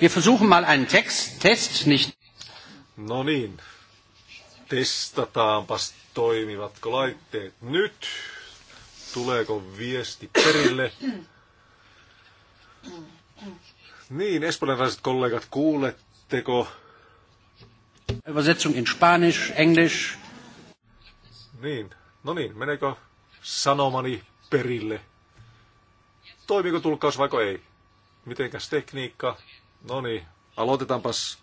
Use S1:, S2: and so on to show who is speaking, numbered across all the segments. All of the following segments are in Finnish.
S1: Wir versuchen mal einen Text, Test, nicht...
S2: No niin, testataanpas toimivatko laitteet nyt. Tuleeko viesti perille? Niin, espanjalaiset kollegat, kuuletteko?
S1: Übersetzung in Spanisch, Englisch.
S2: Niin, no niin, meneekö sanomani perille? Toimiko tulkkaus vaiko ei? Mitenkäs tekniikka? No niin, aloitetaanpas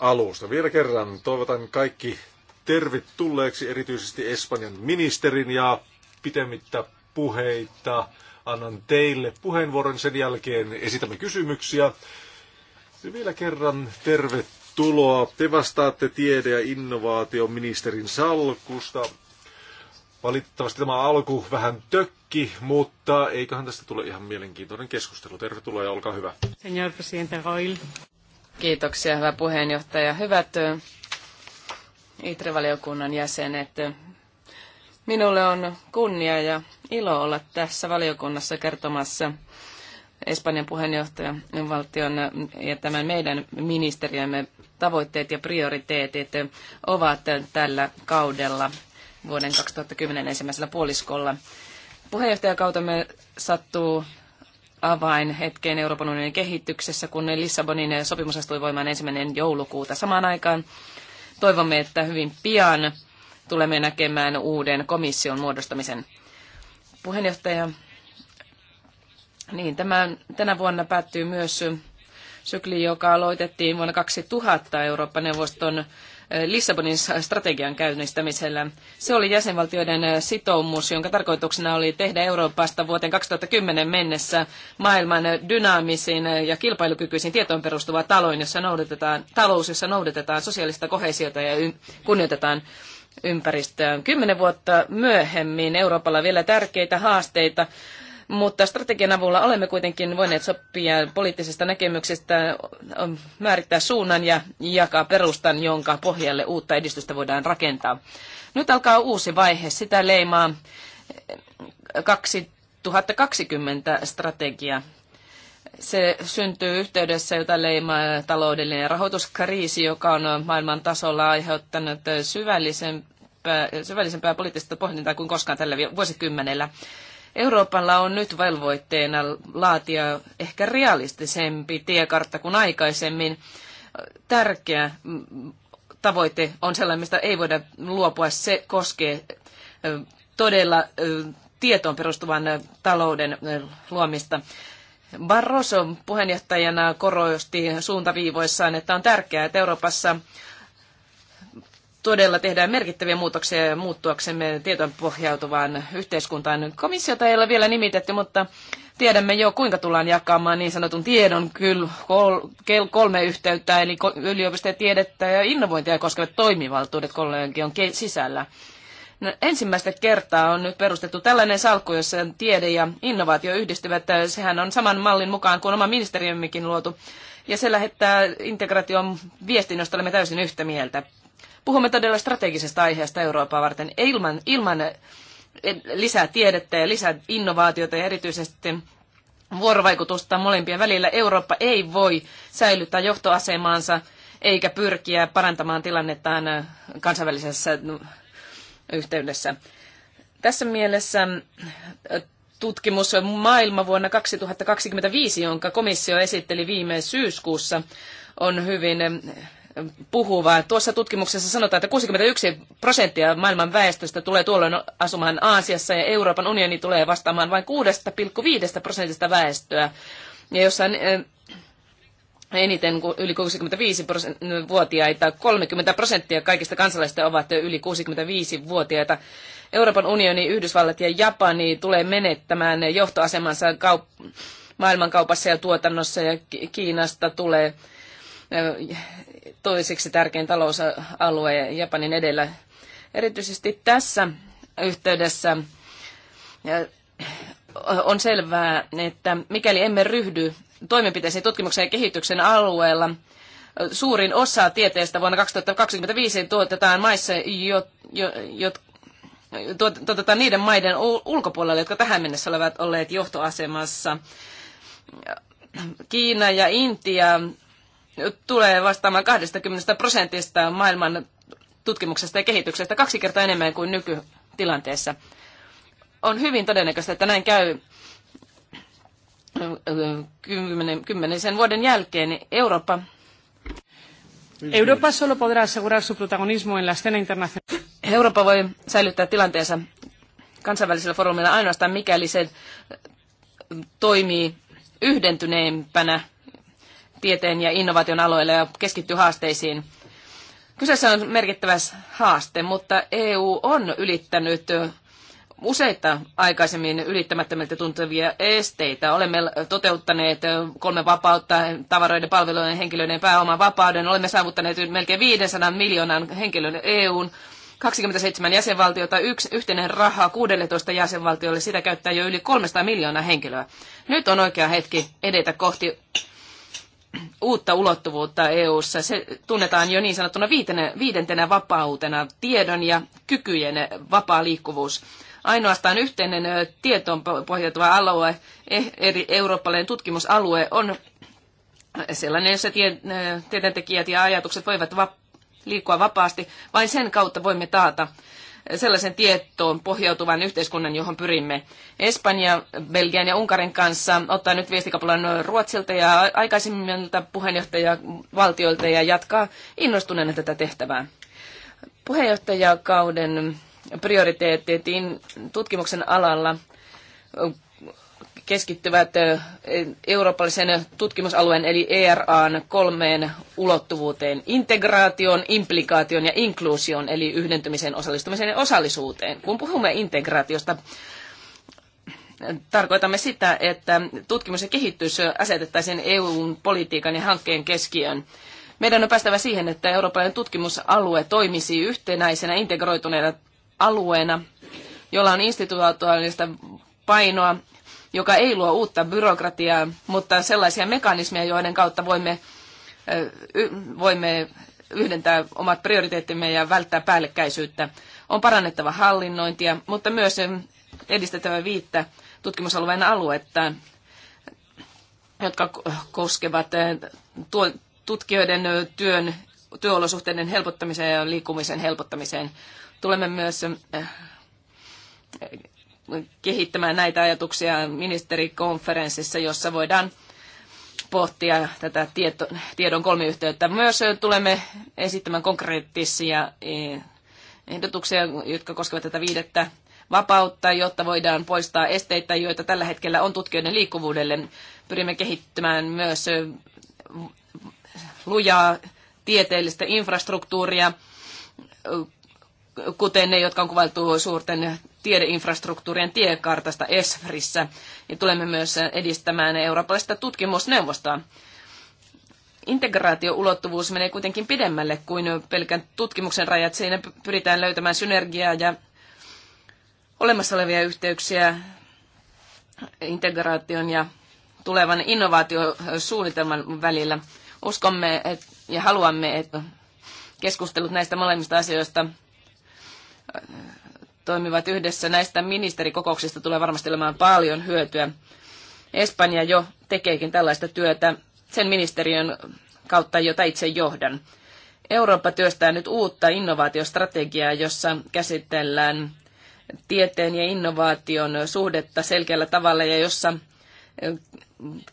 S2: alusta. Vielä kerran toivotan kaikki tervetulleeksi, erityisesti Espanjan ministerin ja pitemmittä puheita. Annan teille puheenvuoron, sen jälkeen esitämme kysymyksiä. Ja vielä kerran tervetuloa. Te vastaatte tiede- ja innovaatioministerin salkusta. Valitettavasti tämä alku vähän tök kaikki, mutta eiköhän tästä tule ihan mielenkiintoinen keskustelu. Tervetuloa ja olkaa hyvä.
S3: Señor presidente Roil. Kiitoksia, hyvä puheenjohtaja. Hyvät ITRE-valiokunnan jäsenet, minulle on kunnia ja ilo olla tässä valiokunnassa kertomassa Espanjan puheenjohtajan valtion ja tämän meidän ministeriömme tavoitteet ja prioriteetit ovat tällä kaudella vuoden 2010 ensimmäisellä puoliskolla. Puheenjohtajakautemme sattuu avainhetkeen Euroopan unionin kehityksessä, kun Lissabonin sopimus astui voimaan ensimmäinen joulukuuta. Samaan aikaan toivomme, että hyvin pian tulemme näkemään uuden komission muodostamisen. Puheenjohtaja, niin tämän, tänä vuonna päättyy myös sykli, joka aloitettiin vuonna 2000 Eurooppa-neuvoston Lissabonin strategian käynnistämisellä. Se oli jäsenvaltioiden sitoumus, jonka tarkoituksena oli tehdä Euroopasta vuoteen 2010 mennessä maailman dynaamisin ja kilpailukykyisin tietoon perustuva taloin, jossa noudatetaan, talous, jossa noudatetaan sosiaalista kohesiota ja kunnioitetaan ympäristöön. Kymmenen vuotta myöhemmin Euroopalla on vielä tärkeitä haasteita mutta strategian avulla olemme kuitenkin voineet sopia poliittisista näkemyksistä, määrittää suunnan ja jakaa perustan, jonka pohjalle uutta edistystä voidaan rakentaa. Nyt alkaa uusi vaihe. Sitä leimaa 2020 strategia. Se syntyy yhteydessä, jota leimaa taloudellinen rahoituskriisi, joka on maailman tasolla aiheuttanut syvällisen syvällisempää poliittista pohdintaa kuin koskaan tällä vuosikymmenellä. Euroopalla on nyt velvoitteena laatia ehkä realistisempi tiekartta kuin aikaisemmin. Tärkeä tavoite on sellainen, mistä ei voida luopua. Se koskee todella tietoon perustuvan talouden luomista. Barroso puheenjohtajana korosti suuntaviivoissaan, että on tärkeää, että Euroopassa todella tehdään merkittäviä muutoksia muuttuaksemme tietoon pohjautuvaan yhteiskuntaan. Komissiota ei ole vielä nimitetty, mutta tiedämme jo, kuinka tullaan jakamaan niin sanotun tiedon kyllä kolme yhteyttä, eli yliopistojen tiedettä ja innovointia koskevat toimivaltuudet kollegion sisällä. No, ensimmäistä kertaa on nyt perustettu tällainen salkku, jossa tiede ja innovaatio yhdistyvät. Sehän on saman mallin mukaan kuin oma ministeriömmekin luotu. Ja se lähettää integraation viestin, josta olemme täysin yhtä mieltä. Puhumme todella strategisesta aiheesta Eurooppaa varten. Ilman, ilman eh, lisää tiedettä ja lisää innovaatiota ja erityisesti vuorovaikutusta molempien välillä Eurooppa ei voi säilyttää johtoasemaansa eikä pyrkiä parantamaan tilannettaan eh, kansainvälisessä mm, yhteydessä. Tässä mielessä eh, tutkimus Maailma vuonna 2025, jonka komissio esitteli viime syyskuussa, on hyvin vaan Tuossa tutkimuksessa sanotaan, että 61 prosenttia maailman väestöstä tulee tuolloin asumaan Aasiassa ja Euroopan unioni tulee vastaamaan vain 6,5 prosentista väestöä. Ja jossain eh, eniten yli 65-vuotiaita, 30 prosenttia kaikista kansalaisista ovat yli 65-vuotiaita. Euroopan unioni, Yhdysvallat ja Japani tulee menettämään johtoasemansa kaup- maailmankaupassa ja tuotannossa ja Kiinasta tulee eh, toiseksi tärkein talousalue Japanin edellä. Erityisesti tässä yhteydessä äh, on selvää, että mikäli emme ryhdy toimenpiteisiin tutkimuksen ja kehityksen alueella, äh, suurin osa tieteestä vuonna 2025 tuotetaan maissa, jo, jo, jo, tuotetaan niiden maiden ulkopuolelle, jotka tähän mennessä ovat olleet johtoasemassa. Kiina ja Intia tulee vastaamaan 20 prosentista maailman tutkimuksesta ja kehityksestä kaksi kertaa enemmän kuin nykytilanteessa. On hyvin todennäköistä, että näin käy kymmenen, kymmenisen vuoden jälkeen niin Eurooppa. Europa solo podrá asegurar su protagonismo en la escena internacional. Eurooppa voi säilyttää tilanteensa kansainvälisellä foorumilla ainoastaan, mikäli se toimii yhdentyneempänä tieteen ja innovaation aloilla ja keskittyy haasteisiin. Kyseessä on merkittävä haaste, mutta EU on ylittänyt useita aikaisemmin ylittämättömiltä tuntuvia esteitä. Olemme toteuttaneet kolme vapautta, tavaroiden, palveluiden, henkilöiden pääoman vapauden. Olemme saavuttaneet melkein 500 miljoonan henkilön EUn 27 jäsenvaltiota, yksi yhteinen raha 16 jäsenvaltiolle, sitä käyttää jo yli 300 miljoonaa henkilöä. Nyt on oikea hetki edetä kohti uutta ulottuvuutta EU:ssa. Se tunnetaan jo niin sanottuna viitenä, viidentenä vapautena, tiedon ja kykyjen vapaa liikkuvuus. Ainoastaan yhteinen tietoon pohjautuva alue, e, eri eurooppalainen tutkimusalue on sellainen, jossa tietentekijät ja ajatukset voivat va- liikkua vapaasti. Vain sen kautta voimme taata sellaisen tietoon pohjautuvan yhteiskunnan, johon pyrimme. Espanja, Belgian ja Unkarin kanssa ottaa nyt viestikapulan Ruotsilta ja aikaisemmilta puheenjohtajavaltioilta ja jatkaa innostuneena tätä tehtävää. Puheenjohtajakauden prioriteetit tutkimuksen alalla keskittyvät eurooppalaisen tutkimusalueen eli ERAn kolmeen ulottuvuuteen, integraation, implikaation ja inkluusion, eli yhdentymisen, osallistumisen ja osallisuuteen. Kun puhumme integraatiosta, tarkoitamme sitä, että tutkimus ja kehitys asetettaisiin EUn politiikan ja hankkeen keskiöön. Meidän on päästävä siihen, että eurooppalainen tutkimusalue toimisi yhtenäisenä integroituneena alueena, jolla on institutionaalista painoa joka ei luo uutta byrokratiaa, mutta sellaisia mekanismeja, joiden kautta voimme, voimme yhdentää omat prioriteettimme ja välttää päällekkäisyyttä. On parannettava hallinnointia, mutta myös edistettävä viittä tutkimusalueen aluetta, jotka koskevat tutkijoiden työn, työolosuhteiden helpottamiseen ja liikkumisen helpottamiseen. Tulemme myös kehittämään näitä ajatuksia ministerikonferenssissa, jossa voidaan pohtia tätä tieto, tiedon kolmiyhteyttä. Myös tulemme esittämään konkreettisia e, ehdotuksia, jotka koskevat tätä viidettä vapautta, jotta voidaan poistaa esteitä, joita tällä hetkellä on tutkijoiden liikkuvuudelle. Pyrimme kehittämään myös lujaa tieteellistä infrastruktuuria, kuten ne, jotka on kuvailtu suurten tiedeinfrastruktuurien tiekartasta ESFRissä ja tulemme myös edistämään eurooppalaista tutkimusneuvostoa. Integraatioulottuvuus menee kuitenkin pidemmälle kuin pelkän tutkimuksen rajat. Siinä pyritään löytämään synergiaa ja olemassa olevia yhteyksiä integraation ja tulevan innovaatiosuunnitelman välillä. Uskomme et, ja haluamme, että keskustelut näistä molemmista asioista toimivat yhdessä. Näistä ministerikokouksista tulee varmasti olemaan paljon hyötyä. Espanja jo tekeekin tällaista työtä sen ministeriön kautta, jota itse johdan. Eurooppa työstää nyt uutta innovaatiostrategiaa, jossa käsitellään tieteen ja innovaation suhdetta selkeällä tavalla ja jossa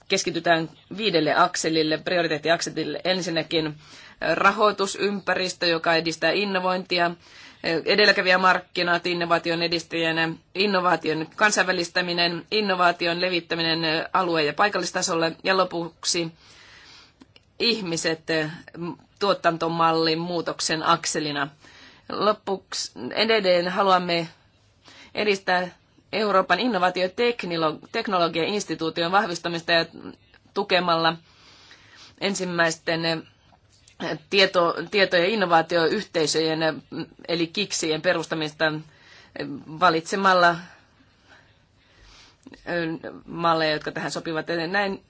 S3: keskitytään viidelle akselille, prioriteettiakselille. Ensinnäkin rahoitusympäristö, joka edistää innovointia, edelläkävijä markkinat innovaation edistäjänä, innovaation kansainvälistäminen, innovaation levittäminen alue- ja paikallistasolle ja lopuksi ihmiset tuotantomallin muutoksen akselina. Lopuksi edelleen haluamme edistää Euroopan innovaatioteknologian instituution vahvistamista ja tukemalla ensimmäisten tieto, tieto- ja innovaatioyhteisöjen eli kiksien perustamista valitsemalla malleja, jotka tähän sopivat. Näin,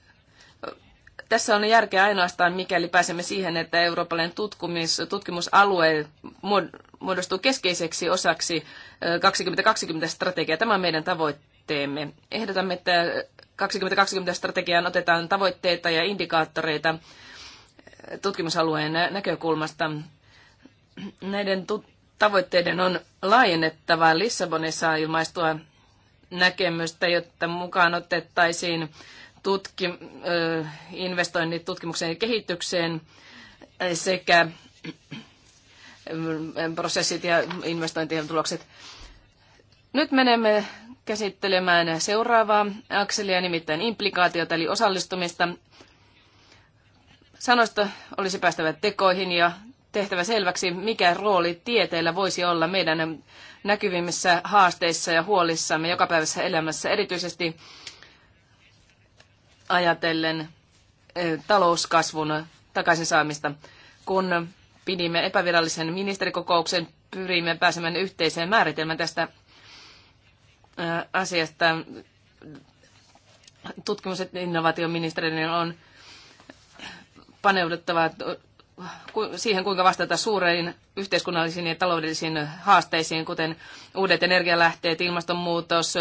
S3: tässä on järkeä ainoastaan, mikäli pääsemme siihen, että eurooppalainen tutkimus, tutkimusalue muodostuu keskeiseksi osaksi 2020-strategiaa. Tämä on meidän tavoitteemme. Ehdotamme, että 2020-strategiaan otetaan tavoitteita ja indikaattoreita tutkimusalueen näkökulmasta. Näiden tavoitteiden on laajennettava Lissabonissa ilmaistua näkemystä, jotta mukaan otettaisiin tutki, investoinnit tutkimukseen ja kehitykseen sekä prosessit ja investointien tulokset. Nyt menemme käsittelemään seuraavaa akselia, nimittäin implikaatiota eli osallistumista. Sanoista olisi päästävä tekoihin ja tehtävä selväksi, mikä rooli tieteellä voisi olla meidän näkyvimmissä haasteissa ja huolissamme jokapäiväisessä elämässä, erityisesti ajatellen talouskasvun takaisin saamista. Kun pidimme epävirallisen ministerikokouksen, pyrimme pääsemään yhteiseen määritelmään tästä asiasta. Tutkimus- ja innovaatioministeriön on paneuduttava siihen, kuinka vastata suuriin yhteiskunnallisiin ja taloudellisiin haasteisiin, kuten uudet energialähteet, ilmastonmuutos,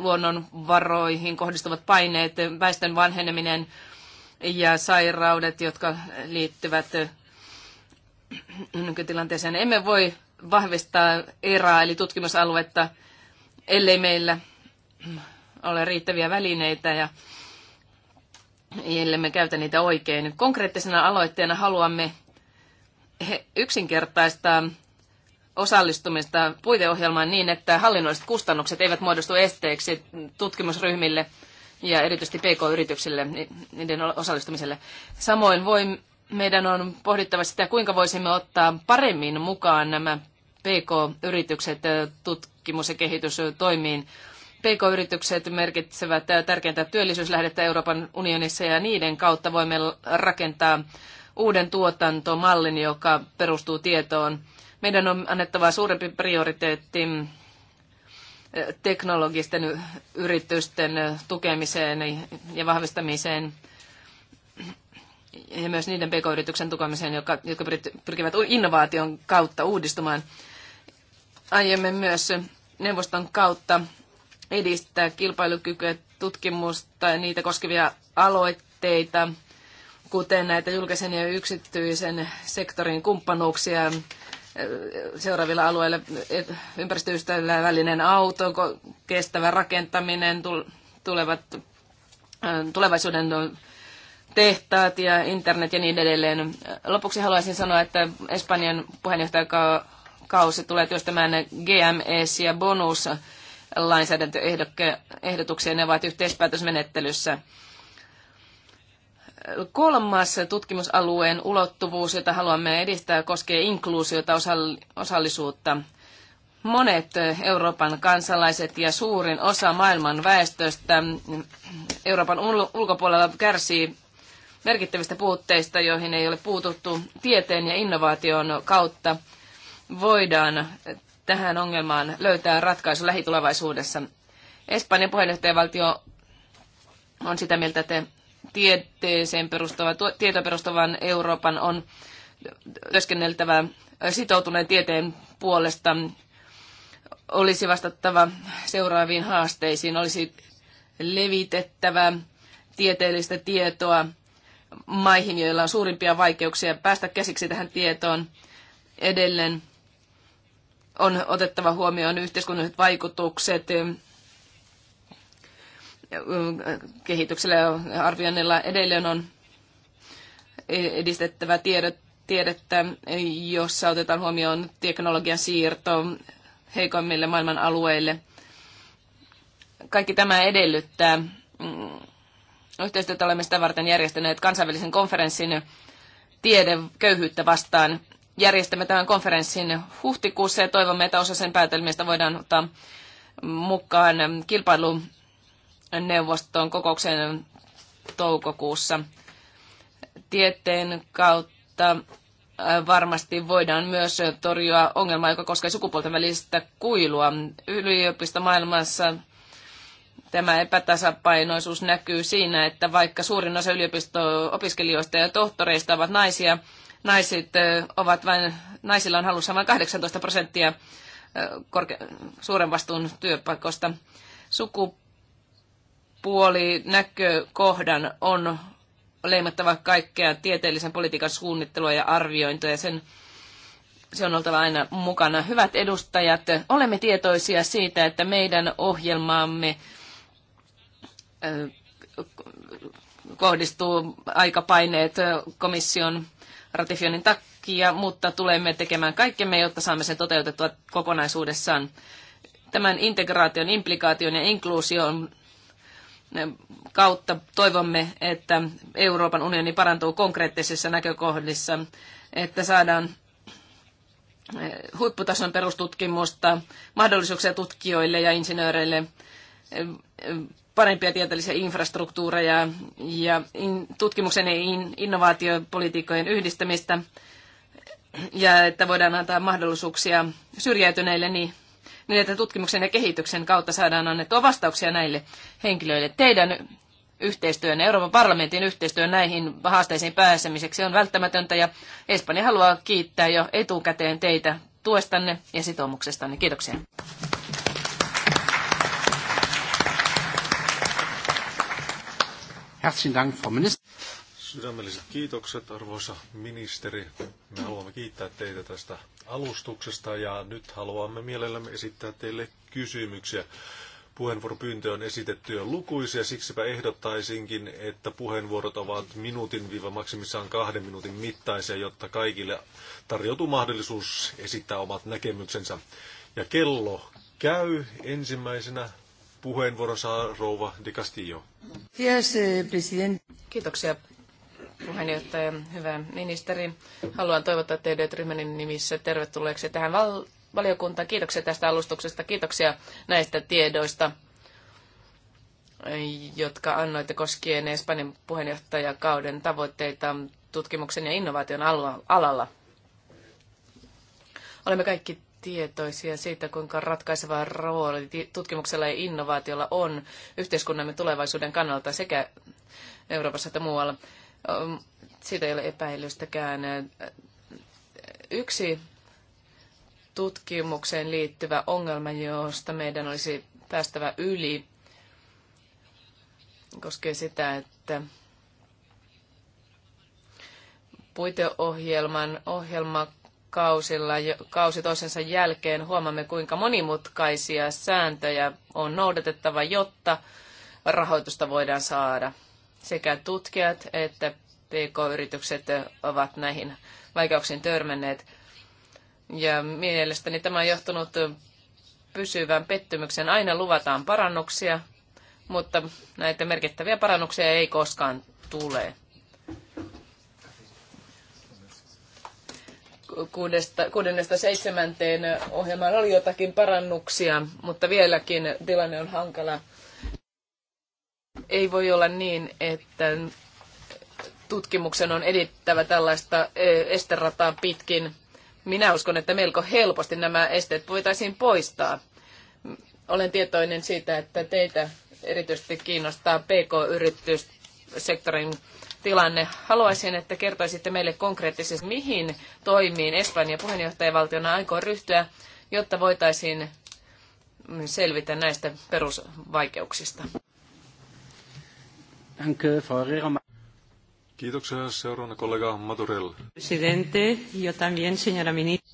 S3: luonnonvaroihin kohdistuvat paineet, väestön vanheneminen ja sairaudet, jotka liittyvät nykytilanteeseen. Emme voi vahvistaa eraa eli tutkimusaluetta, ellei meillä ole riittäviä välineitä ja me käytä niitä oikein. Konkreettisena aloitteena haluamme yksinkertaistaa osallistumista puiteohjelmaan niin, että hallinnolliset kustannukset eivät muodostu esteeksi tutkimusryhmille ja erityisesti PK-yrityksille, niiden osallistumiselle. Samoin voi, meidän on pohdittava sitä, kuinka voisimme ottaa paremmin mukaan nämä PK-yritykset tutkimus- ja kehitystoimiin PK-yritykset merkitsevät tärkeintä työllisyyslähdettä Euroopan unionissa ja niiden kautta voimme rakentaa uuden tuotantomallin, joka perustuu tietoon. Meidän on annettava suurempi prioriteetti eh, teknologisten yritysten eh, tukemiseen ja vahvistamiseen ja myös niiden pk-yrityksen tukemiseen, jotka, pyrkivät innovaation kautta uudistumaan. Aiemme myös neuvoston kautta edistää kilpailukykyä, tutkimusta ja niitä koskevia aloitteita, kuten näitä julkisen ja yksityisen sektorin kumppanuuksia seuraavilla alueilla, ympäristöystävällinen auto, kestävä rakentaminen, tulevat, tulevaisuuden tehtaat ja internet ja niin edelleen. Lopuksi haluaisin sanoa, että Espanjan puheenjohtajakausi tulee työstämään GMS ja bonus lainsäädäntöehdotuksia. Ne ovat yhteispäätösmenettelyssä. Kolmas tutkimusalueen ulottuvuus, jota haluamme edistää, koskee inkluusiota, osallisuutta. Monet Euroopan kansalaiset ja suurin osa maailman väestöstä Euroopan ulkopuolella kärsii merkittävistä puutteista, joihin ei ole puututtu tieteen ja innovaation kautta. Voidaan tähän ongelmaan löytää ratkaisu lähitulevaisuudessa. Espanjan puheenjohtajavaltio on sitä mieltä, että tieteeseen perustuva, tietoon Euroopan on työskenneltävä sitoutuneen tieteen puolesta olisi vastattava seuraaviin haasteisiin, olisi levitettävä tieteellistä tietoa maihin, joilla on suurimpia vaikeuksia päästä käsiksi tähän tietoon edelleen on otettava huomioon yhteiskunnalliset vaikutukset kehityksellä ja arvioinnilla edelleen on edistettävä tiedot, tiedettä, jossa otetaan huomioon teknologian siirto heikoimmille maailman alueille. Kaikki tämä edellyttää mm, yhteistyötä olemista varten järjestäneet kansainvälisen konferenssin tiede köyhyyttä vastaan järjestämme tämän konferenssin huhtikuussa ja toivomme, että osa sen päätelmistä voidaan ottaa mukaan kilpailuneuvoston kokoukseen toukokuussa. Tieteen kautta äh, varmasti voidaan myös torjua ongelmaa, joka koskee sukupuolten välistä kuilua. Yliopistomaailmassa tämä epätasapainoisuus näkyy siinä, että vaikka suurin osa yliopisto-opiskelijoista ja tohtoreista ovat naisia, naiset ovat vain, naisilla on halussa vain 18 prosenttia korke, suuren vastuun työpaikoista. Sukupuolinäkökohdan on leimattava kaikkea tieteellisen politiikan suunnittelua ja arviointia ja sen se on oltava aina mukana. Hyvät edustajat, olemme tietoisia siitä, että meidän ohjelmaamme kohdistuu aikapaineet komission ratifioinnin takia, mutta tulemme tekemään kaikkemme, jotta saamme sen toteutettua kokonaisuudessaan. Tämän integraation, implikaation ja inkluusion eh, kautta toivomme, että Euroopan unioni parantuu konkreettisissa näkökohdissa, että saadaan eh, huipputason perustutkimusta, mahdollisuuksia tutkijoille ja insinööreille, eh, parempia tieteellisiä infrastruktuureja ja tutkimuksen ja innovaatiopolitiikkojen yhdistämistä ja että voidaan antaa mahdollisuuksia syrjäytyneille niin, niin, että tutkimuksen ja kehityksen kautta saadaan annettua vastauksia näille henkilöille. Teidän yhteistyön, Euroopan parlamentin yhteistyön näihin haasteisiin pääsemiseksi on välttämätöntä ja Espanja haluaa kiittää jo etukäteen teitä tuestanne ja sitoumuksestanne. Kiitoksia.
S1: Herzlichen Dank, Frau Minister.
S2: Sydämelliset kiitokset, arvoisa ministeri. Me haluamme kiittää teitä tästä alustuksesta ja nyt haluamme mielellämme esittää teille kysymyksiä. Puheenvuoropyyntö on esitetty jo lukuisia, siksipä ehdottaisinkin, että puheenvuorot ovat minuutin viiva maksimissaan kahden minuutin mittaisia, jotta kaikille tarjoutuu mahdollisuus esittää omat näkemyksensä. Ja kello käy ensimmäisenä puheenvuoron saa rouva de Castillo.
S3: Eh, Kiitoksia puheenjohtaja, hyvä ministeri. Haluan toivottaa teidät ryhmäni nimissä tervetulleeksi tähän val- valiokuntaan. Kiitoksia tästä alustuksesta. Kiitoksia näistä tiedoista, jotka annoitte koskien Espanjan puheenjohtajakauden tavoitteita tutkimuksen ja innovaation alalla. Olemme kaikki tietoisia siitä, kuinka ratkaiseva rooli tutkimuksella ja innovaatiolla on yhteiskunnamme tulevaisuuden kannalta sekä Euroopassa että muualla. Siitä ei ole epäilystäkään. Yksi tutkimukseen liittyvä ongelma, josta meidän olisi päästävä yli, koskee sitä, että puiteohjelman ohjelma kausilla, kausi toisensa jälkeen huomaamme, kuinka monimutkaisia sääntöjä on noudatettava, jotta rahoitusta voidaan saada. Sekä tutkijat että PK-yritykset ovat näihin vaikeuksiin törmänneet. Ja mielestäni tämä on johtunut pysyvän pettymyksen. Aina luvataan parannuksia, mutta näitä merkittäviä parannuksia ei koskaan tule. kuudesta, kuudennesta seitsemänteen ohjelmaan oli jotakin parannuksia, mutta vieläkin tilanne on hankala. Ei voi olla niin, että tutkimuksen on edittävä tällaista e, esterataa pitkin. Minä uskon, että melko helposti nämä esteet voitaisiin poistaa. Olen tietoinen siitä, että teitä erityisesti kiinnostaa PK-yrityssektorin tilanne. Haluaisin, että kertoisitte meille konkreettisesti, mihin toimiin Espanjan puheenjohtajavaltiona aikoo ryhtyä, jotta voitaisiin selvitä näistä
S2: perusvaikeuksista. Kiitoksia. Seuraavana kollega Maturell.
S4: Presidente,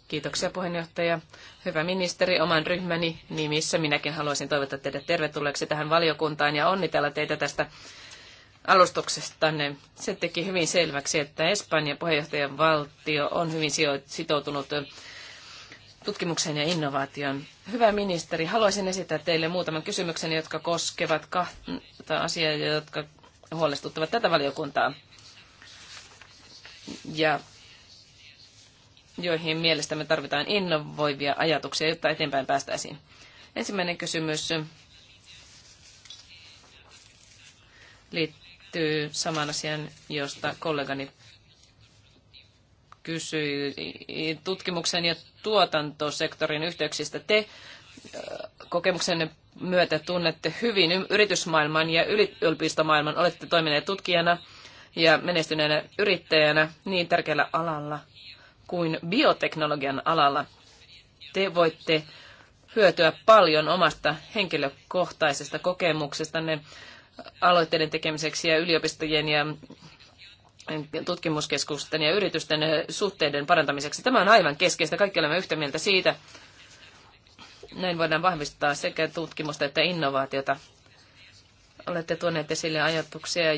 S3: Kiitoksia puheenjohtaja. Hyvä ministeri, oman ryhmäni nimissä minäkin haluaisin toivottaa teidät tervetulleeksi tähän valiokuntaan ja onnitella teitä tästä alustuksestanne. Se teki hyvin selväksi, että Espanjan puheenjohtajan valtio on hyvin sitoutunut tutkimukseen ja innovaatioon. Hyvä ministeri, haluaisin esittää teille muutaman kysymyksen, jotka koskevat kahta asiaa, jotka huolestuttavat tätä valiokuntaa. Ja joihin mielestämme tarvitaan innovoivia ajatuksia, jotta eteenpäin päästäisiin. Ensimmäinen kysymys liittyy liittyy saman asian, josta kollegani kysyi tutkimuksen ja tuotantosektorin yhteyksistä. Te kokemuksenne myötä tunnette hyvin yritysmaailman ja yliopistomaailman. Olette toimineet tutkijana ja menestyneenä yrittäjänä niin tärkeällä alalla kuin bioteknologian alalla. Te voitte hyötyä paljon omasta henkilökohtaisesta kokemuksestanne aloitteiden tekemiseksi ja yliopistojen ja tutkimuskeskusten ja yritysten suhteiden parantamiseksi. Tämä on aivan keskeistä. Kaikki olemme yhtä mieltä siitä. Näin voidaan vahvistaa sekä tutkimusta että innovaatiota. Olette tuoneet esille ajatuksia,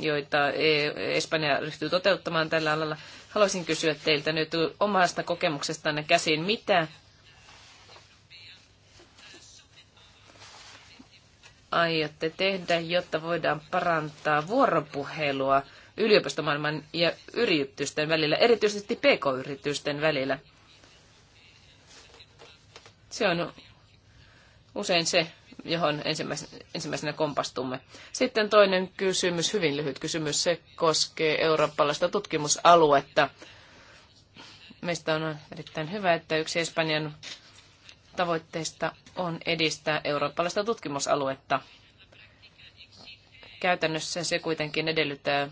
S3: joita e-, Espanja ryhtyy toteuttamaan tällä alalla. Haluaisin kysyä teiltä nyt omasta kokemuksestanne käsin, mitä aiotte tehdä, jotta voidaan parantaa vuoropuhelua yliopistomaailman ja yritysten välillä, erityisesti pk-yritysten välillä? Se on usein se, johon ensimmäisenä kompastumme. Sitten toinen kysymys, hyvin lyhyt kysymys, se koskee eurooppalaista tutkimusaluetta. Meistä on erittäin hyvä, että yksi Espanjan tavoitteista on edistää eurooppalaista tutkimusaluetta. Käytännössä se kuitenkin edellyttää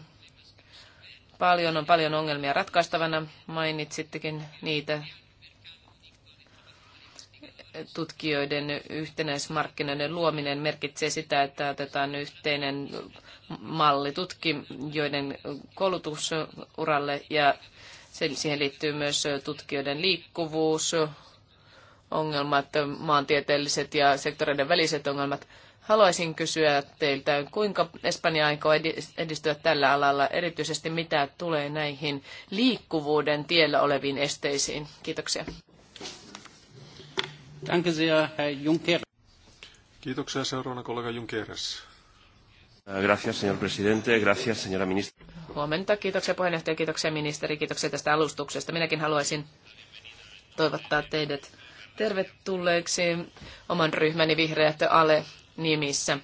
S3: paljon, on paljon ongelmia ratkaistavana. Mainitsittekin niitä tutkijoiden yhtenäismarkkinoiden luominen merkitsee sitä, että otetaan yhteinen malli tutkijoiden koulutusuralle ja siihen liittyy myös tutkijoiden liikkuvuus, ongelmat, maantieteelliset ja sektoreiden väliset ongelmat. Haluaisin kysyä teiltä, kuinka Espanja aikoo edistyä tällä alalla, erityisesti mitä tulee näihin liikkuvuuden tiellä oleviin esteisiin.
S2: Kiitoksia. Kiitoksia seuraavana kollega Junkeres.
S1: Gracias, señor presidente. Gracias, señora
S5: ministra.
S3: Huomenta. Kiitoksia puheenjohtaja, kiitoksia ministeri, kiitoksia tästä alustuksesta. Minäkin haluaisin toivottaa teidät tervetulleeksi oman ryhmäni vihreät ale nimissä.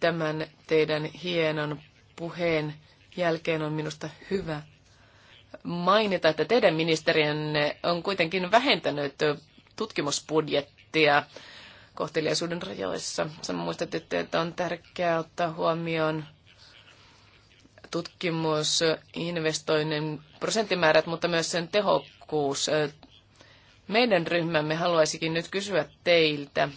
S3: Tämän teidän hienon puheen jälkeen on minusta hyvä mainita, että teidän ministeriönne on kuitenkin vähentänyt tutkimusbudjettia kohteliaisuuden rajoissa. Sä muistatte, että on tärkeää ottaa huomioon tutkimusinvestoinnin prosenttimäärät, mutta myös sen tehokkuus. Meidän ryhmämme haluaisikin nyt kysyä teiltä,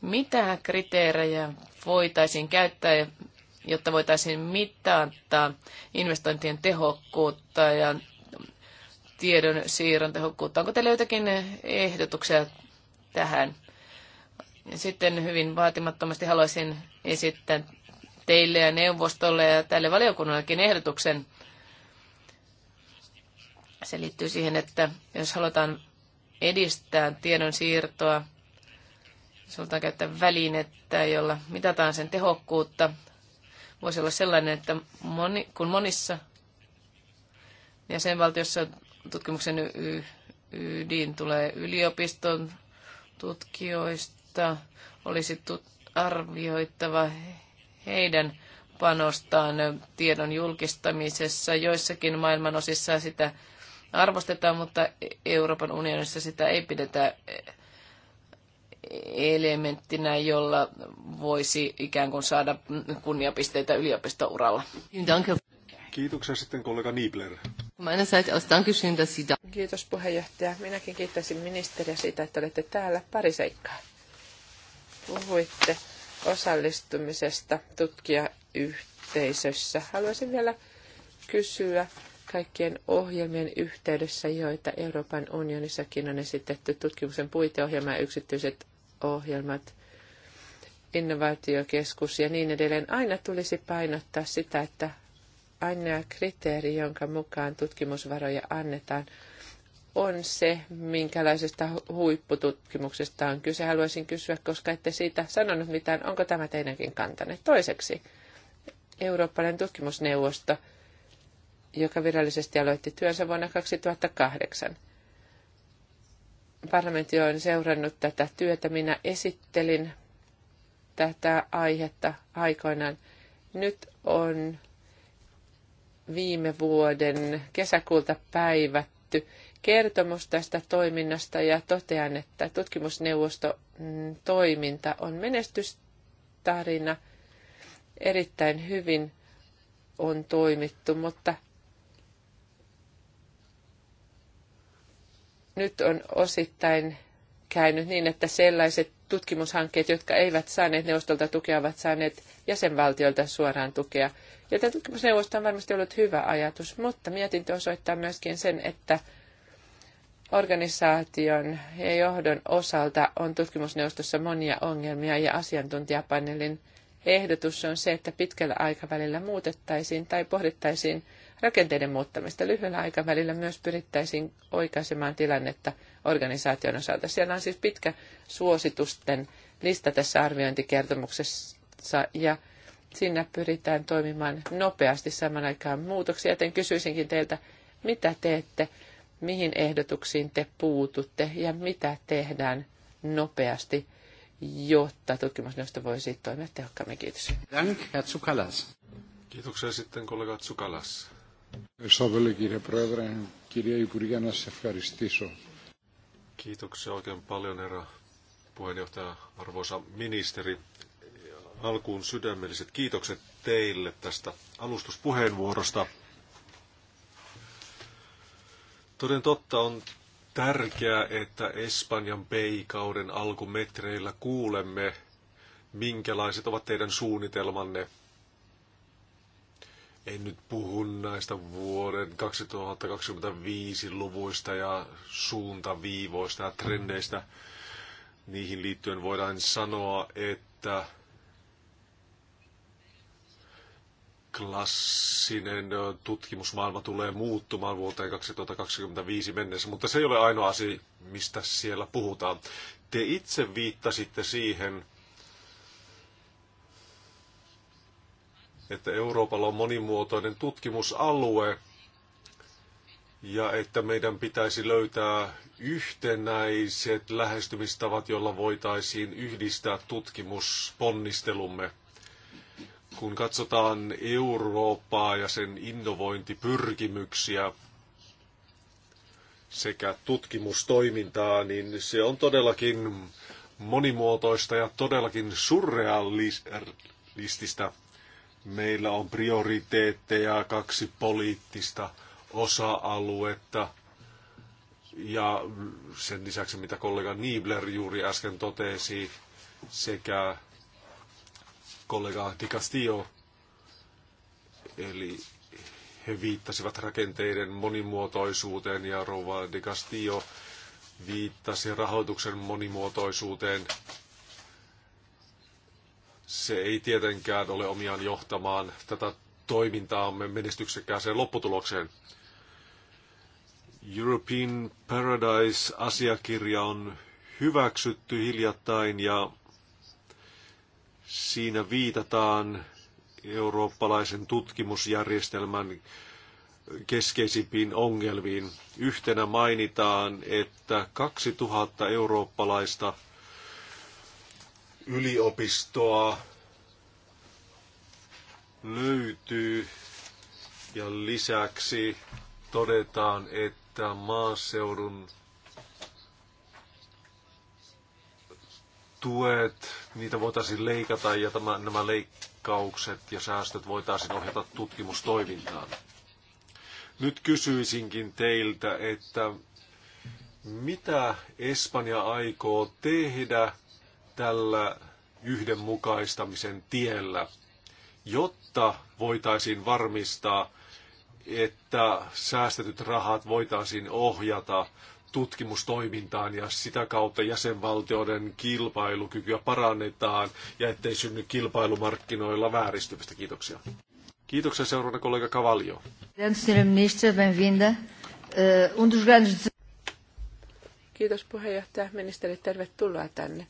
S3: mitä kriteerejä voitaisiin käyttää, jotta voitaisiin mitata investointien tehokkuutta ja tiedon siirron tehokkuutta. Onko teillä jotakin ehdotuksia tähän? Sitten hyvin vaatimattomasti haluaisin esittää teille ja neuvostolle ja tälle valiokunnallekin ehdotuksen. Se liittyy siihen, että jos halutaan edistää tiedon siirtoa, jos halutaan käyttää välinettä, jolla mitataan sen tehokkuutta, voisi olla sellainen, että moni, kun monissa jäsenvaltiossa tutkimuksen ydin tulee yliopiston tutkijoista, olisi tut- arvioittava heidän panostaan tiedon julkistamisessa. Joissakin maailman osissa sitä arvostetaan, mutta Euroopan unionissa sitä ei pidetä elementtinä, jolla voisi ikään kuin saada kunniapisteitä yliopistouralla.
S2: Kiitoksia sitten kollega Niebler.
S4: Kiitos puheenjohtaja. Minäkin kiittäisin ministeriä siitä, että olette täällä. Pari seikkaa. Puhuitte osallistumisesta tutkijayhteisössä. Haluaisin vielä kysyä kaikkien ohjelmien yhteydessä, joita Euroopan unionissakin on esitetty, tutkimuksen puiteohjelma ja yksityiset ohjelmat, innovaatiokeskus ja niin edelleen, aina tulisi painottaa sitä, että aina kriteeri, jonka mukaan tutkimusvaroja annetaan, on se, minkälaisesta huippututkimuksesta on kyse. Haluaisin kysyä, koska ette siitä sanonut mitään, onko tämä teidänkin kantanne. Toiseksi, Eurooppalainen tutkimusneuvosto, joka virallisesti aloitti työnsä vuonna 2008. Parlamentti on seurannut tätä työtä. Minä esittelin tätä aihetta aikoinaan. Nyt on viime vuoden kesäkuulta päivätty kertomus tästä toiminnasta ja totean, että tutkimusneuvoston mm, toiminta on menestystarina. Erittäin hyvin on toimittu, mutta nyt on osittain käynyt niin, että sellaiset tutkimushankkeet, jotka eivät saaneet neuvostolta tukea, ovat saaneet jäsenvaltioilta suoraan tukea. Ja tämä tutkimusneuvosto on varmasti ollut hyvä ajatus, mutta mietintö osoittaa myöskin sen, että organisaation ja johdon osalta on tutkimusneuvostossa monia ongelmia ja asiantuntijapaneelin ehdotus on se, että pitkällä aikavälillä muutettaisiin tai pohdittaisiin rakenteiden muuttamista. Lyhyellä aikavälillä myös pyrittäisiin oikaisemaan tilannetta organisaation osalta. Siellä on siis pitkä suositusten lista tässä arviointikertomuksessa ja siinä pyritään toimimaan nopeasti saman aikaan muutoksia, joten kysyisinkin teiltä, mitä teette mihin ehdotuksiin te puututte ja mitä tehdään nopeasti, jotta tutkimusneuvosto
S2: voisi toimia tehokkaammin. Kiitos. Dank, Herr Kiitoksia sitten kollega Tsukalas. Kiitoksia oikein paljon, herra puheenjohtaja, arvoisa ministeri. Alkuun sydämelliset kiitokset teille tästä alustuspuheenvuorosta. Toden totta on tärkeää, että Espanjan B-kauden alkumetreillä kuulemme, minkälaiset ovat teidän suunnitelmanne. En nyt puhu näistä vuoden 2025 luvuista ja suuntaviivoista ja trendeistä. Niihin liittyen voidaan sanoa, että klassinen tutkimusmaailma tulee muuttumaan vuoteen 2025 mennessä, mutta se ei ole ainoa asia, mistä siellä puhutaan. Te itse viittasitte siihen, että Euroopalla on monimuotoinen tutkimusalue ja että meidän pitäisi löytää yhtenäiset lähestymistavat, joilla voitaisiin yhdistää tutkimusponnistelumme. Kun katsotaan Eurooppaa ja sen innovointipyrkimyksiä sekä tutkimustoimintaa, niin se on todellakin monimuotoista ja todellakin surrealistista. Meillä on prioriteetteja, kaksi poliittista osa-aluetta ja sen lisäksi mitä kollega Niebler juuri äsken totesi, sekä kollega Di Castillo. Eli he viittasivat rakenteiden monimuotoisuuteen ja Rova Di Castillo viittasi rahoituksen monimuotoisuuteen. Se ei tietenkään ole omiaan johtamaan tätä toimintaamme menestyksekkääseen lopputulokseen. European Paradise-asiakirja on hyväksytty hiljattain ja Siinä viitataan eurooppalaisen tutkimusjärjestelmän keskeisimpiin ongelmiin. Yhtenä mainitaan, että 2000 eurooppalaista yliopistoa löytyy ja lisäksi todetaan, että maaseudun tuet, niitä voitaisiin leikata ja tämä, nämä leikkaukset ja säästöt voitaisiin ohjata tutkimustoimintaan. Nyt kysyisinkin teiltä, että mitä Espanja aikoo tehdä tällä yhdenmukaistamisen tiellä, jotta voitaisiin varmistaa, että säästetyt rahat voitaisiin ohjata tutkimustoimintaan ja sitä kautta jäsenvaltioiden kilpailukykyä parannetaan ja ettei synny kilpailumarkkinoilla vääristymistä. Kiitoksia. Kiitoksia seuraavana kollega Cavalio.
S5: Eh, um
S4: Kiitos puheenjohtaja, ministeri, tervetuloa tänne.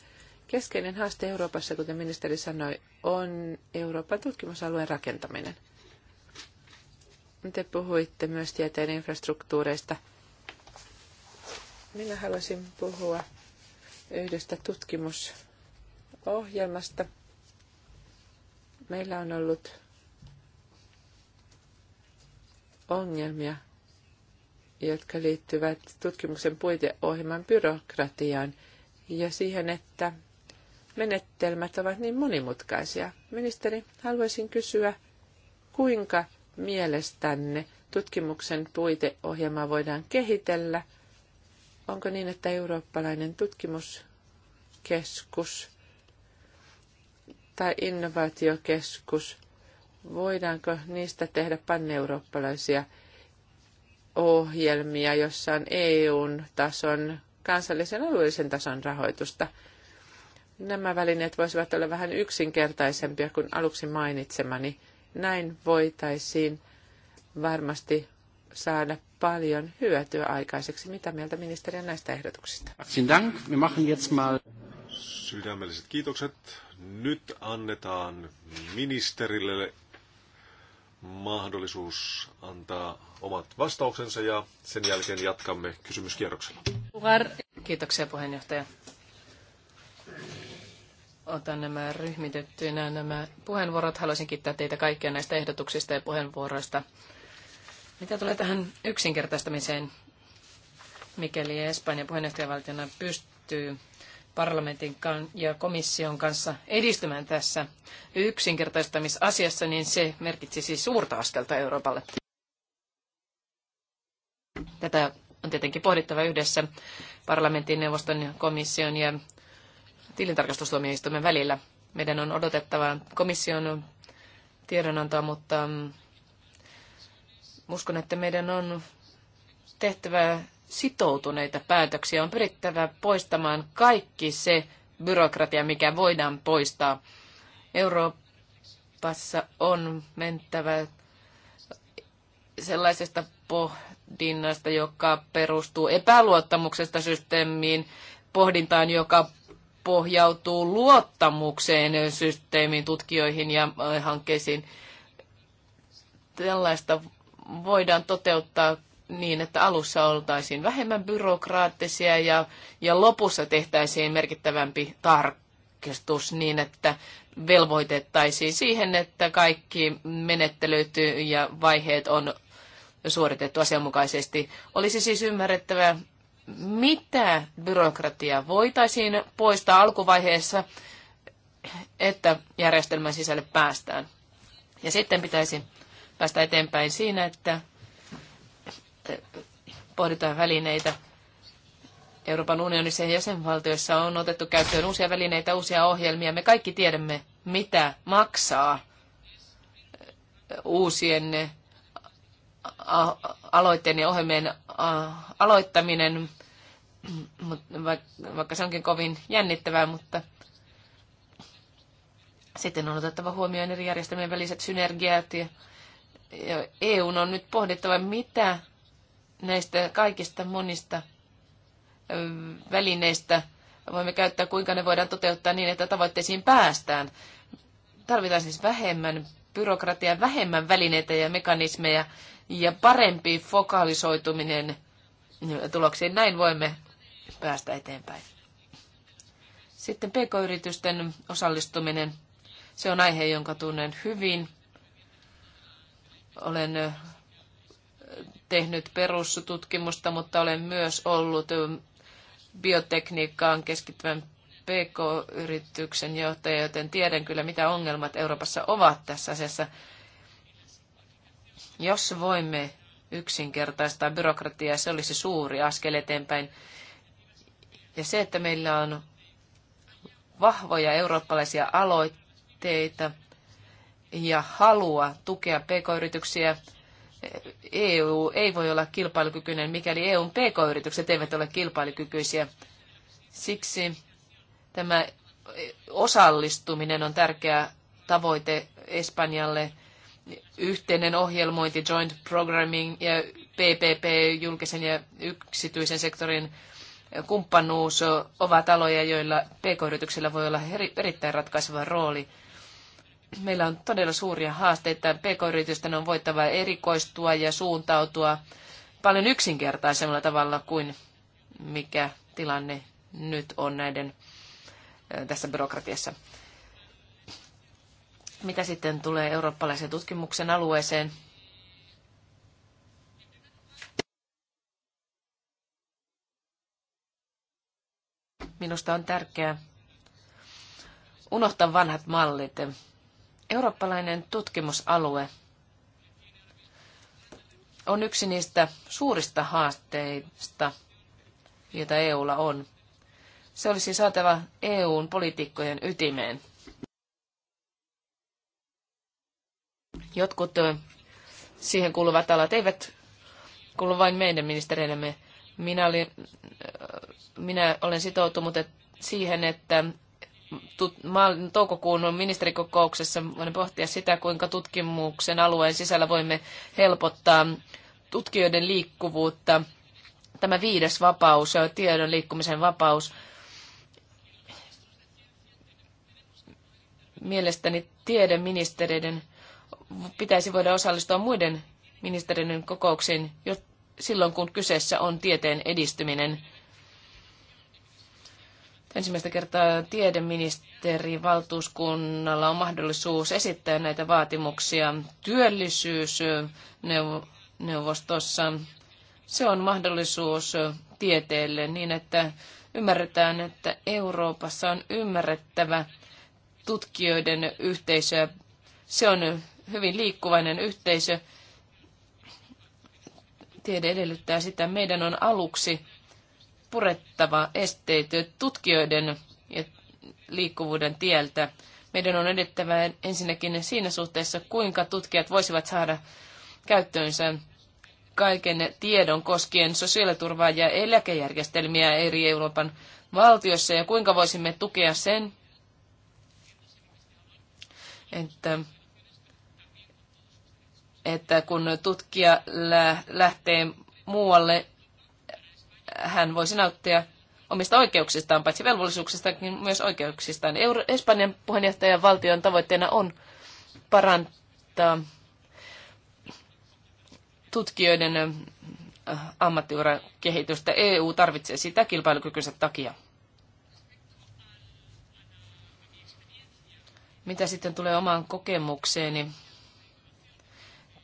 S4: Keskeinen haaste Euroopassa, kuten ministeri sanoi, on Euroopan tutkimusalueen rakentaminen. Te puhuitte myös tieteen infrastruktuureista – minä haluaisin puhua yhdestä tutkimusohjelmasta. Meillä on ollut ongelmia, jotka liittyvät tutkimuksen puiteohjelman byrokratiaan ja siihen, että menettelmät ovat niin monimutkaisia. Ministeri, haluaisin kysyä, kuinka mielestänne tutkimuksen puiteohjelma voidaan kehitellä – Onko niin, että eurooppalainen tutkimuskeskus tai innovaatiokeskus, voidaanko niistä tehdä panneurooppalaisia ohjelmia, jossa on EUn tason, kansallisen alueellisen tason rahoitusta? Nämä välineet voisivat olla vähän yksinkertaisempia kuin aluksi mainitsemani. Näin voitaisiin varmasti saada paljon hyötyä aikaiseksi. Mitä mieltä ministeri on näistä
S1: ehdotuksista? Dank. Me machen jetzt mal... Sydämelliset kiitokset. Nyt
S2: annetaan ministerille mahdollisuus antaa omat vastauksensa ja sen jälkeen jatkamme kysymyskierroksella.
S3: Kiitoksia puheenjohtaja. Otan nämä ryhmitettyinä nämä puheenvuorot. Haluaisin kiittää teitä kaikkia näistä ehdotuksista ja puheenvuoroista. Mitä tulee tähän yksinkertaistamiseen, mikäli Espanjan puheenjohtajavaltiona pystyy parlamentin ja komission kanssa edistymään tässä yksinkertaistamisasiassa, niin se merkitsisi suurta askelta Euroopalle. Tätä on tietenkin pohdittava yhdessä parlamentin, neuvoston, komission ja tilintarkastustuomioistuimen välillä. Meidän on odotettava komission tiedonantoa, mutta mm, Uskon, että meidän on tehtävä sitoutuneita päätöksiä. On pyrittävä poistamaan kaikki se byrokratia, mikä voidaan poistaa. Euroopassa on mentävä sellaisesta pohdinnasta, joka perustuu epäluottamuksesta systeemiin, pohdintaan, joka pohjautuu luottamukseen systeemiin, tutkijoihin ja hankkeisiin. Tällaista voidaan toteuttaa niin, että alussa oltaisiin vähemmän byrokraattisia ja, ja lopussa tehtäisiin merkittävämpi tarkistus niin, että velvoitettaisiin siihen, että kaikki menettelyt ja vaiheet on suoritettu asianmukaisesti. Olisi siis ymmärrettävä, mitä byrokratiaa voitaisiin poistaa alkuvaiheessa, että järjestelmän sisälle päästään. Ja sitten pitäisi päästä eteenpäin siinä, että pohditaan välineitä. Euroopan unionissa ja jäsenvaltioissa on otettu käyttöön uusia välineitä, uusia ohjelmia. Me kaikki tiedämme, mitä maksaa uusien aloitteen ja ohjelmien aloittaminen, vaikka se onkin kovin jännittävää, mutta sitten on otettava huomioon eri järjestelmien väliset synergiat ja EU on nyt pohdittava, mitä näistä kaikista monista välineistä voimme käyttää, kuinka ne voidaan toteuttaa niin, että tavoitteisiin päästään. Tarvitaan siis vähemmän byrokratiaa, vähemmän välineitä ja mekanismeja ja parempi fokalisoituminen tuloksiin. Näin voimme päästä eteenpäin. Sitten pk-yritysten osallistuminen. Se on aihe, jonka tunnen hyvin. Olen tehnyt perustutkimusta, mutta olen myös ollut biotekniikkaan keskittyvän PK-yrityksen johtaja, joten tiedän kyllä, mitä ongelmat Euroopassa ovat tässä asiassa. Jos voimme yksinkertaistaa byrokratiaa, se olisi suuri askel eteenpäin. Ja se, että meillä on vahvoja eurooppalaisia aloitteita, ja halua tukea pk-yrityksiä. EU ei voi olla kilpailukykyinen, mikäli EUn pk-yritykset eivät ole kilpailukykyisiä. Siksi tämä osallistuminen on tärkeä tavoite Espanjalle. Yhteinen ohjelmointi, joint programming ja PPP, julkisen ja yksityisen sektorin kumppanuus ovat aloja, joilla pk-yrityksillä voi olla erittäin ratkaiseva rooli – Meillä on todella suuria haasteita. PK-yritysten on voittava erikoistua ja suuntautua paljon yksinkertaisemmalla tavalla kuin mikä tilanne nyt on näiden tässä byrokratiassa. Mitä sitten tulee eurooppalaisen tutkimuksen alueeseen? Minusta on tärkeää unohtaa vanhat mallit. Eurooppalainen tutkimusalue on yksi niistä suurista haasteista, joita EUlla on. Se olisi saatava EUn poliitikkojen ytimeen. Jotkut siihen kuuluvat alat eivät kuulu vain meidän ministereillemme. Minä, olin, minä olen sitoutunut siihen, että toukokuun ministerikokouksessa voin pohtia sitä, kuinka tutkimuksen alueen sisällä voimme helpottaa tutkijoiden liikkuvuutta. Tämä viides vapaus, tiedon liikkumisen vapaus, mielestäni tiedeministeriöiden pitäisi voida osallistua muiden ministeriöiden kokouksiin jo silloin, kun kyseessä on tieteen edistyminen ensimmäistä kertaa tiedeministeri valtuuskunnalla on mahdollisuus esittää näitä vaatimuksia työllisyysneuvostossa. Se on mahdollisuus tieteelle niin, että ymmärretään, että Euroopassa on ymmärrettävä tutkijoiden yhteisö. Se on hyvin liikkuvainen yhteisö. Tiede edellyttää sitä. Meidän on aluksi purettava esteet tutkijoiden ja liikkuvuuden tieltä. Meidän on edettävä ensinnäkin siinä suhteessa, kuinka tutkijat voisivat saada käyttöönsä kaiken tiedon koskien sosiaaliturvaa ja eläkejärjestelmiä eri Euroopan valtioissa ja kuinka voisimme tukea sen, että, että kun tutkija lähtee muualle hän voisi nauttia omista oikeuksistaan, paitsi velvollisuuksistakin myös oikeuksistaan. Euro- Espanjan puheenjohtajan valtion tavoitteena on parantaa tutkijoiden ammattiurakehitystä. EU tarvitsee sitä kilpailukykynsä takia. Mitä sitten tulee omaan kokemukseeni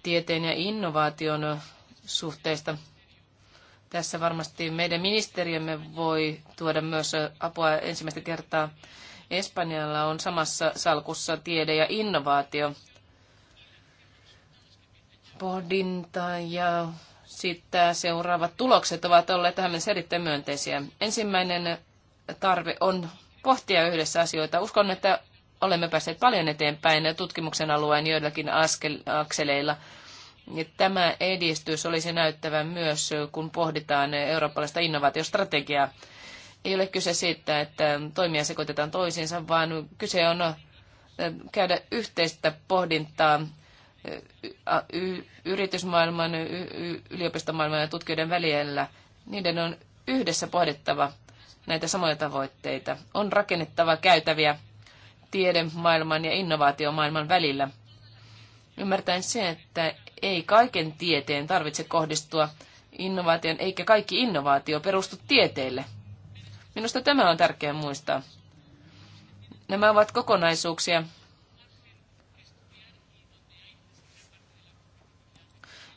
S3: tieteen ja innovaation suhteista tässä varmasti meidän ministeriömme voi tuoda myös apua ensimmäistä kertaa. Espanjalla on samassa salkussa tiede ja innovaatio. Pohdinta ja sitten seuraavat tulokset ovat olleet tähän mennessä erittäin myönteisiä. Ensimmäinen tarve on pohtia yhdessä asioita. Uskon, että olemme päässeet paljon eteenpäin tutkimuksen alueen joillakin askel, Tämä edistys olisi näyttävä myös, kun pohditaan eurooppalaista innovaatiostrategiaa. Ei ole kyse siitä, että toimia sekoitetaan toisiinsa, vaan kyse on äh, käydä yhteistä pohdintaa äh, yritysmaailman, yliopistomaailman ja tutkijoiden välillä. Niiden on yhdessä pohdittava näitä samoja tavoitteita. On rakennettava käytäviä tiedemaailman ja innovaatiomaailman välillä. Ymmärtäen se, että ei kaiken tieteen tarvitse kohdistua innovaation, eikä kaikki innovaatio perustu tieteelle. Minusta tämä on tärkeää muistaa. Nämä ovat kokonaisuuksia,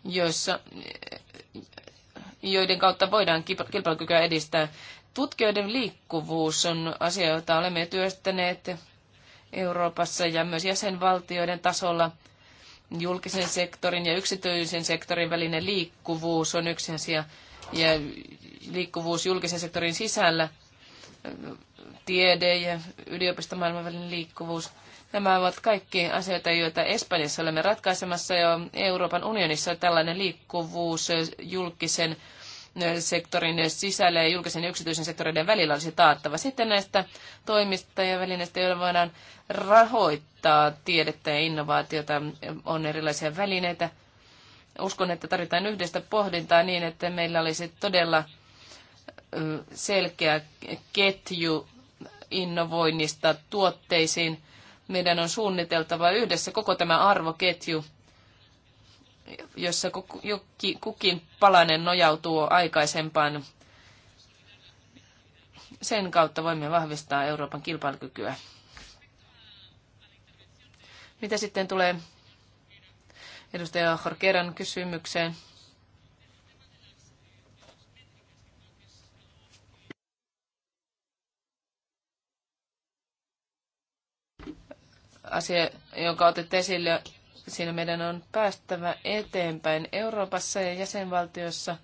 S3: joissa, joiden kautta voidaan kilpailukykyä edistää. Tutkijoiden liikkuvuus on asia, jota olemme työstäneet Euroopassa ja myös jäsenvaltioiden tasolla – Julkisen sektorin ja yksityisen sektorin välinen liikkuvuus on yksi asia, ja liikkuvuus julkisen sektorin sisällä, tiede ja yliopistomaailman välinen liikkuvuus. Nämä ovat kaikki asioita, joita Espanjassa olemme ratkaisemassa ja Euroopan unionissa tällainen liikkuvuus julkisen sektorin sisällä ja julkisen ja yksityisen sektorin välillä olisi taattava. Sitten näistä toimista ja välineistä, joilla voidaan rahoittaa tiedettä ja innovaatiota, on erilaisia välineitä. Uskon, että tarvitaan yhdestä pohdintaa niin, että meillä olisi todella selkeä ketju innovoinnista tuotteisiin. Meidän on suunniteltava yhdessä koko tämä arvoketju – jossa kukin palanen nojautuu aikaisempaan. Sen kautta voimme vahvistaa Euroopan kilpailukykyä. Mitä sitten tulee edustaja Horkeran kysymykseen? Asia, jonka otit esille, siinä meidän on päästävä eteenpäin. Euroopassa ja jäsenvaltioissa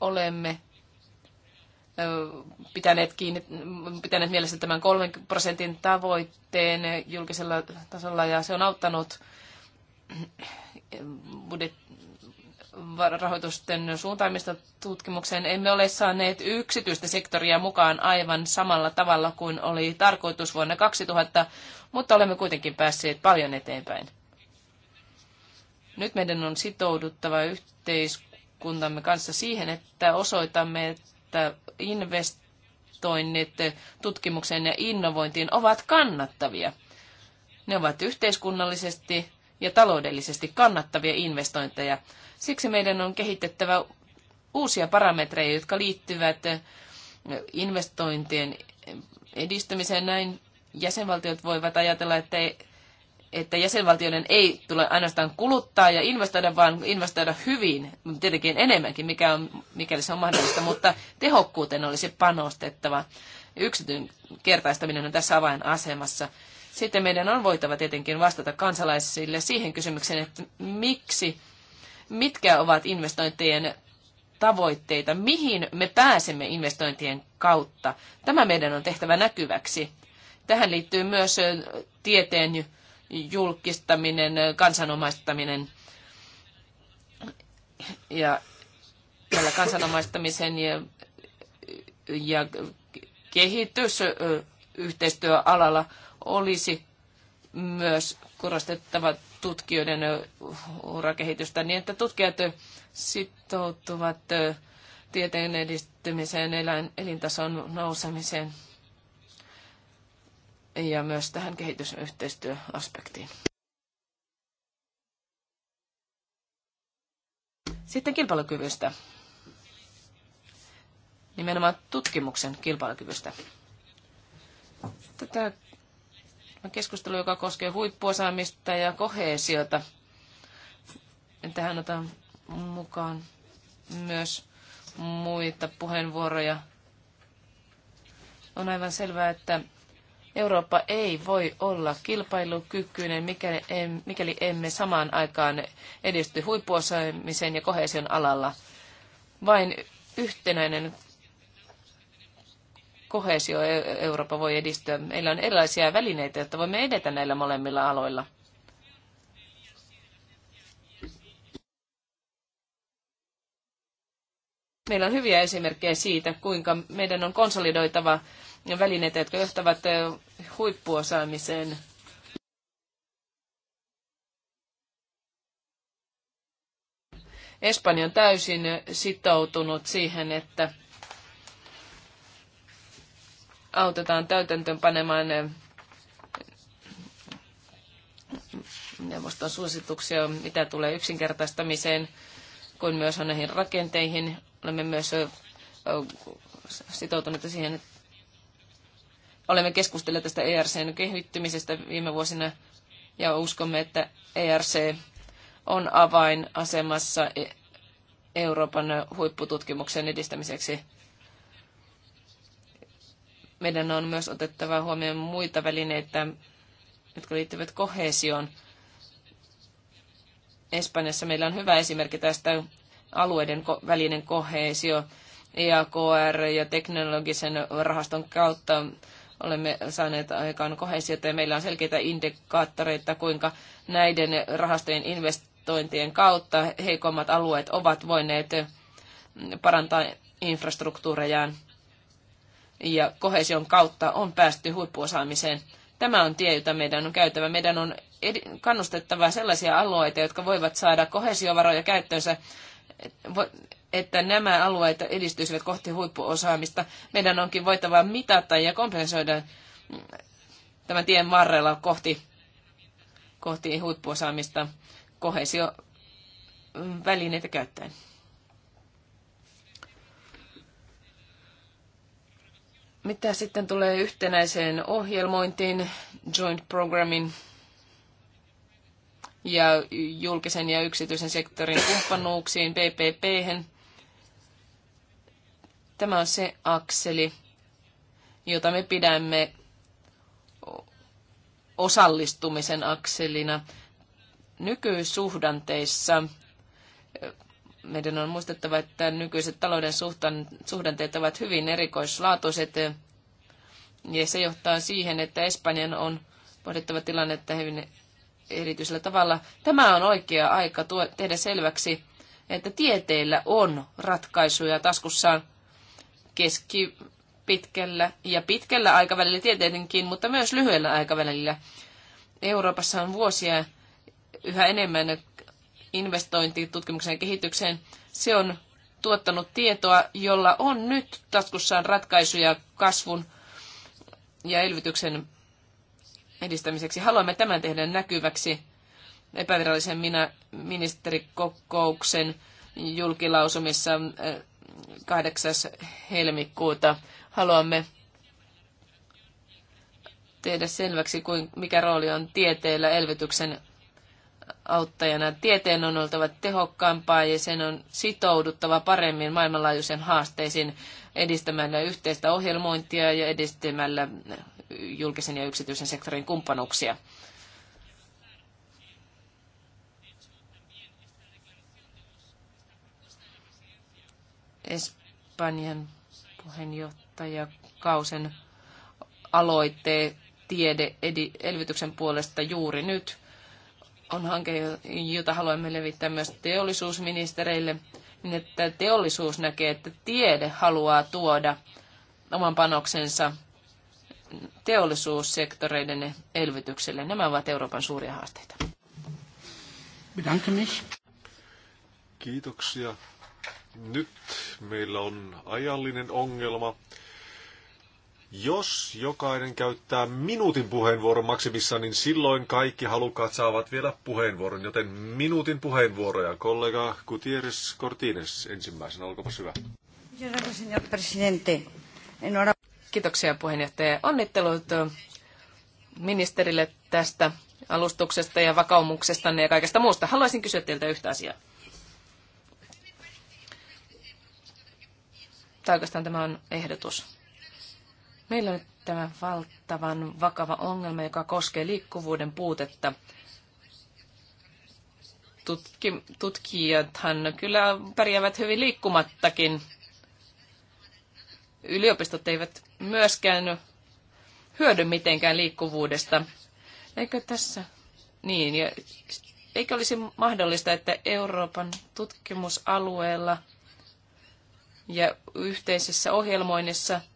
S3: olemme pitäneet, kiinni, pitäneet mielessä tämän kolmen prosentin tavoitteen julkisella tasolla ja se on auttanut budjet, rahoitusten suuntaamista tutkimukseen. Emme ole saaneet yksityistä sektoria mukaan aivan samalla tavalla kuin oli tarkoitus vuonna 2000, mutta olemme kuitenkin päässeet paljon eteenpäin. Nyt meidän on sitouduttava yhteiskuntamme kanssa siihen, että osoitamme, että investoinnit tutkimukseen ja innovointiin ovat kannattavia. Ne ovat yhteiskunnallisesti ja taloudellisesti kannattavia investointeja. Siksi meidän on kehitettävä uusia parametreja, jotka liittyvät eh, investointien edistämiseen. Näin jäsenvaltiot voivat ajatella, että, että jäsenvaltioiden ei tule ainoastaan kuluttaa ja investoida, vaan investoida hyvin, tietenkin enemmänkin, mikä on, mikäli se on mahdollista, mutta tehokkuuteen olisi panostettava. Yksityinen kertaistaminen on tässä avainasemassa. asemassa sitten meidän on voitava tietenkin vastata kansalaisille siihen kysymykseen, että miksi, mitkä ovat investointien tavoitteita, mihin me pääsemme investointien kautta. Tämä meidän on tehtävä näkyväksi. Tähän liittyy myös tieteen julkistaminen, kansanomaistaminen ja tällä kansanomaistamisen ja, ja kehitysyhteistyöalalla olisi myös korostettava tutkijoiden urakehitystä niin, että tutkijat sitoutuvat tieteen edistymiseen, eläin, elintason nousemiseen ja myös tähän kehitysyhteistyöaspektiin. Sitten kilpailukyvystä. Nimenomaan tutkimuksen kilpailukyvystä. Tätä keskustelu, joka koskee huippuosaamista ja kohesiota. Tähän otan mukaan myös muita puheenvuoroja. On aivan selvää, että Eurooppa ei voi olla kilpailukykyinen, mikäli emme, mikäli emme samaan aikaan edisty huippuosaamisen ja kohesion alalla. Vain yhtenäinen kohesio e- Eurooppa voi edistyä. Meillä on erilaisia välineitä, jotta voimme edetä näillä molemmilla aloilla. Meillä on hyviä esimerkkejä siitä, kuinka meidän on konsolidoitava välineitä, jotka johtavat huippuosaamiseen. Espanja on täysin sitoutunut siihen, että autetaan täytäntöön panemaan eh, neuvoston suosituksia, mitä tulee yksinkertaistamiseen, kuin myös näihin rakenteihin. Olemme myös eh, eh, sitoutuneet siihen, että olemme keskustelleet tästä ERCn kehittymisestä viime vuosina ja uskomme, että ERC on avainasemassa e- Euroopan huippututkimuksen edistämiseksi. Meidän on myös otettava huomioon muita välineitä, jotka liittyvät kohesioon. Espanjassa meillä on hyvä esimerkki tästä alueiden välinen kohesio. EAKR ja teknologisen rahaston kautta olemme saaneet aikaan kohesiota ja meillä on selkeitä indikaattoreita, kuinka näiden rahastojen investointien kautta heikommat alueet ovat voineet parantaa infrastruktuurejaan ja kohesion kautta on päästy huippuosaamiseen. Tämä on tie, jota meidän on käytävä. Meidän on kannustettava sellaisia alueita, jotka voivat saada kohesiovaroja käyttöönsä, että nämä alueet edistyisivät kohti huippuosaamista. Meidän onkin voitava mitata ja kompensoida tämän tien varrella kohti, kohti huippuosaamista kohesio välineitä käyttäen. Mitä sitten tulee yhtenäiseen ohjelmointiin, joint programming ja julkisen ja yksityisen sektorin kumppanuuksiin, ppp -hän. Tämä on se akseli, jota me pidämme osallistumisen akselina nykyisuhdanteissa meidän on muistettava, että nykyiset talouden suhdanteet ovat hyvin erikoislaatuiset ja se johtaa siihen, että Espanjan on pohdittava tilannetta hyvin erityisellä tavalla. Tämä on oikea aika tehdä selväksi, että tieteellä on ratkaisuja taskussaan keskipitkällä ja pitkällä aikavälillä tietenkin, mutta myös lyhyellä aikavälillä. Euroopassa on vuosia yhä enemmän investointi tutkimukseen ja kehitykseen, se on tuottanut tietoa, jolla on nyt taskussaan ratkaisuja kasvun ja elvytyksen edistämiseksi. Haluamme tämän tehdä näkyväksi epävirallisen minä, ministerikokouksen julkilausumissa 8. Eh, helmikuuta. Haluamme tehdä selväksi, mikä rooli on tieteellä elvytyksen auttajana. Tieteen on oltava tehokkaampaa ja sen on sitouduttava paremmin maailmanlaajuisen haasteisiin edistämällä yhteistä ohjelmointia ja edistämällä julkisen ja yksityisen sektorin kumppanuuksia. Espanjan puheenjohtajakausen aloitteet tiede elvytyksen puolesta juuri nyt – on hanke, jota haluamme levittää myös teollisuusministereille, niin että teollisuus näkee, että tiede haluaa tuoda oman panoksensa teollisuussektoreiden elvytykselle. Nämä ovat Euroopan suuria haasteita.
S2: Kiitoksia. Nyt meillä on ajallinen ongelma. Jos jokainen käyttää minuutin puheenvuoron maksimissa, niin silloin kaikki halukkaat saavat vielä puheenvuoron, joten minuutin puheenvuoroja. Kollega Gutierrez Cortines ensimmäisenä, olkoon hyvä.
S3: Kiitoksia puheenjohtaja. Onnittelut ministerille tästä alustuksesta ja vakaumuksesta ja kaikesta muusta. Haluaisin kysyä teiltä yhtä asiaa. Tai oikeastaan tämä on ehdotus Meillä on tämä valtavan vakava ongelma, joka koskee liikkuvuuden puutetta. Tutki, tutkijathan kyllä pärjäävät hyvin liikkumattakin. Yliopistot eivät myöskään hyödy mitenkään liikkuvuudesta. Eikö tässä niin? Ja eikö olisi mahdollista, että Euroopan tutkimusalueella ja yhteisessä ohjelmoinnissa –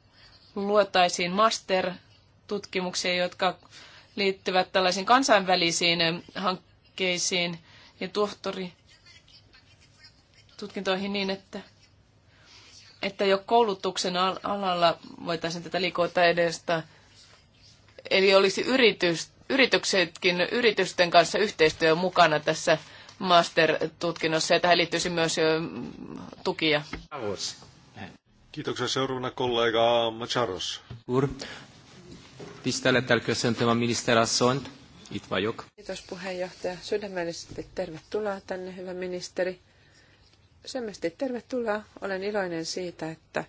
S3: luotaisiin master-tutkimuksia, jotka liittyvät tällaisiin kansainvälisiin hankkeisiin ja tohtori tutkintoihin niin, että, että jo koulutuksen alalla voitaisiin tätä liikoita edestä. Eli olisi yritys, yrityksetkin, yritysten kanssa yhteistyö mukana tässä master-tutkinnossa ja tähän liittyisi myös tukia.
S2: Kiitoksia seuraavana kollega Macharos.
S5: Kur. Tisztelettel köszöntöm a miniszterasszonyt.
S4: Itt vagyok. Kiitos puheenjohtaja. Sydämellisesti tervetuloa tänne, hyvä ministeri. Sydämellisesti tervetuloa. Olen iloinen siitä, että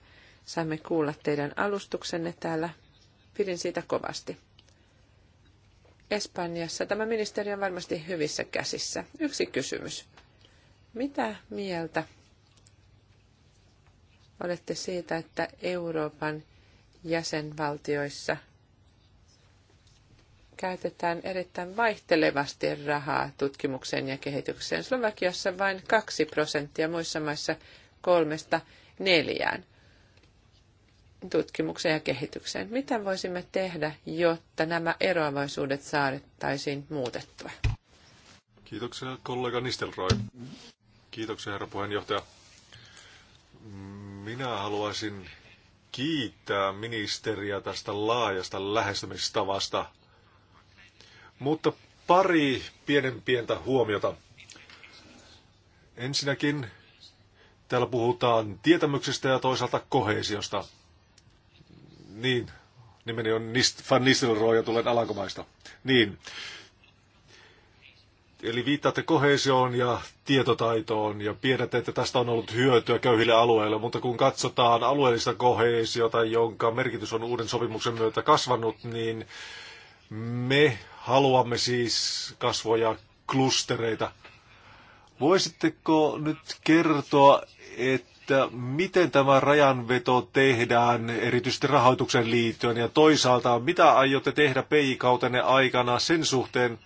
S4: saimme kuulla teidän alustuksenne täällä. Pidin siitä kovasti. Espanjassa tämä ministeri on varmasti hyvissä käsissä. Yksi kysymys. Mitä mieltä olette siitä, että Euroopan jäsenvaltioissa käytetään erittäin vaihtelevasti rahaa tutkimukseen ja kehitykseen. Slovakiassa vain 2 prosenttia, muissa maissa kolmesta neljään tutkimukseen ja kehitykseen. Mitä voisimme tehdä, jotta nämä eroavaisuudet saadettaisiin muutettua?
S2: Kiitoksia kollega Nistelrooy. Kiitoksia herra puheenjohtaja. Minä haluaisin kiittää ministeriä tästä laajasta lähestymistavasta, mutta pari pienen pientä huomiota. Ensinnäkin täällä puhutaan tietämyksestä ja toisaalta kohesiosta. Niin, nimeni on Nist, Van Nistelrooy ja tulen Alankomaista. Niin, Eli viittaatte kohesioon ja tietotaitoon ja tiedätte, että tästä on ollut hyötyä köyhille alueille, mutta kun katsotaan alueellista kohesiota, jonka merkitys on uuden sopimuksen myötä kasvanut, niin me haluamme siis kasvoja klustereita. Voisitteko nyt kertoa, että miten tämä rajanveto tehdään erityisesti rahoituksen liittyen ja toisaalta mitä aiotte tehdä PI-kautenne aikana sen suhteen,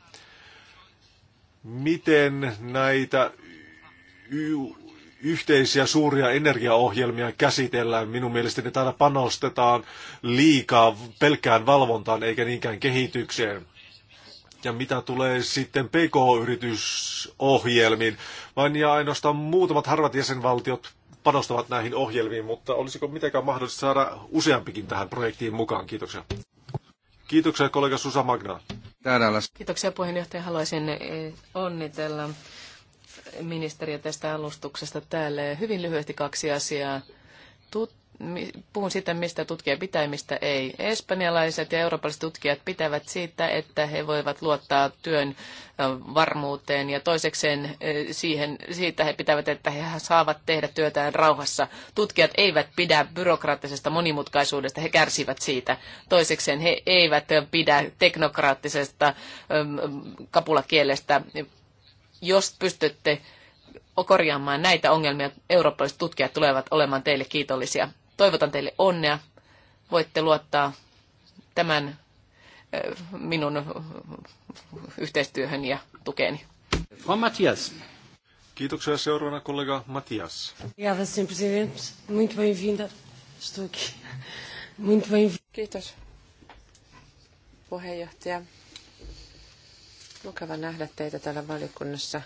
S2: miten näitä yhteisiä suuria energiaohjelmia käsitellään. Minun mielestäni täällä panostetaan liikaa pelkkään valvontaan eikä niinkään kehitykseen. Ja mitä tulee sitten PK-yritysohjelmiin, vain ja ainoastaan muutamat harvat jäsenvaltiot panostavat näihin ohjelmiin, mutta olisiko mitenkään mahdollista saada useampikin tähän projektiin mukaan? Kiitoksia. Kiitoksia kollega Susa Magna.
S3: Kiitoksia puheenjohtaja. Haluaisin eh, onnitella ministeriä tästä alustuksesta täällä. Hyvin lyhyesti kaksi asiaa. Tut- puhun siitä, mistä tutkija pitää, mistä ei. Espanjalaiset ja eurooppalaiset tutkijat pitävät siitä, että he voivat luottaa työn varmuuteen ja toisekseen siihen, siitä he pitävät, että he saavat tehdä työtään rauhassa. Tutkijat eivät pidä byrokraattisesta monimutkaisuudesta, he kärsivät siitä. Toisekseen he eivät pidä teknokraattisesta kapulakielestä. Jos pystytte korjaamaan näitä ongelmia, eurooppalaiset tutkijat tulevat olemaan teille kiitollisia toivotan teille onnea. Voitte luottaa tämän minun
S2: yhteistyöhön ja tukeeni. Frau Matthias. Kiitoksia seuraavana kollega Matias.
S4: Obrigada, Sr. Presidente. Muito bem-vinda. Estou aqui. Muito bem Kiitos. Puheenjohtaja. Mukava nähdä teitä täällä valiokunnassa,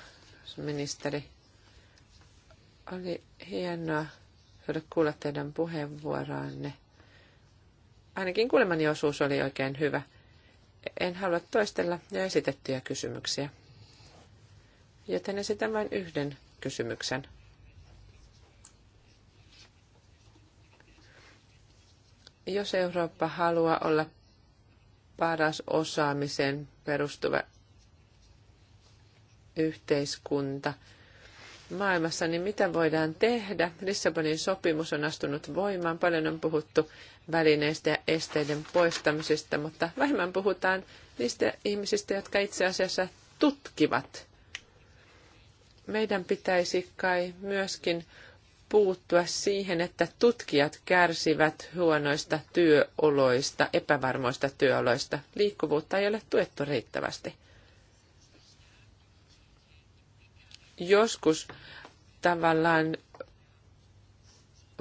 S4: ministeri. Oli hienoa saada kuulla teidän puheenvuoroanne. Ainakin kuulemani osuus oli oikein hyvä. En halua toistella jo esitettyjä kysymyksiä. Joten esitän vain yhden kysymyksen. Jos Eurooppa haluaa olla paras osaamiseen perustuva yhteiskunta, maailmassa, niin mitä voidaan tehdä? Lissabonin sopimus on astunut voimaan, paljon on puhuttu välineistä ja esteiden poistamisesta, mutta vähemmän puhutaan niistä ihmisistä, jotka itse asiassa tutkivat. Meidän pitäisi kai myöskin puuttua siihen, että tutkijat kärsivät huonoista työoloista, epävarmoista työoloista. Liikkuvuutta ei ole tuettu riittävästi. joskus tavallaan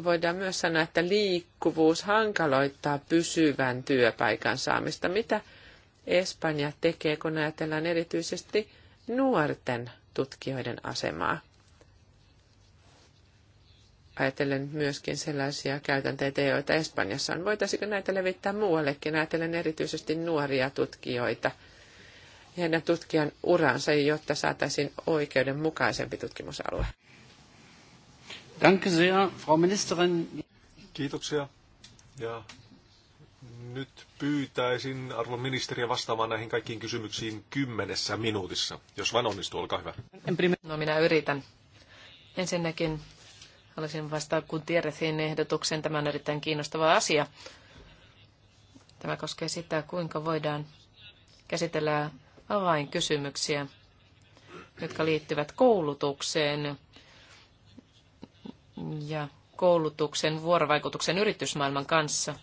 S4: voidaan myös sanoa, että liikkuvuus hankaloittaa pysyvän työpaikan saamista. Mitä Espanja tekee, kun ajatellaan erityisesti nuorten tutkijoiden asemaa? Ajatellen myöskin sellaisia käytänteitä, joita Espanjassa on. Voitaisiko näitä levittää muuallekin? Ajatellen erityisesti nuoria tutkijoita – ja heidän tutkijan uransa, jotta saataisiin oikeudenmukaisempi tutkimusalue.
S1: Danke sehr, Frau Ministerin. Kiitoksia. Ja
S2: nyt pyytäisin arvon ministeriä vastaamaan näihin kaikkiin kysymyksiin kymmenessä minuutissa. Jos vain onnistuu, olkaa hyvä.
S3: No minä yritän. Ensinnäkin haluaisin vastata kun Tierresin ehdotuksen. Tämä on erittäin kiinnostava asia. Tämä koskee sitä, kuinka voidaan käsitellä avainkysymyksiä, jotka liittyvät koulutukseen ja koulutuksen vuorovaikutuksen yritysmaailman kanssa.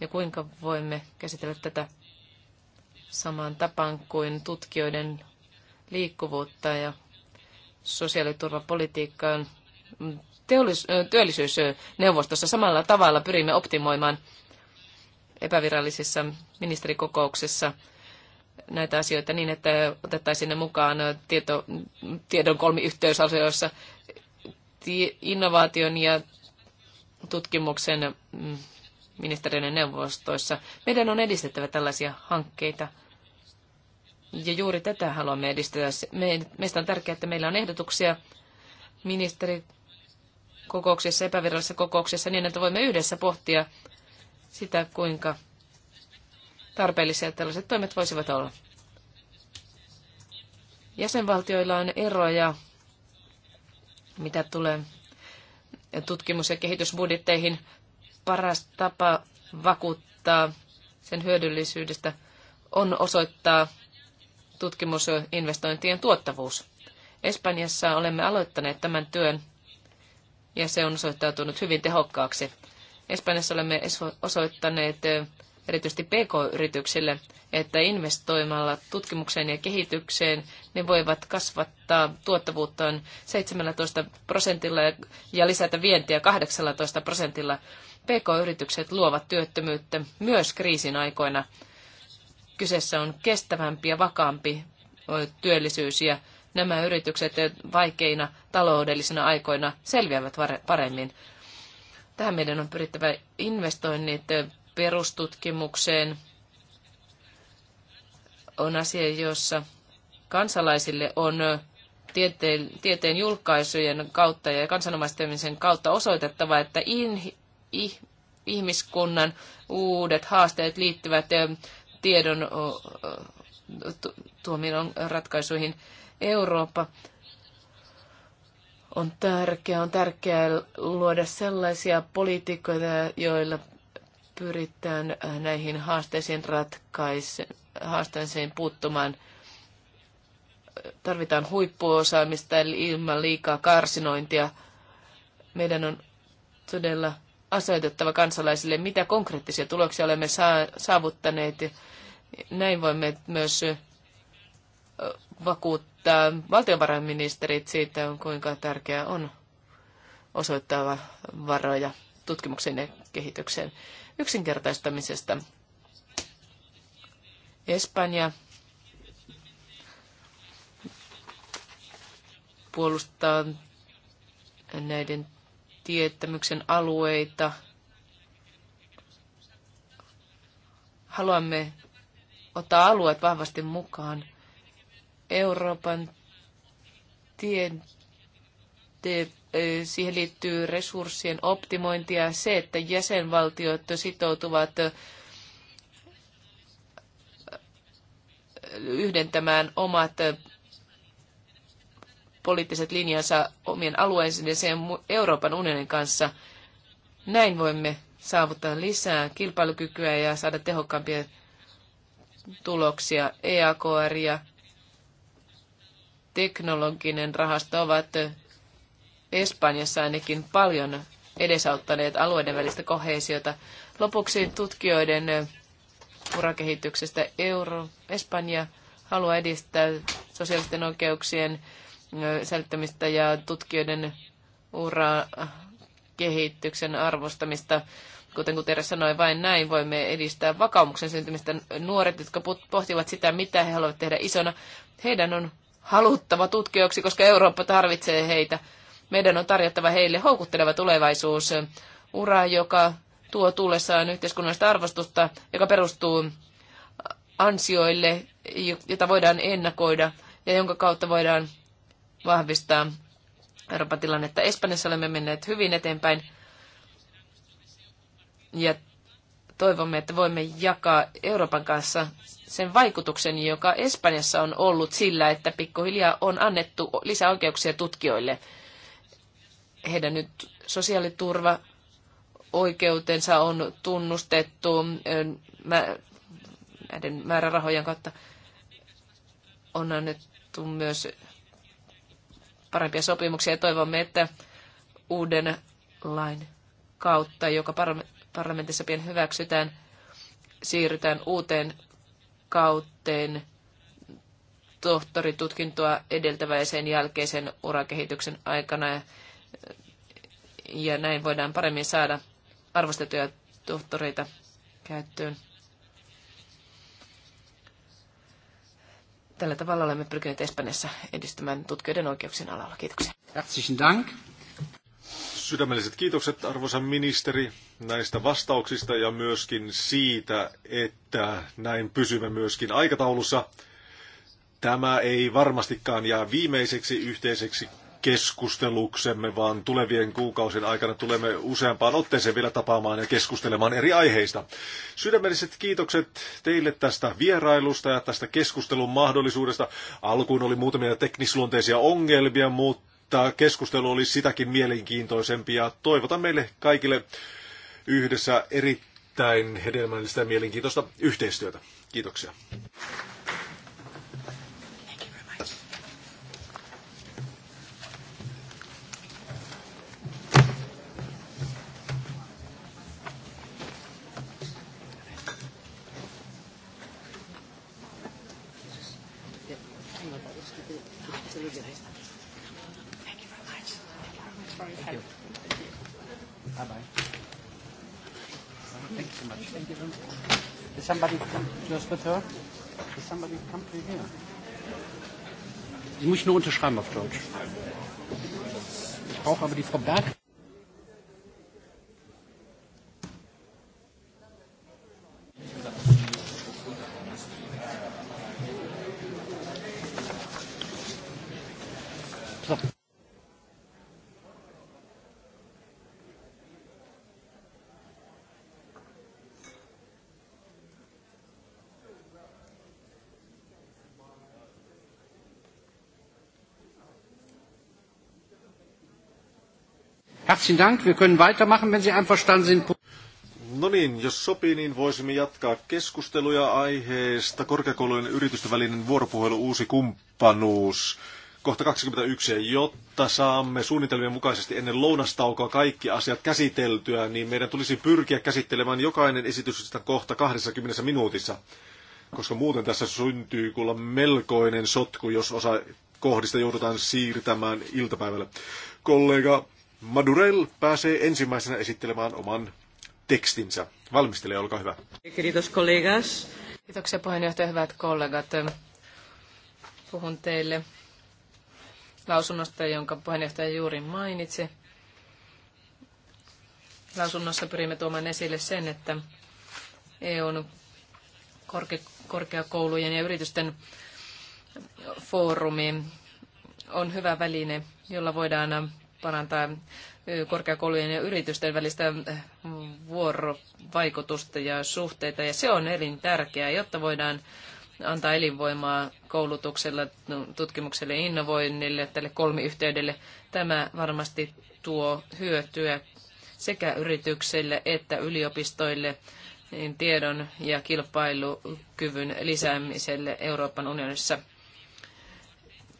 S3: Ja kuinka voimme käsitellä tätä samaan tapaan kuin tutkijoiden liikkuvuutta ja sosiaaliturvapolitiikkaan teollis- työllisyysneuvostossa samalla tavalla pyrimme optimoimaan epävirallisissa ministerikokouksissa näitä asioita niin, että otettaisiin ne mukaan tieto, tiedon kolmiyhteysasioissa innovaation ja tutkimuksen mm, ministeriön neuvostoissa. Meidän on edistettävä tällaisia hankkeita. Ja juuri tätä haluamme edistää. Meistä on tärkeää, että meillä on ehdotuksia ministerikokouksissa, epävirallisissa kokouksissa, niin että voimme yhdessä pohtia sitä, kuinka tarpeellisia tällaiset toimet voisivat olla. Jäsenvaltioilla on eroja, mitä tulee tutkimus- ja kehitysbudjetteihin. Paras tapa vakuuttaa sen hyödyllisyydestä on osoittaa tutkimusinvestointien tuottavuus. Espanjassa olemme aloittaneet tämän työn ja se on osoittautunut hyvin tehokkaaksi. Espanjassa olemme osoittaneet erityisesti PK-yrityksille, että investoimalla tutkimukseen ja kehitykseen ne voivat kasvattaa tuottavuuttaan 17 prosentilla ja lisätä vientiä 18 prosentilla. PK-yritykset luovat työttömyyttä myös kriisin aikoina. Kyseessä on kestävämpi ja vakaampi työllisyys ja nämä yritykset vaikeina taloudellisina aikoina selviävät paremmin. Tähän meidän on pyrittävä investoinnit perustutkimukseen on asia, jossa kansalaisille on tieteen, tieteen julkaisujen kautta ja kansanomaistamisen kautta osoitettava, että in, ih, ihmiskunnan uudet haasteet liittyvät eh, tiedon tuomien ratkaisuihin. Eurooppa on tärkeää. On tärkeää luoda sellaisia poliitikoita, joilla pyritään äh, näihin haasteisiin ratkaise, haasteisiin puuttumaan. Tarvitaan huippuosaamista ilman liikaa karsinointia. Meidän on todella asetettava kansalaisille, mitä konkreettisia tuloksia olemme saavuttaneet. Näin voimme myös vakuuttaa valtiovarainministerit siitä, kuinka tärkeää on osoittaa varoja tutkimukseen ja kehitykseen yksinkertaistamisesta. Espanja puolustaa näiden tietämyksen alueita. Haluamme ottaa alueet vahvasti mukaan. Euroopan tieteen siihen liittyy resurssien optimointia, se, että jäsenvaltiot sitoutuvat yhdentämään omat poliittiset linjansa omien alueensa ja Euroopan unionin kanssa. Näin voimme saavuttaa lisää kilpailukykyä ja saada tehokkaampia tuloksia. EAKR ja teknologinen rahasto ovat Espanjassa ainakin paljon edesauttaneet alueiden välistä kohesiota. Lopuksi tutkijoiden urakehityksestä Euro, Espanja haluaa edistää sosiaalisten oikeuksien säilyttämistä ja tutkijoiden urakehityksen arvostamista. Kuten Kuteres sanoi, vain näin voimme edistää vakaumuksen syntymistä. Nuoret, jotka pohtivat sitä, mitä he haluavat tehdä isona, heidän on haluttava tutkijoiksi, koska Eurooppa tarvitsee heitä. Meidän on tarjottava heille houkutteleva tulevaisuus, ura, joka tuo tullessaan yhteiskunnallista arvostusta, joka perustuu ansioille, jota voidaan ennakoida ja jonka kautta voidaan vahvistaa Euroopan tilannetta. Espanjassa olemme menneet hyvin eteenpäin ja toivomme, että voimme jakaa Euroopan kanssa sen vaikutuksen, joka Espanjassa on ollut sillä, että pikkuhiljaa on annettu lisäoikeuksia tutkijoille – heidän nyt sosiaaliturva oikeutensa on tunnustettu näiden määrärahojen kautta on annettu myös parempia sopimuksia ja toivomme, että uuden lain kautta, joka parlamentissa pian hyväksytään, siirrytään uuteen kautteen tohtoritutkintoa edeltäväisen jälkeisen urakehityksen aikana ja näin voidaan paremmin saada arvostettuja tohtoreita käyttöön. Tällä tavalla olemme pyrkineet Espanjassa edistämään tutkijoiden oikeuksien alalla. Kiitoksia.
S1: Herzlichen Dank.
S2: Sydämelliset kiitokset arvoisa ministeri näistä vastauksista ja myöskin siitä, että näin pysymme myöskin aikataulussa. Tämä ei varmastikaan jää viimeiseksi yhteiseksi keskusteluksemme, vaan tulevien kuukausien aikana tulemme useampaan otteeseen vielä tapaamaan ja keskustelemaan eri aiheista. Sydämelliset kiitokset teille tästä vierailusta ja tästä keskustelun mahdollisuudesta. Alkuun oli muutamia teknisluonteisia ongelmia, mutta keskustelu oli sitäkin mielenkiintoisempi ja toivotan meille kaikille yhdessä erittäin hedelmällistä ja mielenkiintoista yhteistyötä. Kiitoksia.
S1: with her? Does somebody come to here? Sie muss nur unterschreiben auf Deutsch. Ich brauche aber die Frau Berg. Herzlichen Dank. Wir können weitermachen, wenn Sie einverstanden sind.
S2: No niin, jos sopii, niin voisimme jatkaa keskusteluja aiheesta korkeakoulujen yritysten välinen vuoropuhelu, uusi kumppanuus. Kohta 21. Jotta saamme suunnitelmien mukaisesti ennen lounastaukoa kaikki asiat käsiteltyä, niin meidän tulisi pyrkiä käsittelemään jokainen esitys kohta 20 minuutissa. Koska muuten tässä syntyy kuulla melkoinen sotku, jos osa kohdista joudutaan siirtämään iltapäivälle. Kollega Madurell pääsee ensimmäisenä esittelemään oman tekstinsä. Valmistele olkaa hyvä.
S3: Kiitos kollegas. Kiitoksia puheenjohtaja, hyvät kollegat. Puhun teille lausunnosta, jonka puheenjohtaja juuri mainitsi. Lausunnossa pyrimme tuomaan esille sen, että EUn korke- korkeakoulujen ja yritysten foorumi on hyvä väline, jolla voidaan parantaa korkeakoulujen ja yritysten välistä vuorovaikutusta ja suhteita. Ja se on elintärkeää, jotta voidaan antaa elinvoimaa koulutuksella, no, tutkimukselle, innovoinnille, tälle kolmiyhteydelle. Tämä varmasti tuo hyötyä sekä yrityksille että yliopistoille tiedon ja kilpailukyvyn lisäämiselle Euroopan unionissa.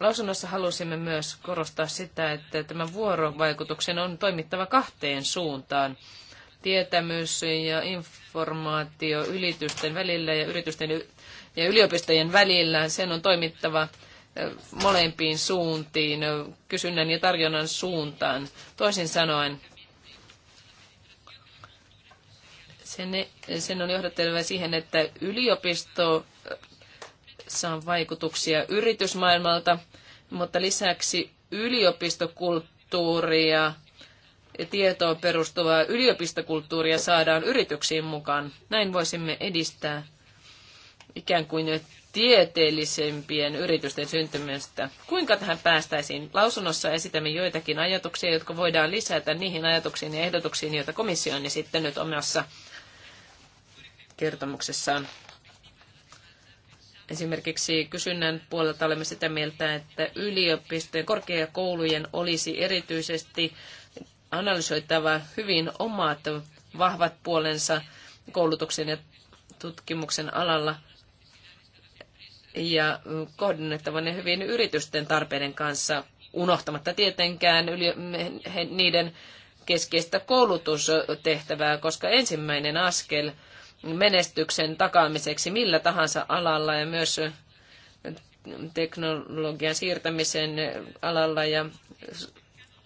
S3: Lausunnossa halusimme myös korostaa sitä, että tämän vuorovaikutuksen on toimittava kahteen suuntaan. Tietämys ja informaatio ylitysten välillä ja yritysten ja yliopistojen välillä, sen on toimittava molempiin suuntiin, kysynnän ja tarjonnan suuntaan. Toisin sanoen, sen, on johdatteleva siihen, että yliopisto saa vaikutuksia yritysmaailmalta, mutta lisäksi yliopistokulttuuria ja tietoon perustuvaa yliopistokulttuuria saadaan yrityksiin mukaan. Näin voisimme edistää ikään kuin tieteellisempien yritysten syntymistä. Kuinka tähän päästäisiin? Lausunnossa esitämme joitakin ajatuksia, jotka voidaan lisätä niihin ajatuksiin ja ehdotuksiin, joita komissio on esittänyt omassa kertomuksessaan. Esimerkiksi kysynnän puolelta olemme sitä mieltä, että yliopistojen korkeakoulujen olisi erityisesti analysoitava hyvin omat vahvat puolensa koulutuksen ja tutkimuksen alalla ja kohdennettava ne hyvin yritysten tarpeiden kanssa, unohtamatta tietenkään yli, niiden keskeistä koulutustehtävää, koska ensimmäinen askel – menestyksen takaamiseksi millä tahansa alalla ja myös teknologian siirtämisen alalla ja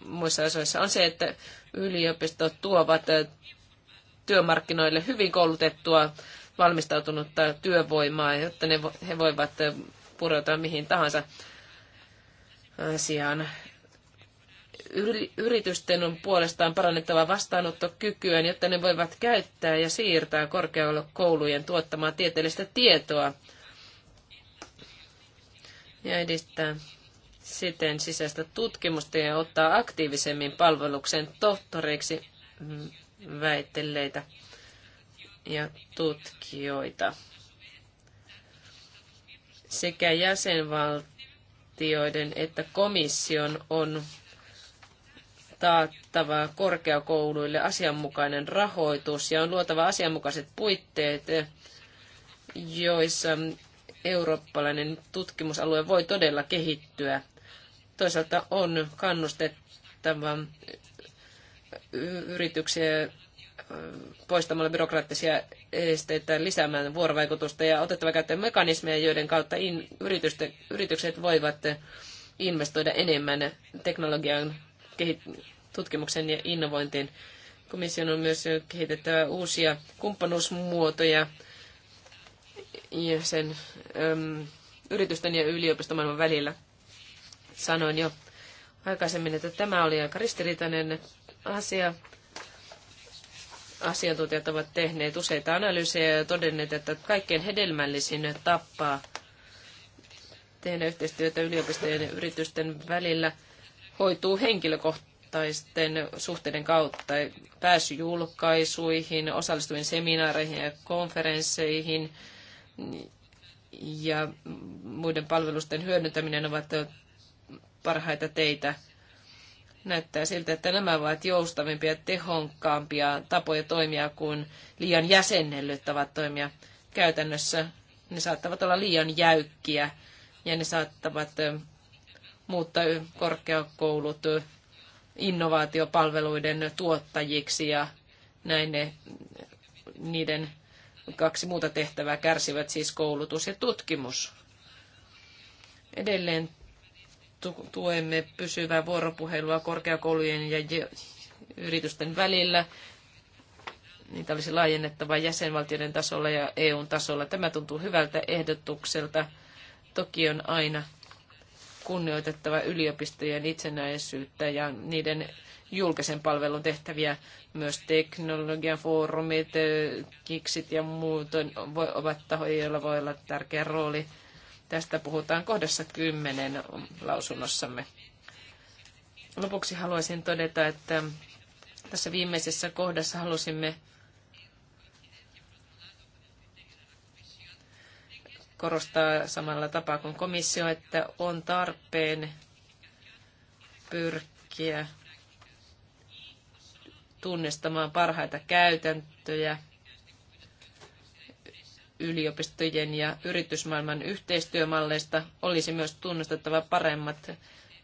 S3: muissa asioissa on se, että yliopistot tuovat työmarkkinoille hyvin koulutettua valmistautunutta työvoimaa, jotta ne, he voivat pureutua mihin tahansa asiaan yritysten on puolestaan parannettava vastaanottokykyään, jotta ne voivat käyttää ja siirtää korkeakoulujen tuottamaa tieteellistä tietoa ja edistää siten sisäistä tutkimusta ja ottaa aktiivisemmin palveluksen tohtoreiksi väitelleitä ja tutkijoita sekä jäsenvaltioiden että komission on taattava korkeakouluille asianmukainen rahoitus ja on luotava asianmukaiset puitteet, joissa eurooppalainen tutkimusalue voi todella kehittyä. Toisaalta on kannustettava yrityksiä poistamalla byrokraattisia esteitä, lisäämään vuorovaikutusta ja otettava käyttöön mekanismeja, joiden kautta in, yritykset voivat investoida enemmän teknologian tutkimuksen ja innovointiin. Komission on myös kehitettävä uusia kumppanuusmuotoja ja sen äm, yritysten ja yliopistomaailman välillä. Sanoin jo aikaisemmin, että tämä oli aika ristiriitainen asia. Asiantuntijat ovat tehneet useita analyysejä ja todenneet, että kaikkein hedelmällisin tapaa tehdä yhteistyötä yliopistojen ja yritysten välillä – hoituu henkilökohtaisten suhteiden kautta. Pääsy julkaisuihin, osallistuminen seminaareihin ja konferensseihin ja muiden palvelusten hyödyntäminen ovat parhaita teitä. Näyttää siltä, että nämä ovat joustavimpia ja tehokkaampia tapoja toimia kuin liian jäsennellyt tavat toimia. Käytännössä ne saattavat olla liian jäykkiä ja ne saattavat mutta korkeakoulut innovaatiopalveluiden tuottajiksi ja näin ne, niiden kaksi muuta tehtävää kärsivät siis koulutus ja tutkimus. Edelleen tuemme pysyvää vuoropuhelua korkeakoulujen ja yritysten välillä. Niitä olisi laajennettava jäsenvaltioiden tasolla ja EUn tasolla. Tämä tuntuu hyvältä ehdotukselta. Toki on aina kunnioitettava yliopistojen itsenäisyyttä ja niiden julkisen palvelun tehtäviä. Myös teknologian foorumit, eh, kiksit ja muut ovat tahoja, joilla voi olla tärkeä rooli. Tästä puhutaan kohdassa kymmenen lausunnossamme. Lopuksi haluaisin todeta, että tässä viimeisessä kohdassa halusimme korostaa samalla tapaa kuin komissio, että on tarpeen pyrkiä tunnistamaan parhaita käytäntöjä yliopistojen ja yritysmaailman yhteistyömalleista. Olisi myös tunnustettava paremmat,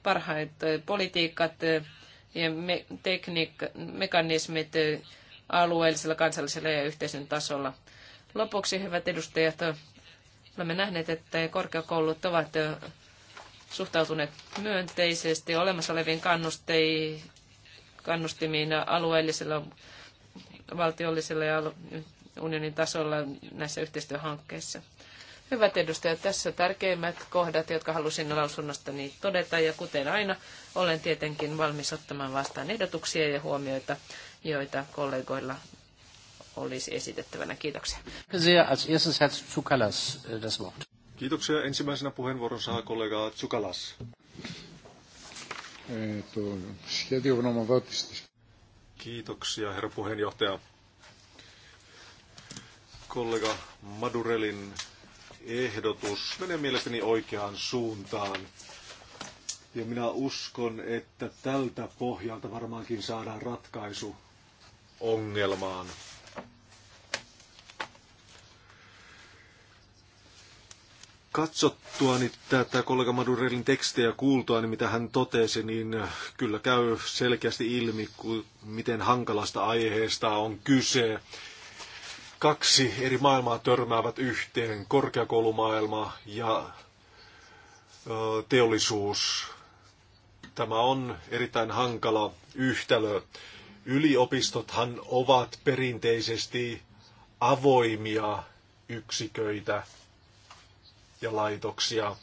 S3: parhaat politiikat ja me, tekniik, mekanismit alueellisella, kansallisella ja yhteisön tasolla. Lopuksi, hyvät edustajat, Olemme nähneet, että korkeakoulut ovat suhtautuneet myönteisesti olemassa oleviin kannustimiin alueellisella, valtiollisella ja unionin tasolla näissä yhteistyöhankkeissa. Hyvät edustajat, tässä tärkeimmät kohdat, jotka halusin lausunnostani todeta. Ja kuten aina, olen tietenkin valmis ottamaan vastaan ehdotuksia ja huomioita, joita kollegoilla olisi esitettävänä.
S1: Kiitoksia. Äh,
S2: Kiitoksia. Ensimmäisenä puheenvuoron saa kollega Tsukalas. Kiitoksia, herra puheenjohtaja. Kollega Madurelin ehdotus menee mielestäni oikeaan suuntaan. Ja minä uskon, että tältä pohjalta varmaankin saadaan ratkaisu ongelmaan. niin tätä kollega Madurellin tekstejä ja niin mitä hän totesi, niin kyllä käy selkeästi ilmi, miten hankalasta aiheesta on kyse. Kaksi eri maailmaa törmäävät yhteen, korkeakoulumaailma ja teollisuus. Tämä on erittäin hankala yhtälö. Yliopistothan ovat perinteisesti avoimia yksiköitä – ja laitoksia.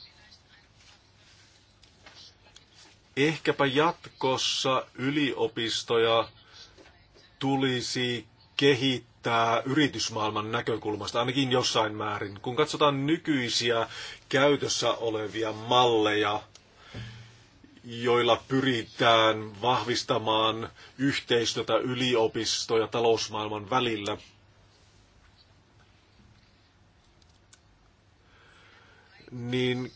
S2: Ehkäpä jatkossa yliopistoja tulisi kehittää yritysmaailman näkökulmasta, ainakin jossain määrin. Kun katsotaan nykyisiä käytössä olevia malleja, joilla pyritään vahvistamaan yhteistyötä yliopisto- ja talousmaailman välillä, niin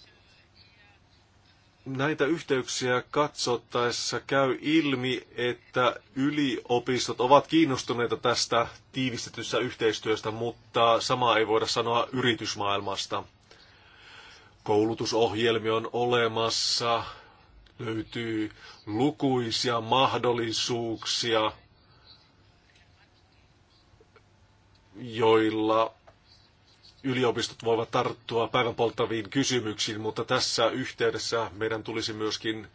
S2: näitä yhteyksiä katsottaessa käy ilmi, että yliopistot ovat kiinnostuneita tästä tiivistetystä yhteistyöstä, mutta samaa ei voida sanoa yritysmaailmasta. Koulutusohjelmi on olemassa, löytyy lukuisia mahdollisuuksia, joilla yliopistot voivat tarttua päivänpolttaviin kysymyksiin, mutta tässä yhteydessä meidän tulisi myöskin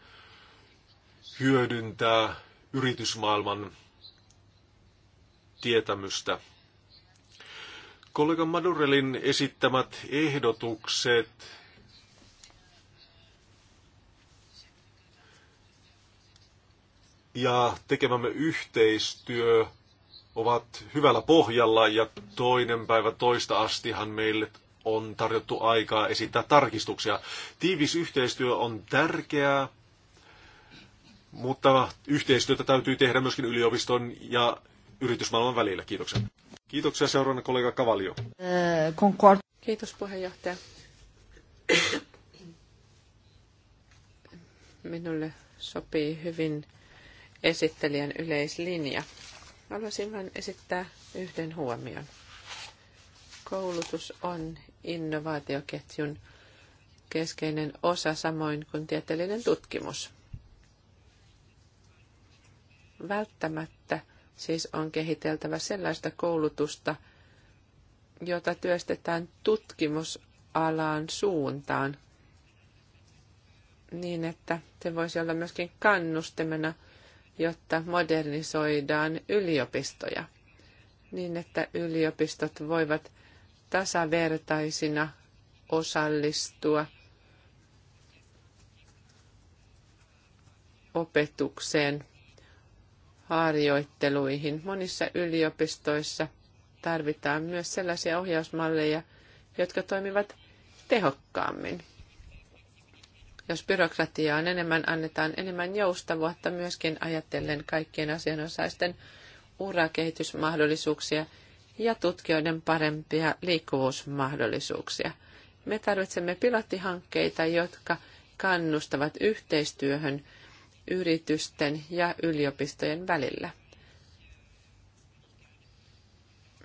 S2: hyödyntää yritysmaailman tietämystä. Kollega Madurelin esittämät ehdotukset ja tekemämme yhteistyö ovat hyvällä pohjalla ja toinen päivä toista astihan meille on tarjottu aikaa esittää tarkistuksia. Tiivis yhteistyö on tärkeää, mutta yhteistyötä täytyy tehdä myöskin yliopiston ja yritysmaailman välillä. Kiitoksia. Kiitoksia seuraavana kollega Kavalio.
S1: Äh,
S4: Kiitos puheenjohtaja. Minulle sopii hyvin esittelijän yleislinja. Haluaisin vain esittää yhden huomion. Koulutus on innovaatioketjun keskeinen osa, samoin kuin tieteellinen tutkimus. Välttämättä siis on kehiteltävä sellaista koulutusta, jota työstetään tutkimusalaan suuntaan, niin että se voisi olla myöskin kannustimena – jotta modernisoidaan yliopistoja niin, että yliopistot voivat tasavertaisina osallistua opetukseen, harjoitteluihin. Monissa yliopistoissa tarvitaan myös sellaisia ohjausmalleja, jotka toimivat tehokkaammin. Jos byrokratiaa on enemmän, annetaan enemmän joustavuutta myöskin ajatellen kaikkien asianosaisten urakehitysmahdollisuuksia ja tutkijoiden parempia liikkuvuusmahdollisuuksia. Me tarvitsemme pilottihankkeita, jotka kannustavat yhteistyöhön yritysten ja yliopistojen välillä.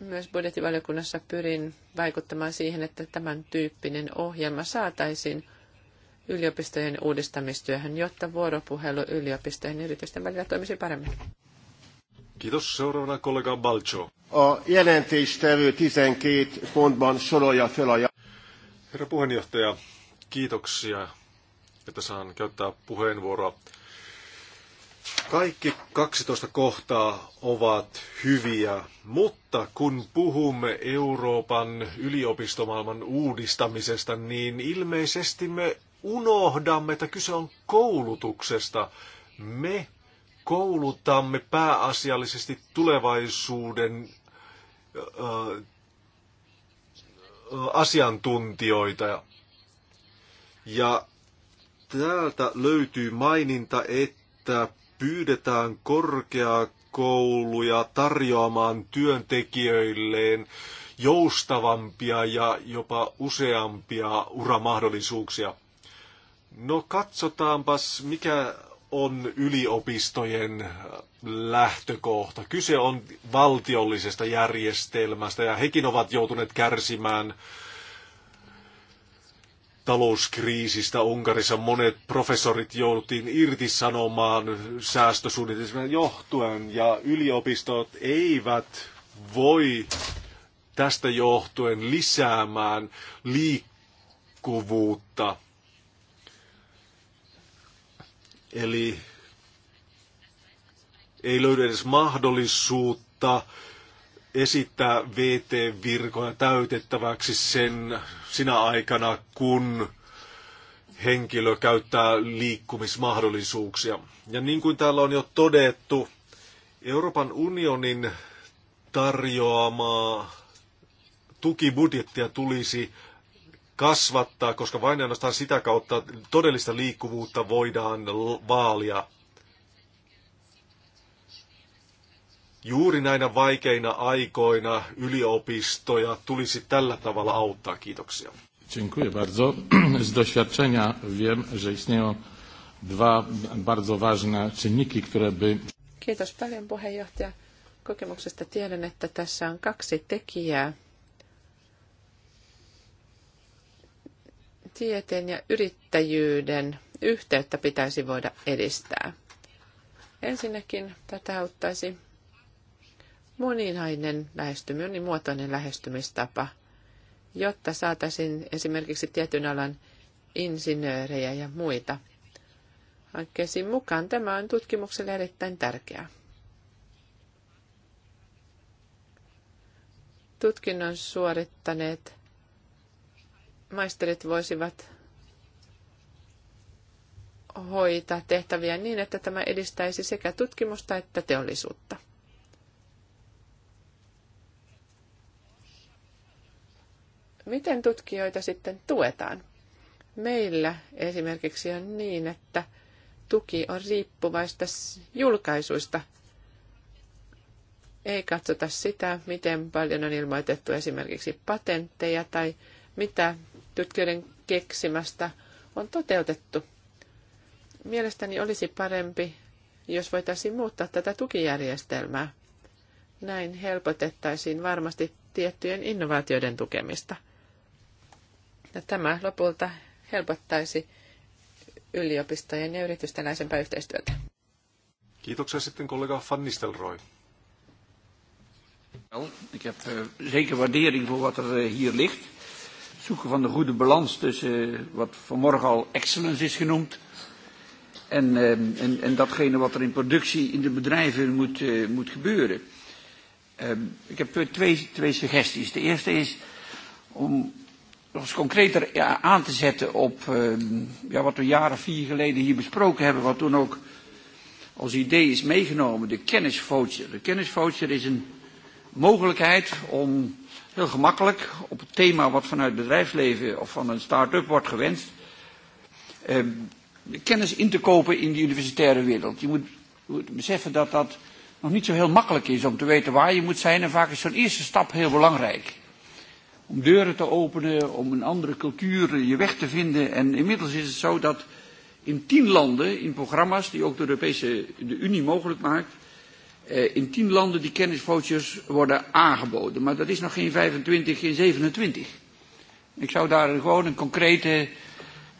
S4: Myös budjettivaliokunnassa pyrin vaikuttamaan siihen, että tämän tyyppinen ohjelma saataisiin yliopistojen uudistamistyöhön, jotta vuoropuhelu yliopistojen ja yritysten välillä toimisi paremmin.
S2: Kiitos. Seuraavana kollega Balcho.
S1: A jelentéstevő
S2: 12 pontban sorolja fel Herra puheenjohtaja, kiitoksia, että saan käyttää puheenvuoroa. Kaikki 12 kohtaa ovat hyviä, mutta kun puhumme Euroopan yliopistomaailman uudistamisesta, niin ilmeisesti me unohdamme, että kyse on koulutuksesta. Me koulutamme pääasiallisesti tulevaisuuden ö, asiantuntijoita. Ja täältä löytyy maininta, että pyydetään korkeakouluja tarjoamaan työntekijöilleen joustavampia ja jopa useampia uramahdollisuuksia. No katsotaanpas, mikä on yliopistojen lähtökohta. Kyse on valtiollisesta järjestelmästä ja hekin ovat joutuneet kärsimään talouskriisistä. Unkarissa monet professorit jouduttiin irtisanomaan säästösuunnitelmista johtuen ja yliopistot eivät voi tästä johtuen lisäämään liikkuvuutta – Eli ei löydy edes mahdollisuutta esittää VT-virkoja täytettäväksi sen, sinä aikana, kun henkilö käyttää liikkumismahdollisuuksia. Ja niin kuin täällä on jo todettu, Euroopan unionin tarjoamaa tukibudjettia tulisi kasvattaa, koska vain ainoastaan sitä kautta todellista liikkuvuutta voidaan vaalia. Juuri näinä vaikeina aikoina yliopistoja tulisi tällä tavalla auttaa. Kiitoksia.
S5: Dziękuję bardzo. Z doświadczenia wiem, że istnieją dwa bardzo ważne czynniki, które by...
S4: Kiitos paljon puheenjohtaja. Kokemuksesta tiedän, että tässä on kaksi tekijää, tieteen ja yrittäjyyden yhteyttä pitäisi voida edistää. Ensinnäkin tätä auttaisi moninainen lähestyminen, monimuotoinen lähestymistapa, jotta saataisiin esimerkiksi tietyn alan insinöörejä ja muita hankkeisiin mukaan. Tämä on tutkimukselle erittäin tärkeää. Tutkinnon suorittaneet maisterit voisivat hoitaa tehtäviä niin, että tämä edistäisi sekä tutkimusta että teollisuutta. Miten tutkijoita sitten tuetaan? Meillä esimerkiksi on niin, että tuki on riippuvaista julkaisuista. Ei katsota sitä, miten paljon on ilmoitettu esimerkiksi patentteja tai mitä tutkijoiden keksimästä on toteutettu. Mielestäni olisi parempi, jos voitaisiin muuttaa tätä tukijärjestelmää. Näin helpotettaisiin varmasti tiettyjen
S2: innovaatioiden tukemista.
S4: Ja tämä lopulta helpottaisi yliopistojen ja yritysten läheisempää yhteistyötä.
S2: Kiitoksia sitten kollega
S1: Van Nistelrooy. Ik heb eh, zeker waardering voor wat er eh, hier ligt zoeken van de goede balans tussen eh, wat vanmorgen al excellence is genoemd. En, eh, en, en datgene wat er in productie in de bedrijven moet, eh, moet gebeuren. Ehm, ik heb twee, twee suggesties. De eerste is om nog eens concreter aan te zetten op ehm, ja, wat we jaren vier geleden hier besproken hebben, wat toen ook als idee is meegenomen, de kennisvoucher. De kennisvoucher is een mogelijkheid om heel gemakkelijk op het thema wat vanuit het bedrijfsleven of van een start-up wordt gewenst, eh, kennis in te kopen in de universitaire wereld. Je moet, je moet beseffen dat dat nog niet zo heel makkelijk is om te weten waar je moet zijn. En vaak is zo'n eerste stap heel belangrijk. Om deuren te openen, om een andere cultuur eh, je weg te vinden. En inmiddels is het zo dat in tien landen, in programma's die ook de Europese de Unie mogelijk maakt, Eh, in tien landen die kennisvouchers worden aangeboden. Maar dat is nog geen 25, geen 27. Ik zou daar gewoon een concrete,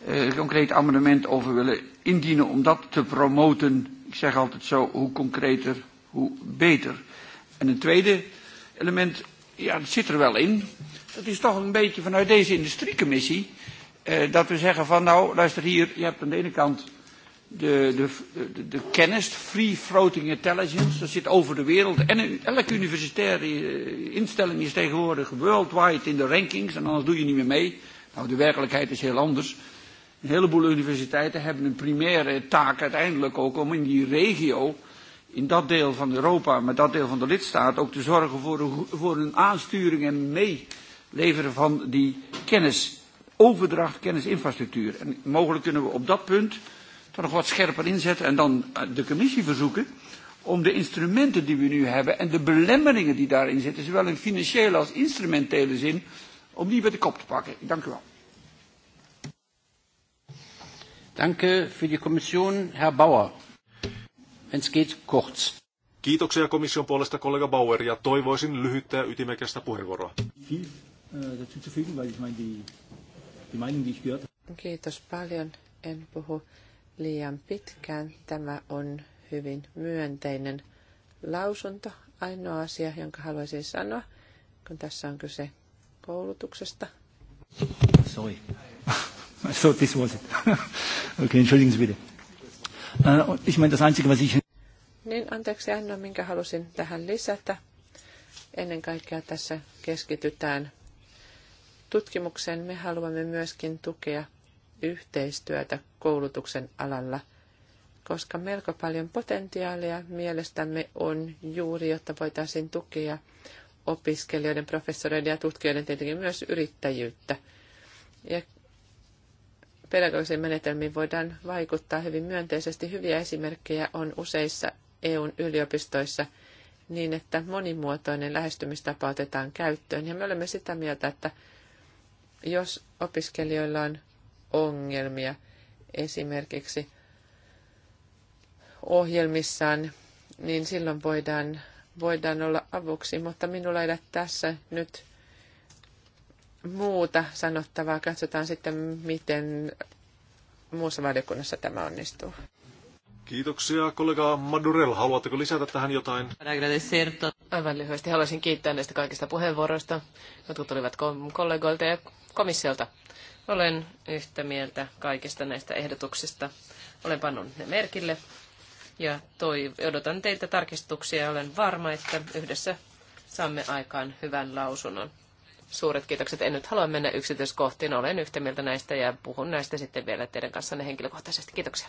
S1: uh, concreet amendement over willen indienen om dat te promoten. Ik zeg altijd zo, hoe concreter, hoe beter. En een tweede element, ja, dat zit er wel in. Dat is toch een beetje vanuit deze industriecommissie. Uh, dat we zeggen van, nou, luister hier, je hebt aan de ene kant de, de, de, de kennis, free floating intelligence, dat zit over de wereld. En elke universitaire eh, instelling is tegenwoordig worldwide in de rankings, en anders doe je niet meer mee. Nou, de werkelijkheid is heel anders. Een heleboel universiteiten hebben een primaire taak uiteindelijk ook om in die regio, in dat deel van Europa, met dat deel van de lidstaat, ook te zorgen voor een, voor een aansturing en meeleveren van die kennis. Overdracht, kennisinfrastructuur. En mogelijk kunnen we op dat punt toch nog wat scherper inzetten en dan eh, de commissie verzoeken om de instrumenten die we nu hebben en de belemmeringen die daarin zitten, zowel in financiële als instrumentele zin, om die bij de kop te pakken. Dank u wel. Dank u voor de commissie, heer Bauer. En het gaat kort.
S2: Kiitoksia komission puolesta kollega Bauer ja toivoisin lyhyttä ja ytimekästä puheenvuoroa.
S4: Kiitos paljon. En puhu liian pitkään. Tämä on hyvin myönteinen lausunto. Ainoa asia, jonka haluaisin sanoa, kun tässä on kyse koulutuksesta.
S1: Sorry. I thought this was it. okay, entschuldigen Sie bitte. Uh, ich meine, das Einzige, was ich...
S4: Niin, anteeksi ainoa, minkä halusin tähän lisätä. Ennen kaikkea tässä keskitytään tutkimukseen. Me haluamme myöskin tukea yhteistyötä koulutuksen alalla, koska melko paljon potentiaalia mielestämme on juuri, jotta voitaisiin tukea opiskelijoiden, professoreiden ja tutkijoiden tietenkin myös yrittäjyyttä. Ja pedagogisiin menetelmiin voidaan vaikuttaa hyvin myönteisesti. Hyviä esimerkkejä on useissa EUn yliopistoissa niin, että monimuotoinen lähestymistapa otetaan käyttöön. Ja me olemme sitä mieltä, että jos opiskelijoilla on ongelmia. Esimerkiksi ohjelmissaan, niin silloin voidaan, voidaan olla avuksi, mutta minulla ei ole tässä nyt muuta sanottavaa. Katsotaan sitten, miten muussa valiokunnassa tämä onnistuu.
S2: Kiitoksia kollega Madurell. Haluatteko lisätä tähän jotain?
S4: Aivan lyhyesti haluaisin kiittää näistä kaikista puheenvuoroista. jotka
S3: tulivat kollegoilta ja komissiolta. Olen yhtä mieltä kaikista näistä ehdotuksista. Olen pannut ne merkille ja toi, odotan teiltä tarkistuksia ja olen varma, että yhdessä saamme aikaan hyvän lausunnon. Suuret kiitokset. En nyt halua mennä yksityiskohtiin. Olen yhtä mieltä näistä ja puhun näistä sitten vielä teidän kanssanne henkilökohtaisesti. Kiitoksia.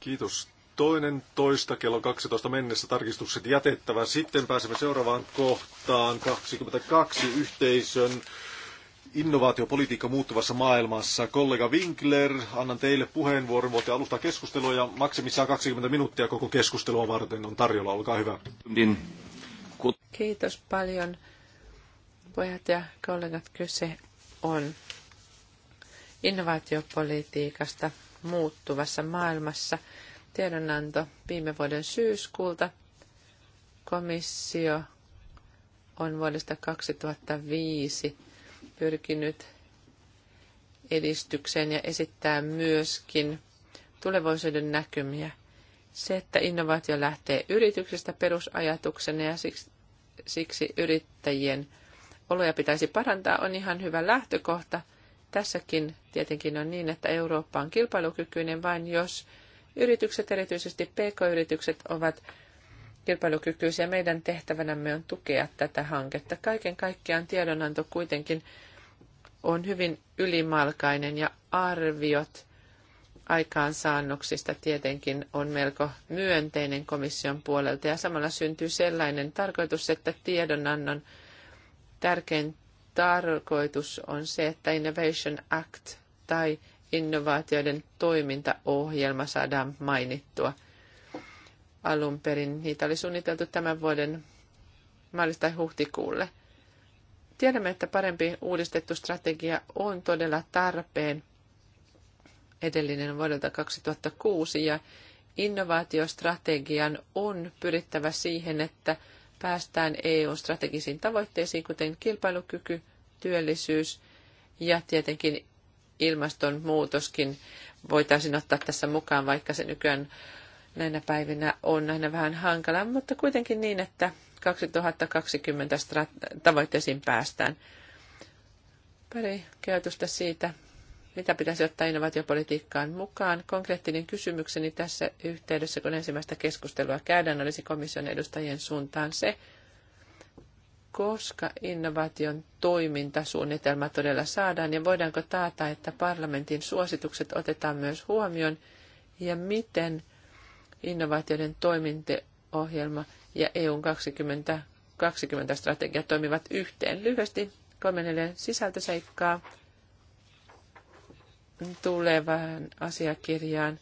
S2: Kiitos. Toinen toista kello 12 mennessä tarkistukset jätettävä. Sitten pääsemme seuraavaan kohtaan 22 yhteisön innovaatiopolitiikka muuttuvassa maailmassa. Kollega Winkler, annan teille puheenvuoron. Voitte alustaa keskustelua ja maksimissaan 20 minuuttia koko keskustelua varten on tarjolla. Olkaa hyvä.
S4: Kiitos paljon. Pojat ja kollegat, kyse on innovaatiopolitiikasta muuttuvassa maailmassa. Tiedonanto viime vuoden syyskuulta komissio on vuodesta 2005 pyrkinyt edistykseen ja esittää myöskin tulevaisuuden näkymiä. Se, että innovaatio lähtee yrityksestä perusajatuksena ja siksi, siksi yrittäjien oloja pitäisi parantaa, on ihan hyvä lähtökohta. Tässäkin tietenkin on niin, että Eurooppa on kilpailukykyinen vain jos yritykset, erityisesti pk-yritykset, ovat kilpailukykyisiä. Meidän tehtävänämme on tukea tätä hanketta. Kaiken kaikkiaan tiedonanto kuitenkin on hyvin ylimalkainen ja arviot aikaansaannoksista tietenkin on melko myönteinen komission puolelta ja samalla syntyy sellainen tarkoitus, että tiedonannon tärkein tarkoitus on se, että Innovation Act tai innovaatioiden toimintaohjelma saadaan mainittua. Alun perin niitä oli suunniteltu tämän vuoden maalista huhtikuulle – Tiedämme, että parempi uudistettu strategia on todella tarpeen. Edellinen vuodelta 2006 ja innovaatiostrategian on pyrittävä siihen, että päästään EU-strategisiin tavoitteisiin, kuten kilpailukyky, työllisyys ja tietenkin ilmastonmuutoskin voitaisiin ottaa tässä mukaan, vaikka se nykyään näinä päivinä on aina vähän hankala, mutta kuitenkin niin, että 2020 tavoitteisiin päästään. Pari käytöstä siitä, mitä pitäisi ottaa innovaatiopolitiikkaan mukaan. Konkreettinen kysymykseni tässä yhteydessä, kun ensimmäistä keskustelua käydään, olisi komission edustajien suuntaan se, koska innovaation toimintasuunnitelma todella saadaan ja voidaanko taata, että parlamentin suositukset otetaan myös huomioon ja miten innovaatioiden toimintaohjelma ja EUn 2020, strategia strategiat toimivat yhteen. Lyhyesti kolme neljä sisältöseikkaa tulevaan asiakirjaan.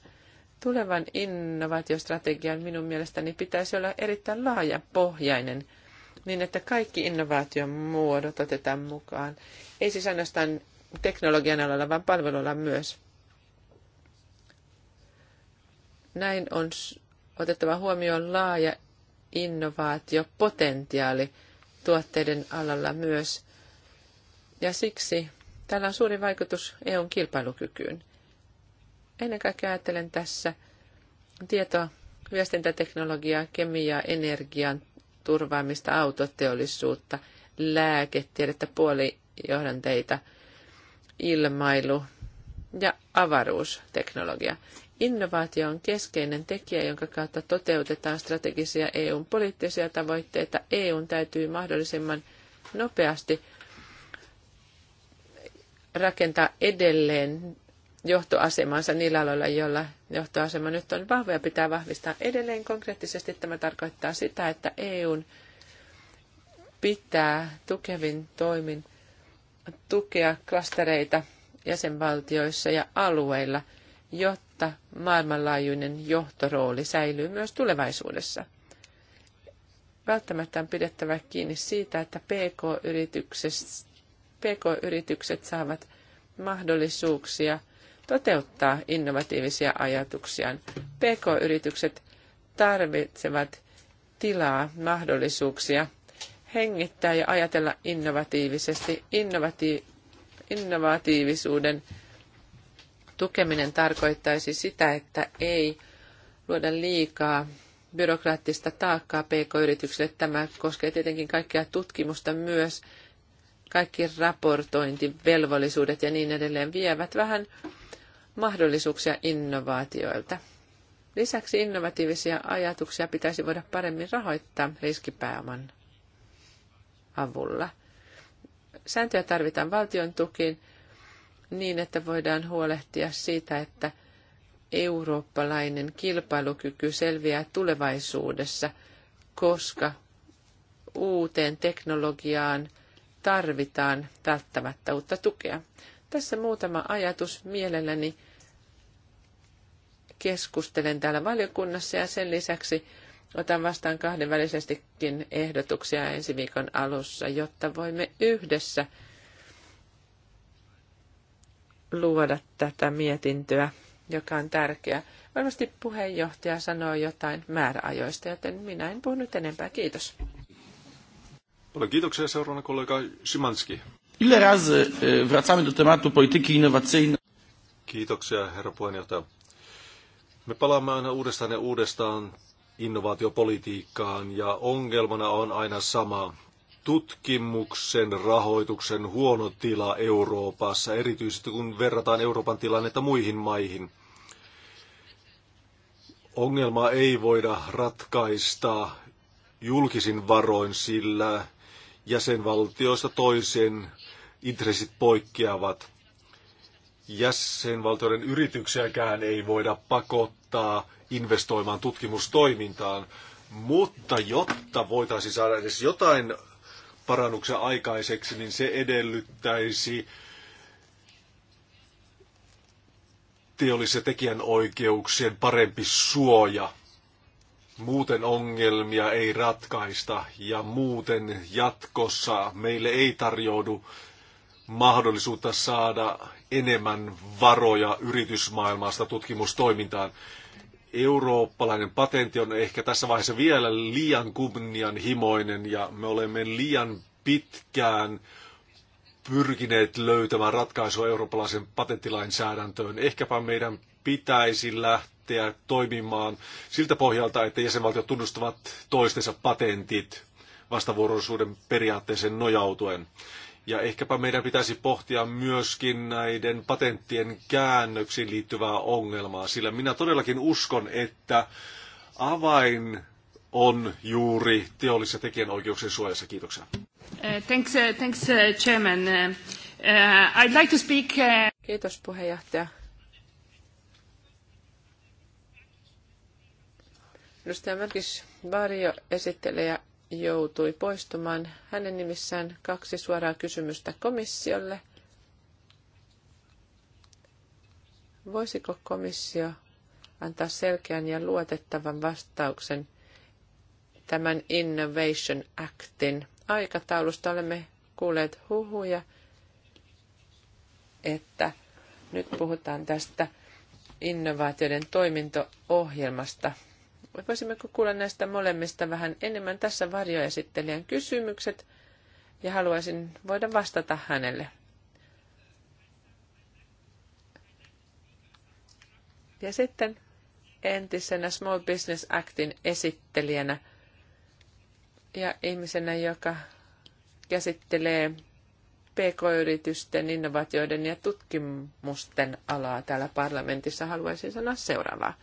S4: Tulevan innovaatiostrategian minun mielestäni pitäisi olla erittäin laaja pohjainen, niin että kaikki innovaation muodot otetaan mukaan. Ei siis ainoastaan teknologian alalla, vaan palvelulla myös. Näin on otettava huomioon laaja innovaatiopotentiaali tuotteiden alalla myös. Ja siksi tällä on suuri vaikutus EUn kilpailukykyyn. Ennen kaikkea ajattelen tässä tietoa, viestintäteknologiaa, kemiaa, energian turvaamista, autoteollisuutta, lääketiedettä, puolijohdanteita, ilmailu ja avaruusteknologia. Innovaatio on keskeinen tekijä, jonka kautta toteutetaan strategisia EUn poliittisia tavoitteita. EUn täytyy mahdollisimman nopeasti rakentaa edelleen johtoasemansa niillä aloilla, joilla johtoasema nyt on vahva ja pitää vahvistaa edelleen. Konkreettisesti tämä tarkoittaa sitä, että EUn pitää tukevin toimin tukea klastereita jäsenvaltioissa ja alueilla, jotta jotta maailmanlaajuinen johtorooli säilyy myös tulevaisuudessa. Välttämättä on pidettävä kiinni siitä, että PK-yritykset saavat mahdollisuuksia toteuttaa innovatiivisia ajatuksiaan. PK-yritykset tarvitsevat tilaa, mahdollisuuksia hengittää ja ajatella innovatiivisesti. Innovati- innovatiivisuuden tukeminen tarkoittaisi sitä, että ei luoda liikaa byrokraattista taakkaa pk-yrityksille. Tämä koskee tietenkin kaikkea tutkimusta myös. Kaikki raportointivelvollisuudet ja niin edelleen vievät vähän mahdollisuuksia innovaatioilta. Lisäksi innovatiivisia ajatuksia pitäisi voida paremmin rahoittaa riskipääoman avulla. Sääntöjä tarvitaan valtion tukiin niin, että voidaan huolehtia siitä, että eurooppalainen kilpailukyky selviää tulevaisuudessa, koska uuteen teknologiaan tarvitaan välttämättä uutta tukea. Tässä muutama ajatus mielelläni keskustelen täällä valiokunnassa ja sen lisäksi otan vastaan kahdenvälisestikin ehdotuksia ensi viikon alussa, jotta voimme yhdessä – luoda tätä mietintöä, joka on tärkeä. Varmasti puheenjohtaja sanoo jotain määräajoista, joten minä en puhu nyt enempää. Kiitos.
S2: Paljon kiitoksia seuraavana kollega Szymanski.
S1: Ile razy wracamy do tematu polityki innowacyjnej?
S2: Kiitoksia, herra puheenjohtaja. Me palaamme aina uudestaan ja uudestaan innovaatiopolitiikkaan ja ongelmana on aina sama tutkimuksen rahoituksen huono tila Euroopassa, erityisesti kun verrataan Euroopan tilannetta muihin maihin. Ongelma ei voida ratkaista julkisin varoin, sillä jäsenvaltioista toisen intressit poikkeavat. Jäsenvaltioiden yrityksiäkään ei voida pakottaa investoimaan tutkimustoimintaan, mutta jotta voitaisiin saada edes jotain parannuksen aikaiseksi, niin se edellyttäisi teollisen tekijänoikeuksien parempi suoja. Muuten ongelmia ei ratkaista ja muuten jatkossa meille ei tarjoudu mahdollisuutta saada enemmän varoja yritysmaailmasta tutkimustoimintaan eurooppalainen patentti on ehkä tässä vaiheessa vielä liian kunnianhimoinen ja me olemme liian pitkään pyrkineet löytämään ratkaisua eurooppalaisen patenttilainsäädäntöön. Ehkäpä meidän pitäisi lähteä toimimaan siltä pohjalta, että jäsenvaltiot tunnustavat toistensa patentit vastavuoroisuuden periaatteeseen nojautuen. Ja ehkäpä meidän pitäisi pohtia myöskin näiden patenttien käännöksiin liittyvää ongelmaa, sillä minä todellakin uskon, että avain on juuri teollis- ja tekijänoikeuksien suojassa. Kiitoksia.
S4: Uh, thanks, uh, thanks uh, Chairman. Uh, I'd like to speak... Uh... Kiitos puheenjohtaja. Edustaja Mäkis Varjo esittelee ja joutui poistumaan. Hänen nimissään kaksi suoraa kysymystä komissiolle. Voisiko komissio antaa selkeän ja luotettavan vastauksen tämän Innovation Actin aikataulusta? Olemme kuulleet huhuja, että nyt puhutaan tästä innovaatioiden toimintoohjelmasta. Voisimmeko kuulla näistä molemmista vähän enemmän tässä varjoesittelijän kysymykset ja haluaisin voida vastata hänelle. Ja sitten entisenä Small Business Actin esittelijänä ja ihmisenä, joka käsittelee PK-yritysten, innovaatioiden ja tutkimusten alaa täällä parlamentissa, haluaisin sanoa seuraavaa.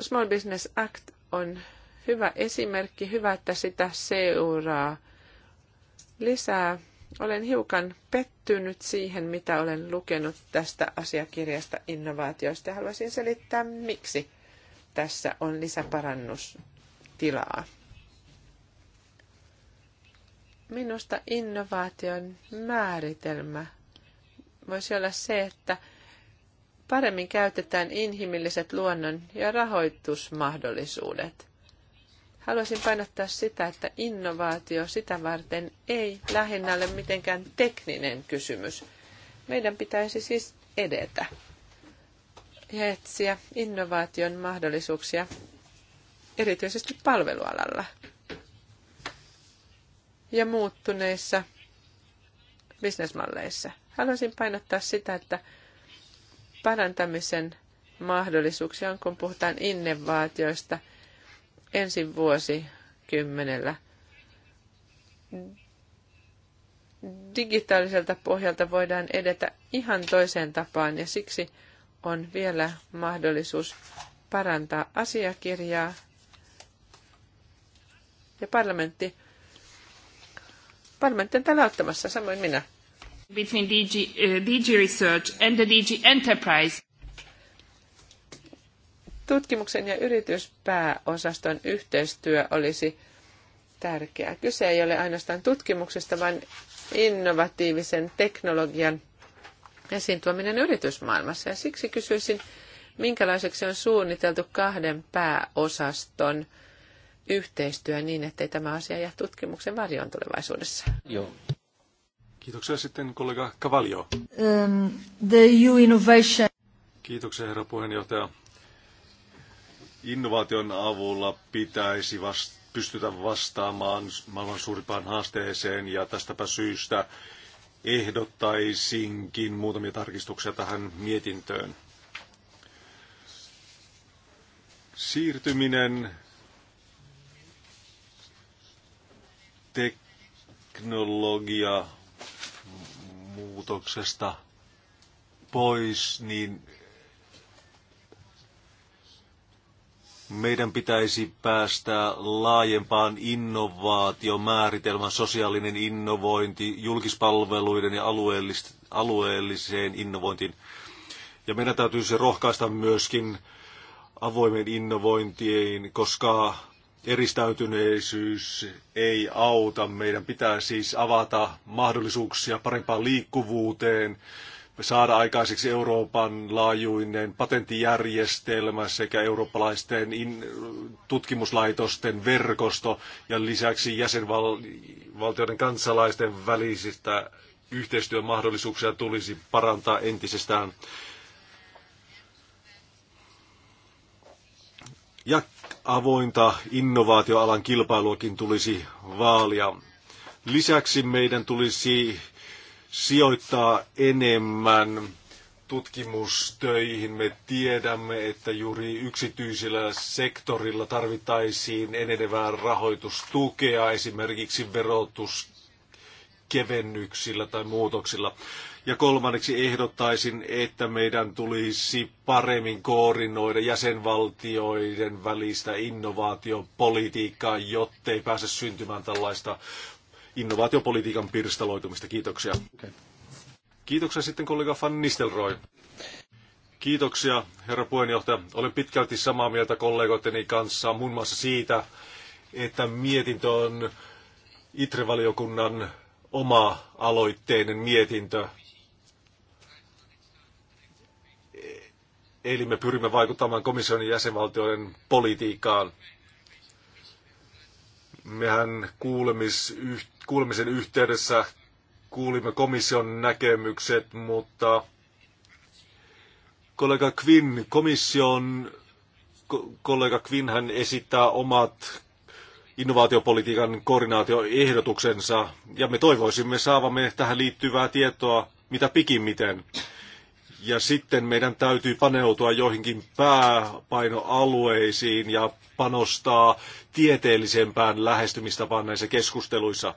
S4: Small Business Act on hyvä esimerkki, hyvä, että sitä seuraa lisää. Olen hiukan pettynyt siihen, mitä olen lukenut tästä asiakirjasta innovaatioista ja haluaisin selittää, miksi tässä on lisäparannustilaa. Minusta innovaation määritelmä voisi olla se, että – paremmin käytetään inhimilliset luonnon ja rahoitusmahdollisuudet. Haluaisin painottaa sitä, että innovaatio sitä varten ei lähinnä ole mitenkään tekninen kysymys. Meidän pitäisi siis edetä ja etsiä innovaation mahdollisuuksia erityisesti palvelualalla ja muuttuneissa bisnesmalleissa. Haluaisin painottaa sitä, että parantamisen mahdollisuuksia on, kun puhutaan innovaatioista ensi vuosikymmenellä. Digitaaliselta pohjalta voidaan edetä ihan toiseen tapaan ja siksi on vielä mahdollisuus parantaa asiakirjaa. Ja parlamentti, parlamentti on täällä ottamassa, samoin minä between DG, uh, DG Research and the DG Enterprise. Tutkimuksen ja yrityspääosaston yhteistyö olisi tärkeää. Kyse ei ole ainoastaan tutkimuksesta, vaan innovatiivisen teknologian esiin tuominen yritysmaailmassa. Ja siksi kysyisin, minkälaiseksi on suunniteltu kahden pääosaston yhteistyö niin, ettei tämä asia jää tutkimuksen varjoon tulevaisuudessa?
S2: Joo. Kiitoksia sitten kollega Cavallio. Um,
S4: the EU Innovation.
S2: Kiitoksia herra puheenjohtaja. Innovaation avulla pitäisi vast- pystytä vastaamaan maailman suurimpaan haasteeseen ja tästäpä syystä ehdottaisinkin muutamia tarkistuksia tähän mietintöön. Siirtyminen teknologia muutoksesta pois, niin meidän pitäisi päästä laajempaan innovaatiomääritelmään, sosiaalinen innovointi, julkispalveluiden ja alueelliseen innovointiin. Ja meidän täytyy se rohkaista myöskin avoimen innovointiin, koska eristäytyneisyys ei auta. Meidän pitää siis avata mahdollisuuksia parempaan liikkuvuuteen, saada aikaiseksi Euroopan laajuinen patenttijärjestelmä sekä eurooppalaisten tutkimuslaitosten verkosto ja lisäksi jäsenvaltioiden kansalaisten välisistä yhteistyön mahdollisuuksia tulisi parantaa entisestään. Ja avointa innovaatioalan kilpailuakin tulisi vaalia. Lisäksi meidän tulisi sijoittaa enemmän tutkimustöihin. Me tiedämme, että juuri yksityisellä sektorilla tarvittaisiin enenevää rahoitustukea esimerkiksi verotuskevennyksillä tai muutoksilla. Ja kolmanneksi ehdottaisin, että meidän tulisi paremmin koordinoida jäsenvaltioiden välistä innovaatiopolitiikkaa, jotta ei pääse syntymään tällaista innovaatiopolitiikan pirstaloitumista. Kiitoksia. Okay. Kiitoksia sitten kollega Van Nistelrooy. Kiitoksia, herra puheenjohtaja. Olen pitkälti samaa mieltä kollegoiteni kanssa, muun muassa siitä, että mietintö on ITRE-valiokunnan oma aloitteinen mietintö. Eli me pyrimme vaikuttamaan komission jäsenvaltioiden politiikkaan. Mehän kuulemis, kuulemisen yhteydessä kuulimme komission näkemykset, mutta kollega Quinn, komission kollega Quinn hän esittää omat innovaatiopolitiikan koordinaatioehdotuksensa, ja me toivoisimme saavamme tähän liittyvää tietoa mitä pikimmiten. Ja sitten meidän täytyy paneutua joihinkin pääpainoalueisiin ja panostaa tieteellisempään lähestymistapaan näissä keskusteluissa.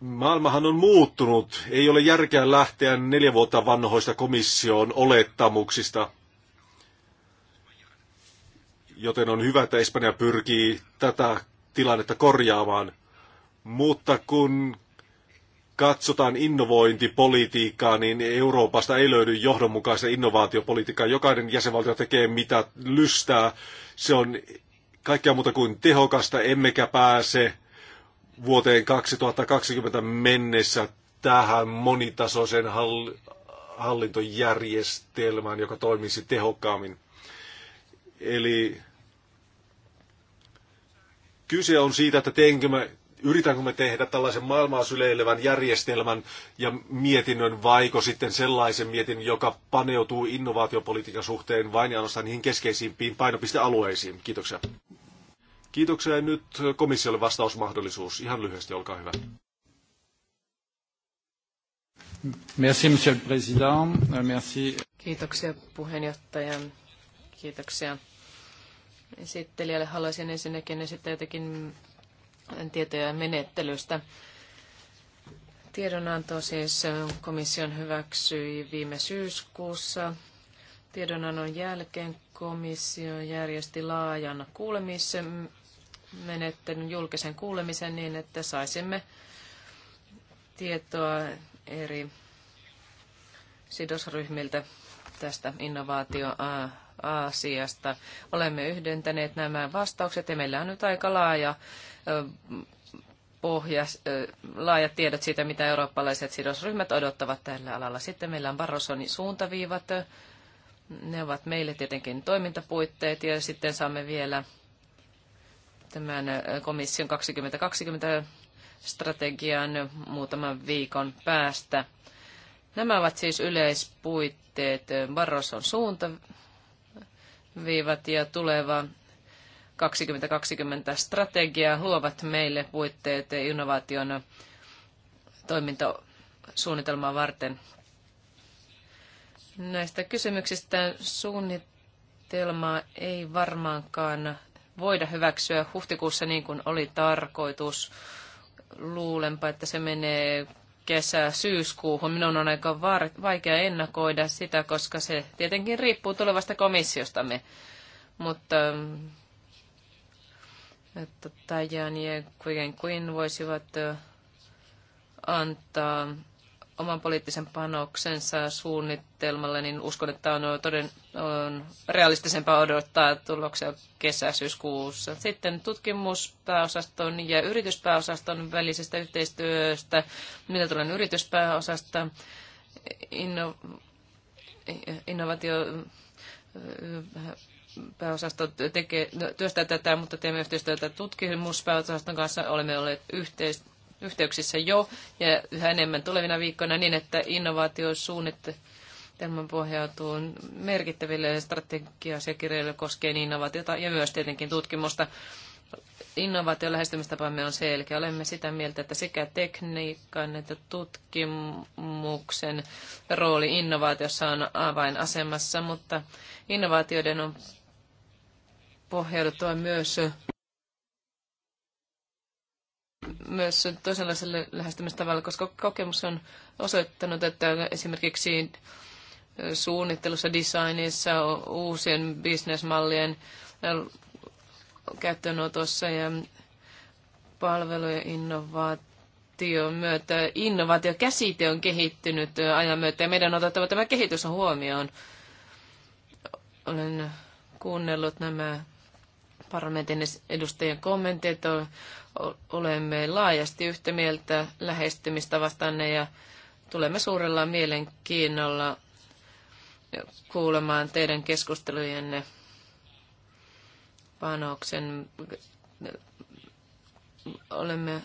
S2: Maailmahan on muuttunut. Ei ole järkeä lähteä neljä vuotta vanhoista komission olettamuksista. Joten on hyvä, että Espanja pyrkii tätä tilannetta korjaamaan. Mutta kun katsotaan innovointipolitiikkaa, niin Euroopasta ei löydy johdonmukaista innovaatiopolitiikkaa. Jokainen jäsenvaltio tekee mitä lystää. Se on kaikkea muuta kuin tehokasta, emmekä pääse vuoteen 2020 mennessä tähän monitasoisen hallintojärjestelmään, joka toimisi tehokkaammin. Eli Kyse on siitä, että teenkö me, yritänkö me tehdä tällaisen maailmaa syleilevän järjestelmän ja mietinnön vaiko sitten sellaisen mietin, joka paneutuu innovaatiopolitiikan suhteen vain ja ainoastaan niihin keskeisimpiin painopistealueisiin. Kiitoksia. Kiitoksia. Nyt komissiolle vastausmahdollisuus. Ihan lyhyesti, olkaa hyvä.
S5: Merci, monsieur le président. Merci.
S3: Kiitoksia puheenjohtaja. Kiitoksia esittelijälle haluaisin ensinnäkin esittää jotakin tietoja menettelystä. Tiedonanto siis komission hyväksyi viime syyskuussa. Tiedonannon jälkeen komissio järjesti laajan kuulemisen menettelyn, julkisen kuulemisen niin, että saisimme tietoa eri sidosryhmiltä tästä innovaatio asiasta. Olemme yhdentäneet nämä vastaukset ja meillä on nyt aika laaja pohja, laajat tiedot siitä, mitä eurooppalaiset sidosryhmät odottavat tällä alalla. Sitten meillä on Barrosonin suuntaviivat. Ne ovat meille tietenkin toimintapuitteet ja sitten saamme vielä tämän komission 2020 strategian muutaman viikon päästä. Nämä ovat siis yleispuitteet Barroson suuntaviivat viivat ja tuleva 2020 strategia luovat meille puitteet innovaation toimintasuunnitelmaa varten. Näistä kysymyksistä suunnitelmaa ei varmaankaan voida hyväksyä huhtikuussa niin kuin oli tarkoitus. Luulenpa, että se menee kesä-syyskuuhun. Minun on aika vaikea ennakoida sitä, koska se tietenkin riippuu tulevasta komissiostamme. Mutta ähm, että Tajani ja Queen voisivat äh, antaa oman poliittisen panoksensa suunnitelmalle, niin uskon, että on, toden, on realistisempaa odottaa tuloksia kesä-syyskuussa. Sitten tutkimuspääosaston ja yrityspääosaston välisestä yhteistyöstä, mitä tulee yrityspääosasta, inno, innovaatio pääosasto tekee, no, työstää tätä, mutta teemme yhteistyötä tutkimuspääosaston kanssa. Olemme olleet yhteistyössä yhteyksissä jo ja yhä enemmän tulevina viikkoina niin, että innovaatiosuunnitelman pohjautuu merkittäville strategiasiakirjoille koskien innovaatiota ja myös tietenkin tutkimusta. Innovaation lähestymistapamme on selkeä. Olemme sitä mieltä, että sekä tekniikan että tutkimuksen rooli innovaatiossa on avainasemassa, mutta innovaatioiden on pohjauduttua myös myös toisenlaiselle lähestymistavalle, koska kokemus on osoittanut, että esimerkiksi suunnittelussa, designissa, uusien bisnesmallien käyttöönotossa ja palvelujen innovaatio myötä. Innovaatiokäsite on kehittynyt ajan myötä ja meidän on otettava tämä kehitys on huomioon. Olen kuunnellut nämä parlamentin edustajien kommentit olemme laajasti yhtä mieltä lähestymistavastanne ja tulemme suurella mielenkiinnolla kuulemaan teidän keskustelujenne panoksen. Olemme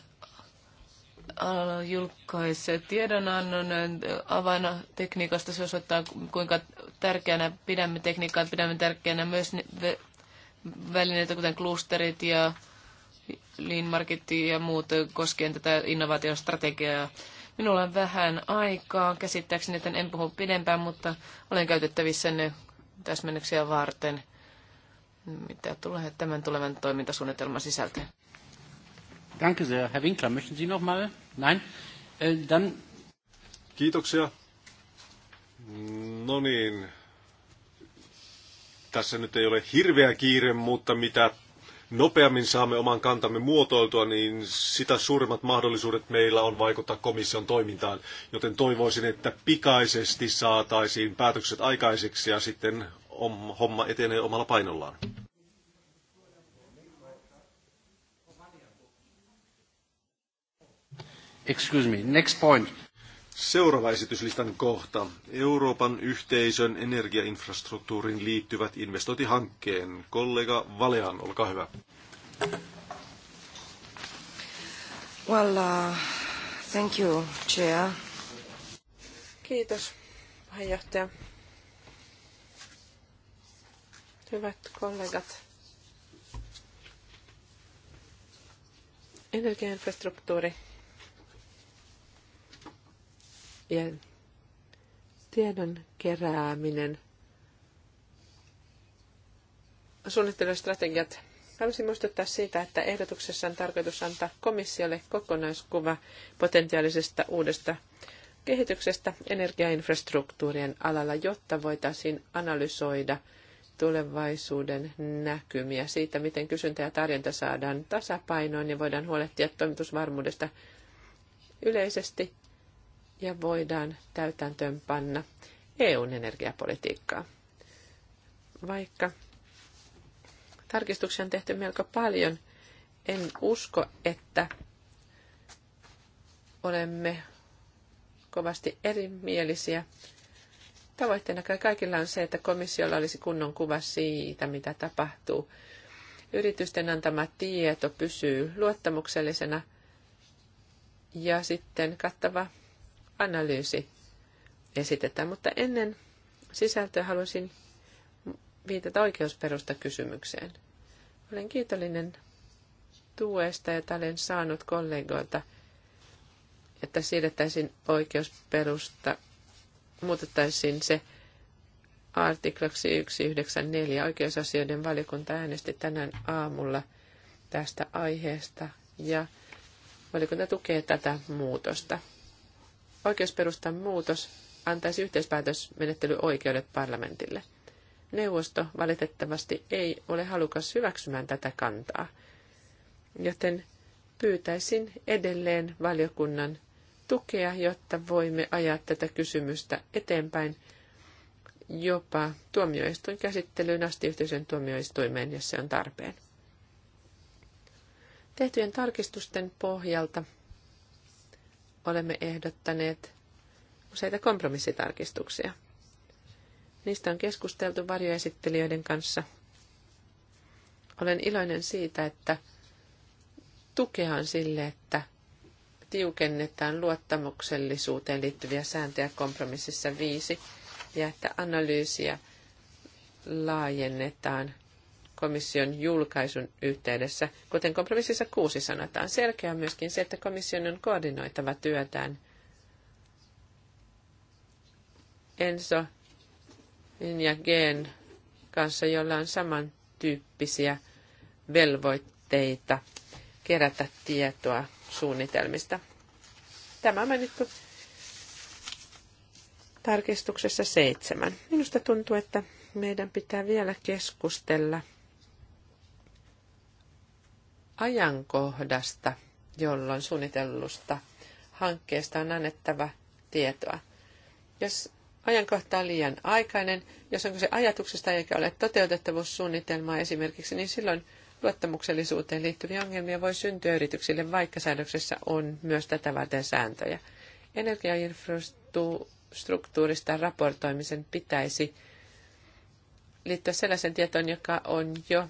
S3: julkaisseet tiedonannon tekniikasta. Se osoittaa, kuinka tärkeänä pidämme tekniikkaa. Pidämme tärkeänä myös välineitä, kuten klusterit ja lean market ja muut koskien tätä innovaatiostrategiaa. Minulla on vähän aikaa käsittääkseni, että en puhu pidempään, mutta olen käytettävissä ne täsmennyksiä varten, mitä tulee tämän tulevan toimintasuunnitelman sisältöön.
S1: Danke sehr. Herr Winkler, möchten Sie noch mal? Nein? Äh, dann...
S2: Kiitoksia. No niin. Tässä nyt ei ole hirveä kiire, mutta mitä nopeammin saamme oman kantamme muotoiltua, niin sitä suuremmat mahdollisuudet meillä on vaikuttaa komission toimintaan. Joten toivoisin, että pikaisesti saataisiin päätökset aikaiseksi ja sitten homma etenee omalla painollaan.
S1: Excuse me, next point.
S2: Seuraava esityslistan kohta. Euroopan yhteisön energiainfrastruktuurin liittyvät investointihankkeen. Kollega Valean, olkaa hyvä.
S3: Well, uh, thank you, Chair.
S4: Kiitos, puheenjohtaja. Hyvät kollegat. Energiainfrastruktuuri ja tiedon kerääminen, strategiat. Haluaisin muistuttaa siitä, että ehdotuksessa on tarkoitus antaa komissiolle kokonaiskuva potentiaalisesta uudesta kehityksestä energiainfrastruktuurien alalla, jotta voitaisiin analysoida tulevaisuuden näkymiä siitä, miten kysyntä ja tarjonta saadaan tasapainoon ja voidaan huolehtia toimitusvarmuudesta yleisesti ja voidaan täytäntöönpanna EUn energiapolitiikkaa. Vaikka tarkistuksia on tehty melko paljon, en usko, että olemme kovasti erimielisiä. Tavoitteena kai kaikilla on se, että komissiolla olisi kunnon kuva siitä, mitä tapahtuu. Yritysten antama tieto pysyy luottamuksellisena ja sitten kattava analyysi esitetään. Mutta ennen sisältöä haluaisin viitata oikeusperusta kysymykseen. Olen kiitollinen tuesta, jota olen saanut kollegoilta, että siirrettäisiin oikeusperusta, muutettaisiin se artiklaksi 194. Oikeusasioiden valiokunta äänesti tänään aamulla tästä aiheesta ja valiokunta tukee tätä muutosta. Oikeusperustan muutos antaisi yhteispäätösmenettelyoikeudet parlamentille. Neuvosto valitettavasti ei ole halukas hyväksymään tätä kantaa, joten pyytäisin edelleen valiokunnan tukea, jotta voimme ajaa tätä kysymystä eteenpäin jopa tuomioistuin käsittelyyn asti yhteisön tuomioistuimeen, jos se on tarpeen. Tehtyjen tarkistusten pohjalta olemme ehdottaneet useita kompromissitarkistuksia. Niistä on keskusteltu varjoesittelijöiden kanssa. Olen iloinen siitä, että on sille, että tiukennetaan luottamuksellisuuteen liittyviä sääntöjä kompromississa viisi ja että analyysiä laajennetaan komission julkaisun yhteydessä, kuten kompromississa kuusi sanotaan. Selkeä on myöskin se, että komission on koordinoitava työtään. Enso ja Gen kanssa, jolla on samantyyppisiä velvoitteita kerätä tietoa suunnitelmista. Tämä on mainittu tarkistuksessa seitsemän. Minusta tuntuu, että meidän pitää vielä keskustella ajankohdasta, jolloin suunnitellusta hankkeesta on annettava tietoa. Jos ajankohta on liian aikainen, jos onko se ajatuksesta eikä ole toteutettavuussuunnitelmaa esimerkiksi, niin silloin luottamuksellisuuteen liittyviä ongelmia voi syntyä yrityksille, vaikka säädöksessä on myös tätä varten sääntöjä. Energiainfrastruktuurista raportoimisen pitäisi liittyä sellaisen tietoon, joka on jo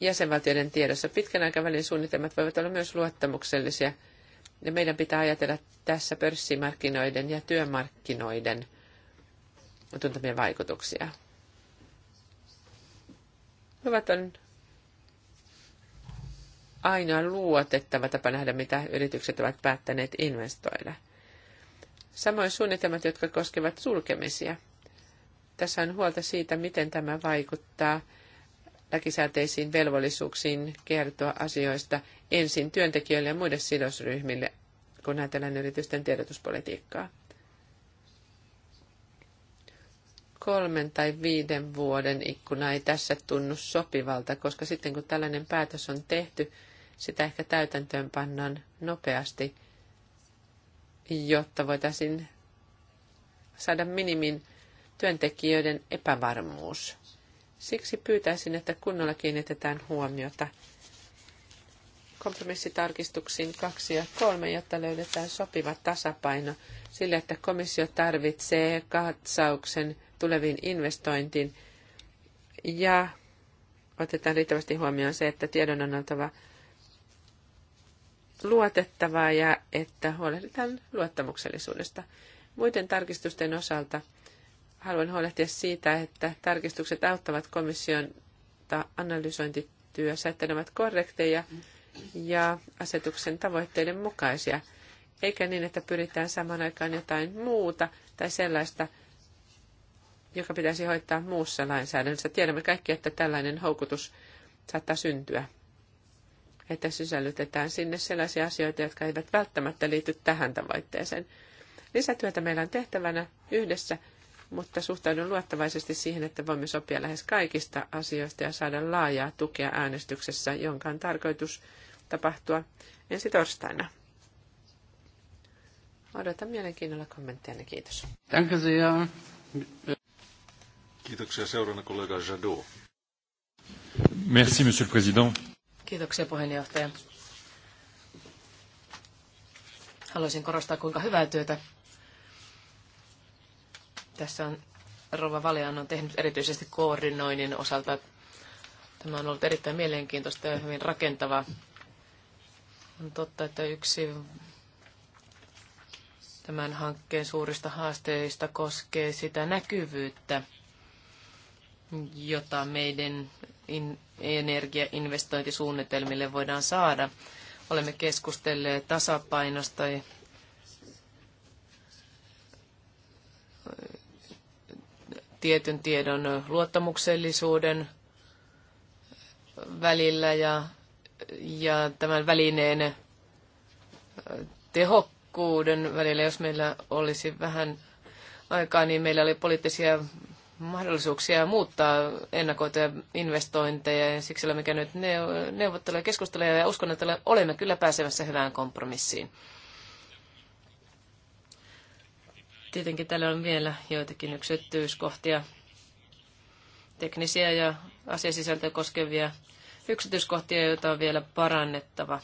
S4: jäsenvaltioiden tiedossa. Pitkän aikavälin suunnitelmat voivat olla myös luottamuksellisia, ja meidän pitää ajatella tässä pörssimarkkinoiden ja työmarkkinoiden tuntemia vaikutuksia. Hyvät on aina luotettava tapa nähdä, mitä yritykset ovat päättäneet investoida. Samoin suunnitelmat, jotka koskevat sulkemisia. Tässä on huolta siitä, miten tämä vaikuttaa lakisääteisiin velvollisuuksiin kertoa asioista ensin työntekijöille ja muille sidosryhmille, kun ajatellaan yritysten tiedotuspolitiikkaa. Kolmen tai viiden vuoden ikkuna ei tässä tunnu sopivalta, koska sitten kun tällainen päätös on tehty, sitä ehkä täytäntöön pannaan nopeasti, jotta voitaisiin saada minimin työntekijöiden epävarmuus Siksi pyytäisin, että kunnolla kiinnitetään huomiota kompromissitarkistuksiin kaksi ja kolme, jotta löydetään sopiva tasapaino sille, että komissio tarvitsee katsauksen tuleviin investointiin ja otetaan riittävästi huomioon se, että tiedon on oltava luotettavaa ja että huolehditaan luottamuksellisuudesta. Muiden tarkistusten osalta – haluan huolehtia siitä, että tarkistukset auttavat komission analysointityössä, että ne ovat korrekteja ja asetuksen tavoitteiden mukaisia, eikä niin, että pyritään samaan aikaan jotain muuta tai sellaista, joka pitäisi hoitaa muussa lainsäädännössä. Tiedämme kaikki, että tällainen houkutus saattaa syntyä, että sisällytetään sinne sellaisia asioita, jotka eivät välttämättä liity tähän tavoitteeseen. Lisätyötä meillä on tehtävänä yhdessä mutta suhtaudun luottavaisesti siihen, että voimme sopia lähes kaikista asioista ja saada laajaa tukea äänestyksessä, jonka on tarkoitus tapahtua ensi torstaina. Odotan mielenkiinnolla kommentteja, niin Kiitos.
S2: Kiitoksia seurana kollega Jadot.
S5: Merci, monsieur le président.
S3: Kiitoksia puheenjohtaja. Haluaisin korostaa, kuinka hyvää työtä tässä on Rova Valian on tehnyt erityisesti koordinoinnin osalta. Tämä on ollut erittäin mielenkiintoista ja hyvin rakentava. On totta, että yksi tämän hankkeen suurista haasteista koskee sitä näkyvyyttä, jota meidän in- energiainvestointisuunnitelmille voidaan saada. Olemme keskustelleet tasapainosta tietyn tiedon luottamuksellisuuden välillä ja, ja tämän välineen tehokkuuden välillä. Jos meillä olisi vähän aikaa, niin meillä oli poliittisia mahdollisuuksia muuttaa ennakoituja investointeja ja siksi olemme käyneet neuvotteluja ja keskusteluja ja uskon, että olemme kyllä pääsemässä hyvään kompromissiin. Tietenkin täällä on vielä joitakin yksityiskohtia, teknisiä ja asiasisältöä koskevia yksityiskohtia, joita on vielä parannettava.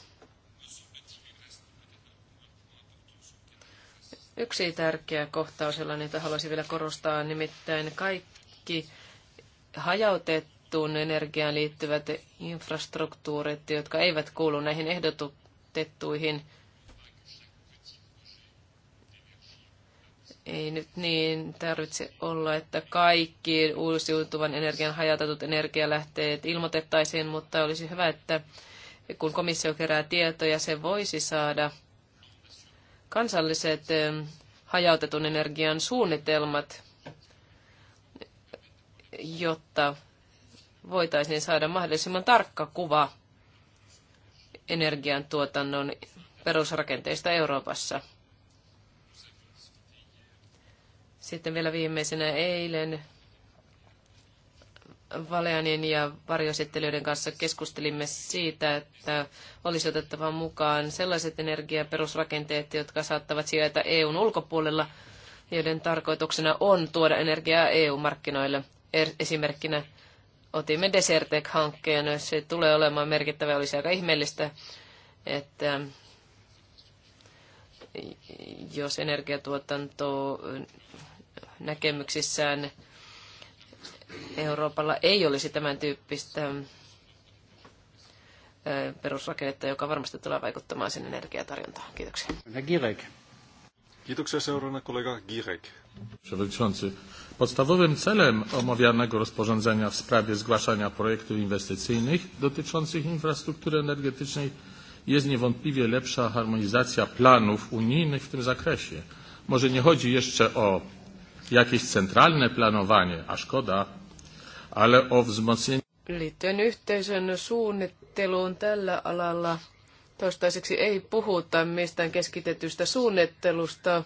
S3: Yksi tärkeä kohtaus, jolla niitä haluaisin vielä korostaa, nimittäin kaikki hajautettuun energiaan liittyvät infrastruktuurit, jotka eivät kuulu näihin ehdotettuihin ei nyt niin tarvitse olla, että kaikki uusiutuvan energian hajautetut energialähteet ilmoitettaisiin, mutta olisi hyvä, että kun komissio kerää tietoja, se voisi saada kansalliset hajautetun energian suunnitelmat, jotta voitaisiin saada mahdollisimman tarkka kuva energiantuotannon perusrakenteista Euroopassa. Sitten vielä viimeisenä eilen Valeanin ja varjoesittelijöiden kanssa keskustelimme siitä, että olisi otettava mukaan sellaiset energiaperusrakenteet, jotka saattavat sijaita EUn ulkopuolella, joiden tarkoituksena on tuoda energiaa EU-markkinoille. Er, esimerkkinä otimme Desertec-hankkeen, se tulee olemaan merkittävä, olisi aika ihmeellistä, että jos energiatuotanto näkemyksissään Euroopalla ei olisi tämän tyyppistä perusrakennetta, joka varmasti tulee vaikuttamaan sen energiatarjontaan. Kiitoksia.
S1: Girek.
S2: Kiitoksia seuraavana kollega Girek.
S5: Przewodniczący, podstawowym celem omawianego rozporządzenia w sprawie zgłaszania projektów inwestycyjnych dotyczących infrastruktury energetycznej jest niewątpliwie lepsza harmonizacja planów unijnych w tym zakresie. Może nie chodzi jeszcze o jakieś centralne planowanie, a szkoda, ale o wzmocnienie.
S3: Liittyen yhteisön suunnitteluun tällä alalla toistaiseksi ei puhuta mistään keskitetystä suunnittelusta,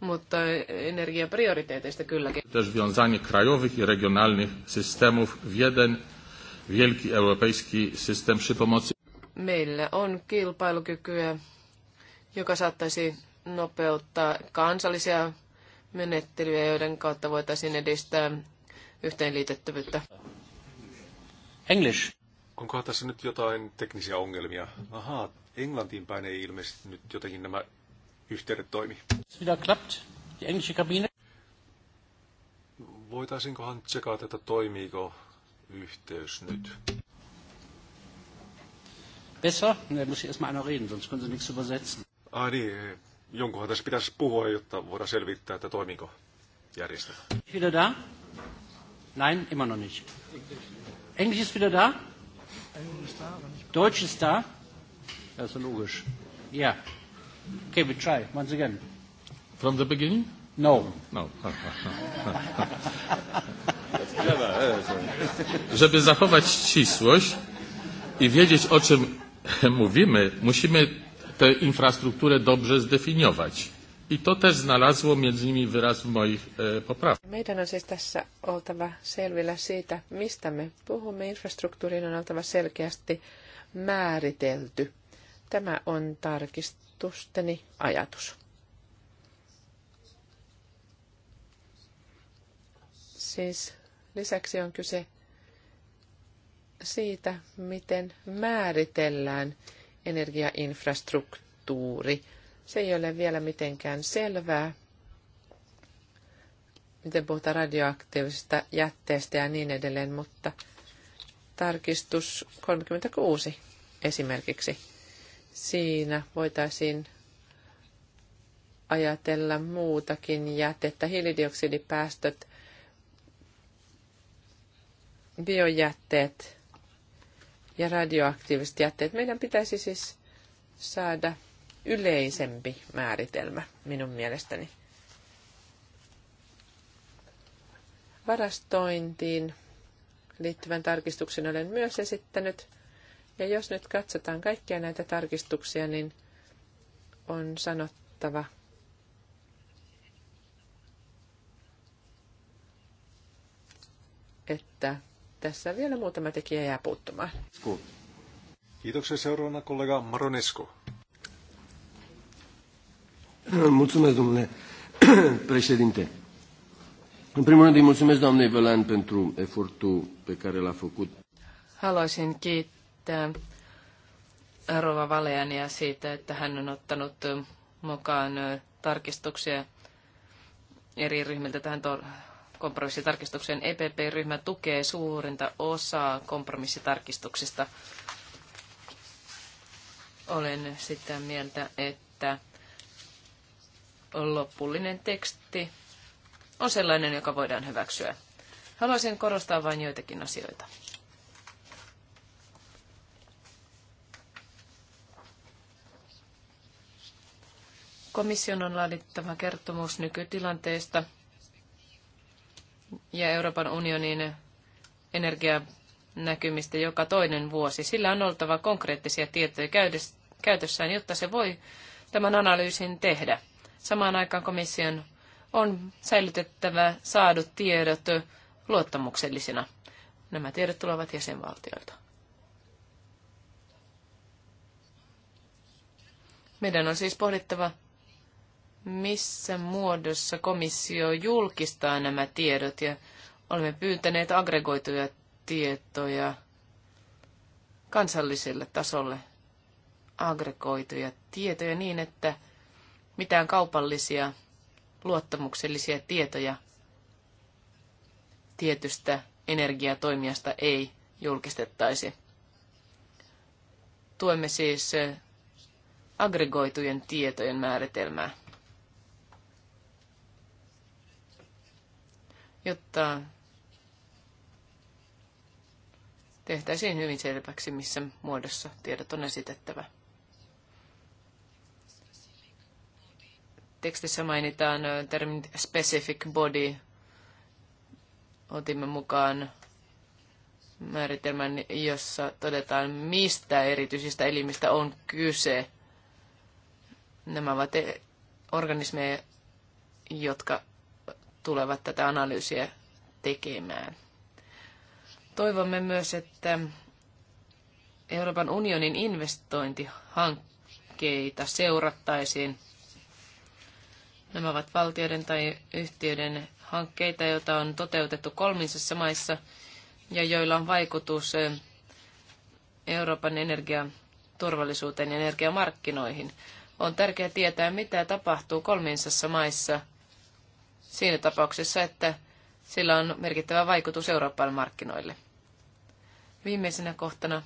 S3: mutta energiaprioriteeteista kylläkin.
S5: Też wiązanie krajowych i regionalnych systemów w jeden wielki europejski system przy pomocy.
S3: Meillä on kilpailukykyä, joka saattaisi nopeuttaa kansallisia menettelyjä, joiden kautta voitaisiin edistää
S4: yhteenliitettävyyttä.
S1: English.
S2: Onko tässä nyt jotain teknisiä ongelmia? Ahaa, Englantiin päin ei ilmeisesti nyt jotenkin nämä yhteydet toimi.
S1: Wieder klappt, die englische Kabine. Voitaisinkohan
S2: tsekata, että toimiiko yhteys nyt?
S1: Besser? Ne, muss ich erstmal einer reden, sonst können Sie nichts übersetzen. Ah, niin, jonkunhan tässä
S2: pitäisi puhua, jotta voidaan selvittää, että toimiko järjestelmä.
S1: Wieder da? Nein, immer noch nicht. Englisch ist wieder da? Deutsch ist da? Das ist logisch. Yeah. Okay, we try once again.
S5: From the beginning? No. No. Eh? Żeby zachować ścisłość i wiedzieć, o czym mówimy, musimy tę infrastrukturę dobrze zdefiniować. I to też znalazło między innymi wyraz w moich e, poprawkach.
S4: Meidän on siis tässä oltava selvillä siitä, mistä me puhumme. Infrastruktuurin on oltava selkeästi määritelty. Tämä on tarkistusteni ajatus. Siis lisäksi on kyse siitä, miten määritellään energiainfrastruktuuri. Se ei ole vielä mitenkään selvää, miten puhutaan radioaktiivisesta jätteestä ja niin edelleen, mutta tarkistus 36 esimerkiksi. Siinä voitaisiin ajatella muutakin jätettä, hiilidioksidipäästöt, biojätteet, ja radioaktiiviset jätteet. Meidän pitäisi siis saada yleisempi määritelmä minun mielestäni. Varastointiin liittyvän tarkistuksen olen myös esittänyt. Ja jos nyt katsotaan kaikkia näitä tarkistuksia, niin on sanottava, että tässä vielä muutama tekijä jää puuttumaan.
S2: Kiitoksia seuraavana kollega Maronesko.
S5: Mulțumesc, domnule președinte. În primul rând îi mulțumesc doamnei Velan pentru efortul pe care l-a făcut.
S3: Haluaisin kiittää Rova Valeania siitä, että hän on ottanut mukaan tarkistuksia eri ryhmiltä tähän kompromissitarkistukseen. EPP-ryhmä tukee suurinta osaa kompromissitarkistuksista. Olen sitä mieltä, että lopullinen teksti on sellainen, joka voidaan hyväksyä. Haluaisin korostaa vain joitakin asioita. Komission on laadittava kertomus nykytilanteesta – ja Euroopan unionin energianäkymistä joka toinen vuosi. Sillä on oltava konkreettisia tietoja käytössään, jotta se voi tämän analyysin tehdä. Samaan aikaan komission on säilytettävä saadut tiedot luottamuksellisina. Nämä tiedot tulevat jäsenvaltioilta. Meidän on siis pohdittava missä muodossa komissio julkistaa nämä tiedot ja olemme pyytäneet aggregoituja tietoja kansalliselle tasolle aggregoituja tietoja niin, että mitään kaupallisia luottamuksellisia tietoja tietystä energiatoimijasta ei julkistettaisi. Tuemme siis aggregoitujen tietojen määritelmää. jotta tehtäisiin hyvin selväksi, missä muodossa tiedot on esitettävä. Tekstissä mainitaan termin specific body. Otimme mukaan määritelmän, jossa todetaan, mistä erityisistä elimistä on kyse. Nämä ovat e- organismeja, jotka tulevat tätä analyysiä tekemään. Toivomme myös, että Euroopan unionin investointihankkeita seurattaisiin. Nämä ovat valtioiden tai yhtiöiden hankkeita, joita on toteutettu kolminsissa maissa ja joilla on vaikutus Euroopan energiaturvallisuuteen ja energiamarkkinoihin. On tärkeää tietää, mitä tapahtuu kolminsassa maissa – siinä tapauksessa, että sillä on merkittävä vaikutus Euroopan markkinoille. Viimeisenä kohtana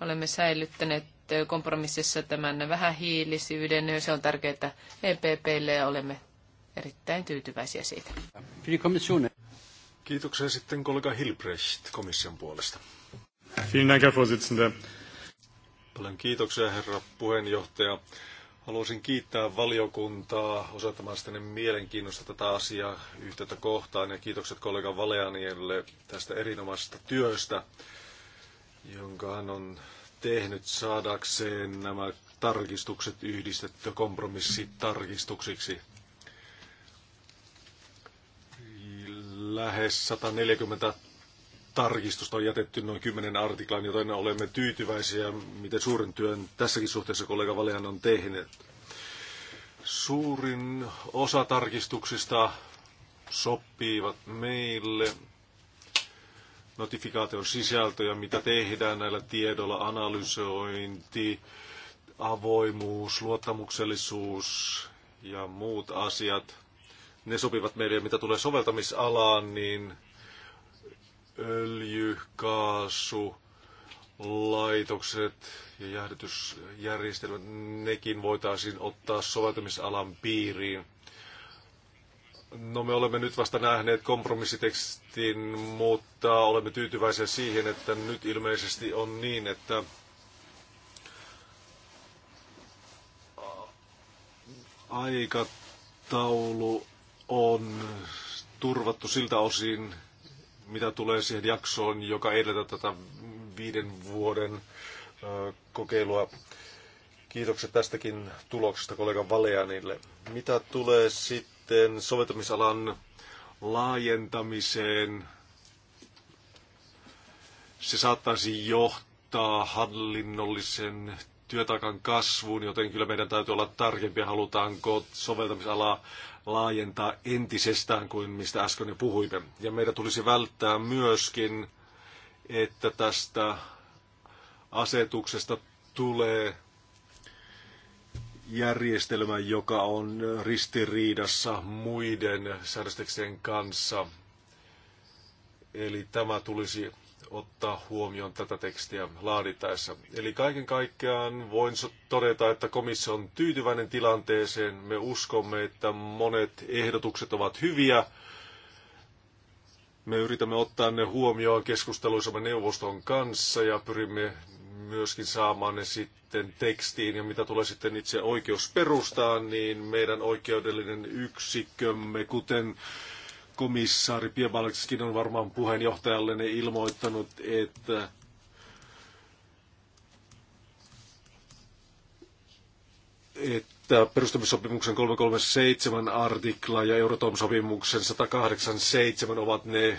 S3: olemme säilyttäneet kompromississa tämän vähähiilisyyden. Se on tärkeää EPPlle e ja olemme erittäin tyytyväisiä siitä.
S2: Kiitoksia sitten kollega Hilbrecht komission puolesta.
S5: Vielen Dank, Herr Vorsitzender.
S2: Paljon kiitoksia, herra puheenjohtaja. Haluaisin kiittää valiokuntaa osoittamasta mielenkiinnosta tätä asiaa yhteyttä kohtaan ja kiitokset kollega Valeanielle tästä erinomaisesta työstä, jonka hän on tehnyt saadakseen nämä tarkistukset yhdistettyä kompromissitarkistuksiksi. Lähes 140 tarkistusta on jätetty noin kymmenen artiklaan, joten olemme tyytyväisiä, miten suuren työn tässäkin suhteessa kollega Valean on tehnyt. Suurin osa tarkistuksista sopivat meille notifikaation sisältöjä, mitä tehdään näillä tiedoilla, analysointi, avoimuus, luottamuksellisuus ja muut asiat. Ne sopivat meille, mitä tulee soveltamisalaan, niin öljy, kaasu, laitokset ja jäähdytysjärjestelmät, nekin voitaisiin ottaa soveltamisalan piiriin. No me olemme nyt vasta nähneet kompromissitekstin, mutta olemme tyytyväisiä siihen, että nyt ilmeisesti on niin, että aikataulu on turvattu siltä osin, mitä tulee siihen jaksoon, joka edeltää tätä viiden vuoden kokeilua. Kiitokset tästäkin tuloksesta kollega Valeanille. Mitä tulee sitten soveltamisalan laajentamiseen, se saattaisi johtaa hallinnollisen työtaakan kasvuun, joten kyllä meidän täytyy olla tarkempia, halutaanko soveltamisalaa laajentaa entisestään kuin mistä äsken jo puhuimme. Ja meidän tulisi välttää myöskin, että tästä asetuksesta tulee järjestelmä, joka on ristiriidassa muiden säädöstekstien kanssa. Eli tämä tulisi ottaa huomioon tätä tekstiä laadittaessa. Eli kaiken kaikkiaan voin todeta, että komissio on tyytyväinen tilanteeseen. Me uskomme, että monet ehdotukset ovat hyviä. Me yritämme ottaa ne huomioon keskusteluissamme neuvoston kanssa ja pyrimme myöskin saamaan ne sitten tekstiin. Ja mitä tulee sitten itse oikeusperustaan, niin meidän oikeudellinen yksikkömme, kuten komissaari Piebalgskin on varmaan puheenjohtajallenne ilmoittanut, että että perustamissopimuksen 337 artikla ja Euratom-sopimuksen 187 ovat ne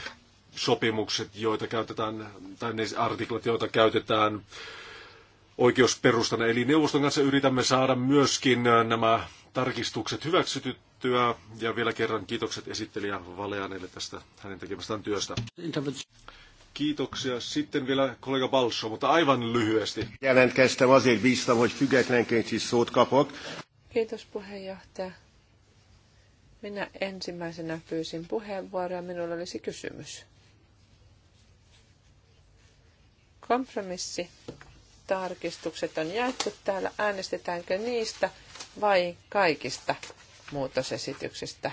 S2: sopimukset, joita käytetään, tai ne artiklat, joita käytetään oikeusperustana. Eli neuvoston kanssa yritämme saada myöskin äh, nämä tarkistukset hyväksytyttyä. Ja vielä kerran kiitokset esittelijä Valeanelle tästä hänen tekemästään työstä. Kiitoksia. Sitten vielä kollega Balso, mutta aivan lyhyesti.
S4: Kiitos puheenjohtaja. Minä ensimmäisenä pyysin puheenvuoroa. Minulla olisi kysymys. Kompromissi tarkistukset on jaettu täällä. Äänestetäänkö niistä vai kaikista muutosesityksistä,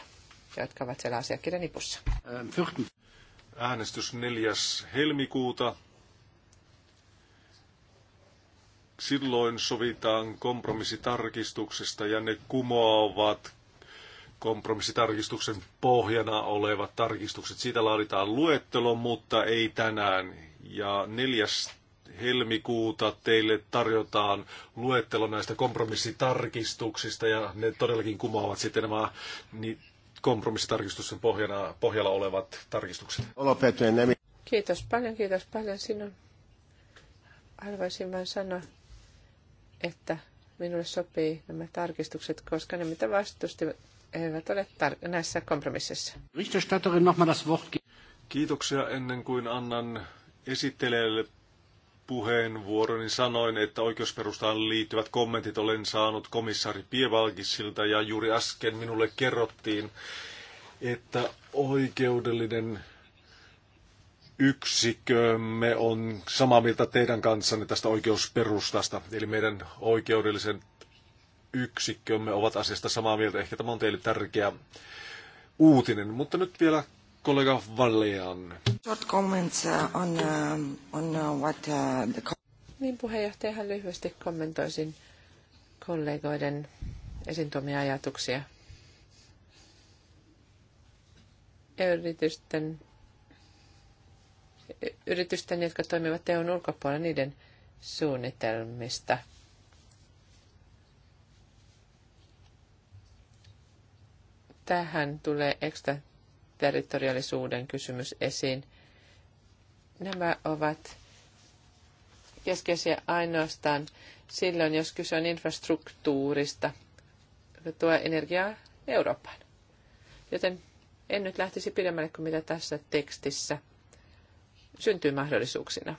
S4: jotka ovat siellä asiakirjan nipussa?
S2: Äänestys 4. helmikuuta. Silloin sovitaan kompromissitarkistuksesta ja ne kumoavat kompromissitarkistuksen pohjana olevat tarkistukset. Siitä laaditaan luettelo, mutta ei tänään. Ja 4 helmikuuta teille tarjotaan luettelo näistä kompromissitarkistuksista ja ne todellakin kumoavat sitten nämä niin kompromissitarkistusten pohjana, pohjalla olevat tarkistukset.
S4: Kiitos paljon, kiitos paljon sinun. Arvaisin vain sanoa, että minulle sopii nämä tarkistukset, koska ne mitä vastustivat eivät ole tar- näissä kompromisseissa.
S2: Kiitoksia ennen kuin annan esittelijälle puheenvuoroni sanoin, että oikeusperustaan liittyvät kommentit olen saanut komissaari Pievalkisilta ja juuri äsken minulle kerrottiin, että oikeudellinen yksikömme on samaa mieltä teidän kanssanne tästä oikeusperustasta. Eli meidän oikeudellisen yksikkömme ovat asiasta samaa mieltä. Ehkä tämä on teille tärkeä uutinen. Mutta nyt vielä kollega Valean.
S4: Short comments uh, on, um, on uh, what uh, the... Niin puheenjohtajahan lyhyesti kommentoisin kollegoiden esiin tuomia ajatuksia. Yritysten, yritysten, jotka toimivat EUn ulkopuolella, niiden suunnitelmista. Tähän tulee ekstra territoriaalisuuden kysymys esiin. Nämä ovat keskeisiä ainoastaan silloin, jos kyse on infrastruktuurista, joka tuo energiaa Eurooppaan. Joten en nyt lähtisi pidemmälle kuin mitä tässä tekstissä syntyy mahdollisuuksina.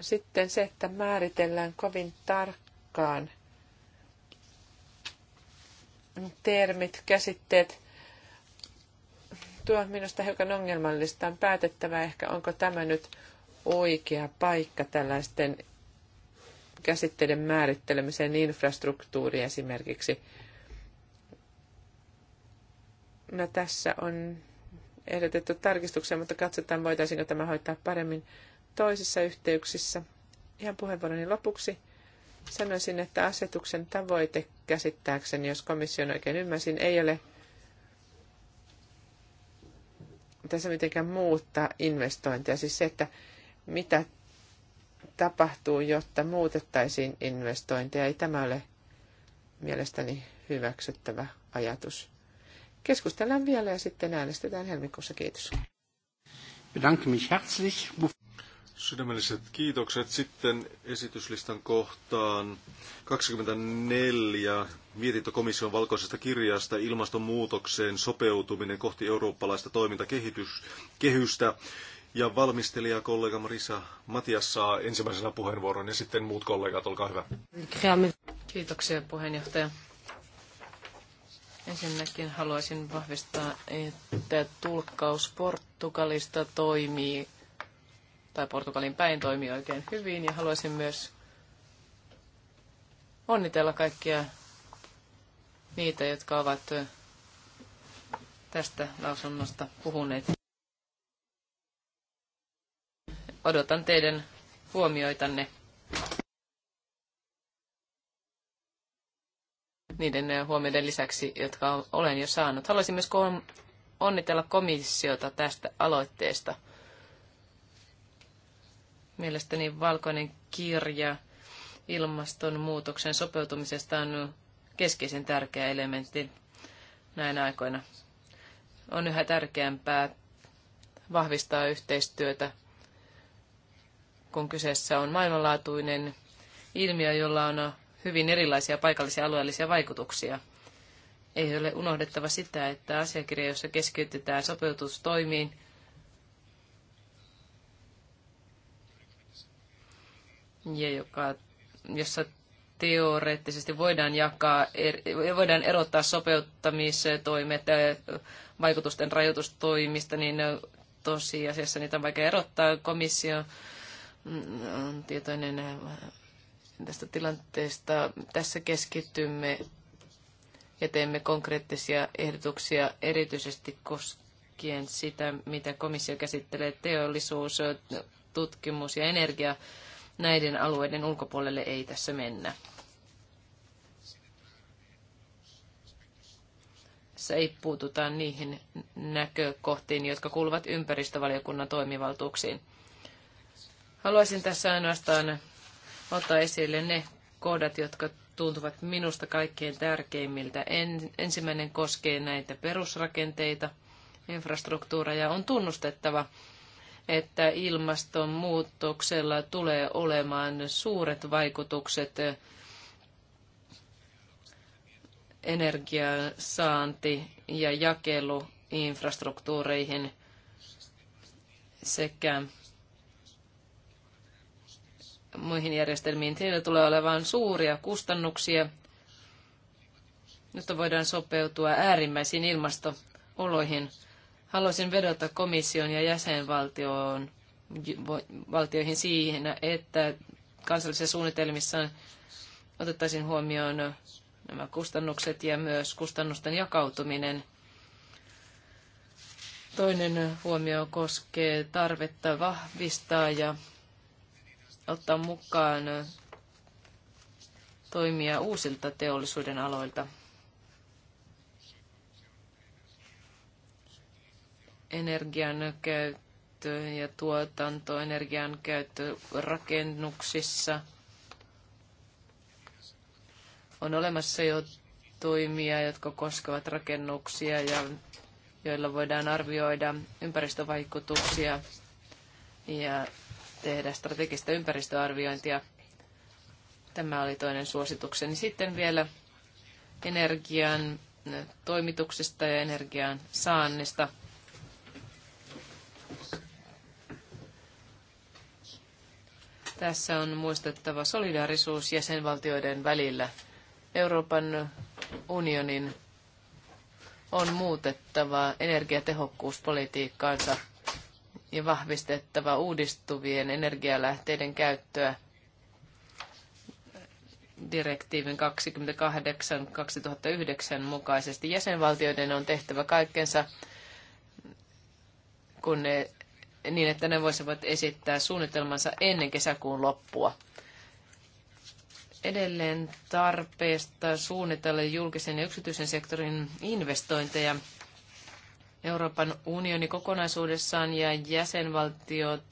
S4: Sitten se, että määritellään kovin tarkkaan termit, käsitteet. Tuo on minusta hiukan ongelmallista. On päätettävä ehkä, onko tämä nyt oikea paikka tällaisten käsitteiden määrittelemiseen, infrastruktuuri esimerkiksi. No tässä on ehdotettu tarkistuksia, mutta katsotaan voitaisiinko tämä hoitaa paremmin toisissa yhteyksissä. Ihan puheenvuoroni lopuksi. Sanoisin, että asetuksen tavoite käsittääkseni, jos komission oikein ymmärsin, ei ole tässä mitenkään muuttaa investointia. Siis se, että mitä tapahtuu, jotta muutettaisiin investointeja, ei tämä ole mielestäni hyväksyttävä ajatus. Keskustellaan vielä ja sitten äänestetään helmikuussa. Kiitos.
S1: Bedanke mich herzlich.
S2: Sydämelliset kiitokset. Sitten esityslistan kohtaan 24. mietintökomission valkoisesta kirjasta ilmastonmuutokseen sopeutuminen kohti eurooppalaista toimintakehystä. Ja valmistelija kollega Marisa Matias saa ensimmäisenä puheenvuoron ja sitten muut kollegat, olkaa hyvä.
S3: Kiitoksia puheenjohtaja. Ensinnäkin haluaisin vahvistaa, että tulkkaus Portugalista toimii tai Portugalin päin toimii oikein hyvin ja haluaisin myös onnitella kaikkia niitä, jotka ovat tästä lausunnosta puhuneet. Odotan teidän huomioitanne. niiden huomioiden lisäksi, jotka olen jo saanut. Haluaisin myös onnitella komissiota tästä aloitteesta. Mielestäni valkoinen kirja ilmastonmuutoksen sopeutumisesta on keskeisen tärkeä elementti näinä aikoina. On yhä tärkeämpää vahvistaa yhteistyötä, kun kyseessä on maailmanlaatuinen ilmiö, jolla on hyvin erilaisia paikallisia alueellisia vaikutuksia. Ei ole unohdettava sitä, että asiakirja, jossa keskitytään sopeutustoimiin, ja joka, jossa teoreettisesti voidaan jakaa, voidaan erottaa sopeuttamistoimet äh, vaikutusten rajoitustoimista, niin äh, tosiasiassa niitä on vaikea erottaa. Komissio mm, on tietoinen äh, tästä tilanteesta. Tässä keskitymme ja teemme konkreettisia ehdotuksia erityisesti koskien sitä, mitä komissio käsittelee teollisuus, tutkimus ja energia näiden alueiden ulkopuolelle ei tässä mennä. Tässä ei puututa niihin näkökohtiin, jotka kuuluvat ympäristövaliokunnan toimivaltuuksiin. Haluaisin tässä ainoastaan ottaa esille ne kohdat, jotka tuntuvat minusta kaikkein tärkeimmiltä. En, ensimmäinen koskee näitä perusrakenteita, infrastruktuuria ja On tunnustettava, että ilmastonmuutoksella tulee olemaan suuret vaikutukset energiansaanti- saanti- ja jakeluinfrastruktuureihin sekä muihin järjestelmiin. Siellä tulee olemaan suuria kustannuksia, jotta voidaan sopeutua äärimmäisiin ilmastooloihin. Haluaisin vedota komission ja jäsenvaltioon valtioihin siihen, että kansallisissa suunnitelmissa otettaisiin huomioon nämä kustannukset ja myös kustannusten jakautuminen. Toinen huomio koskee tarvetta vahvistaa ja ottaa mukaan toimia uusilta teollisuuden aloilta. energian käyttö ja tuotanto, energian käyttö rakennuksissa. On olemassa jo toimia, jotka koskevat rakennuksia ja joilla voidaan arvioida ympäristövaikutuksia ja tehdä strategista ympäristöarviointia. Tämä oli toinen suositukseni. Sitten vielä energian toimituksesta ja energian saannista. Tässä on muistettava solidaarisuus jäsenvaltioiden välillä. Euroopan unionin on muutettava energiatehokkuuspolitiikkaansa ja vahvistettava uudistuvien energialähteiden käyttöä direktiivin 28-2009 mukaisesti. Jäsenvaltioiden on tehtävä kaikkensa, kun ne niin, että ne voisivat esittää suunnitelmansa ennen kesäkuun loppua. Edelleen tarpeesta suunnitella julkisen ja yksityisen sektorin investointeja. Euroopan unioni kokonaisuudessaan ja jäsenvaltiot,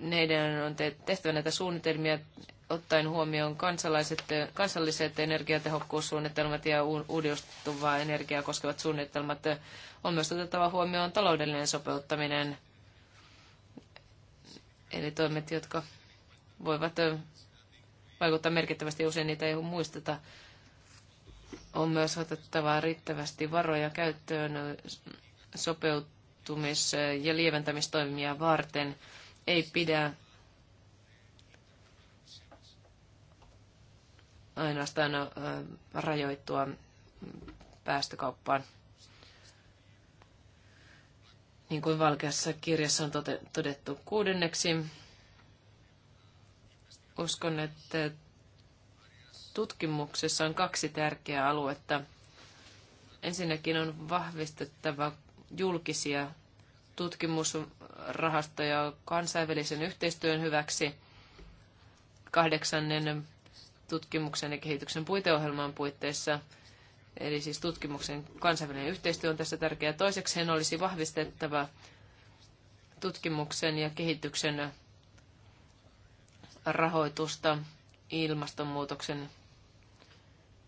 S3: neiden on tehtävä näitä suunnitelmia ottaen huomioon kansalaiset, kansalliset energiatehokkuussuunnitelmat ja uudistuvaa energiaa koskevat suunnitelmat, on myös otettava huomioon taloudellinen sopeuttaminen, eli toimet, jotka voivat vaikuttaa merkittävästi, usein niitä ei muisteta. On myös otettava riittävästi varoja käyttöön sopeutumis- ja lieventämistoimia varten. Ei pidä ainoastaan rajoittua päästökauppaan. Niin kuin valkeassa kirjassa on todettu kuudenneksi, uskon, että tutkimuksessa on kaksi tärkeää aluetta. Ensinnäkin on vahvistettava julkisia tutkimusrahastoja kansainvälisen yhteistyön hyväksi. Kahdeksannen tutkimuksen ja kehityksen puiteohjelman puitteissa. Eli siis tutkimuksen kansainvälinen yhteistyö on tässä tärkeää. Toisekseen olisi vahvistettava tutkimuksen ja kehityksen rahoitusta ilmastonmuutoksen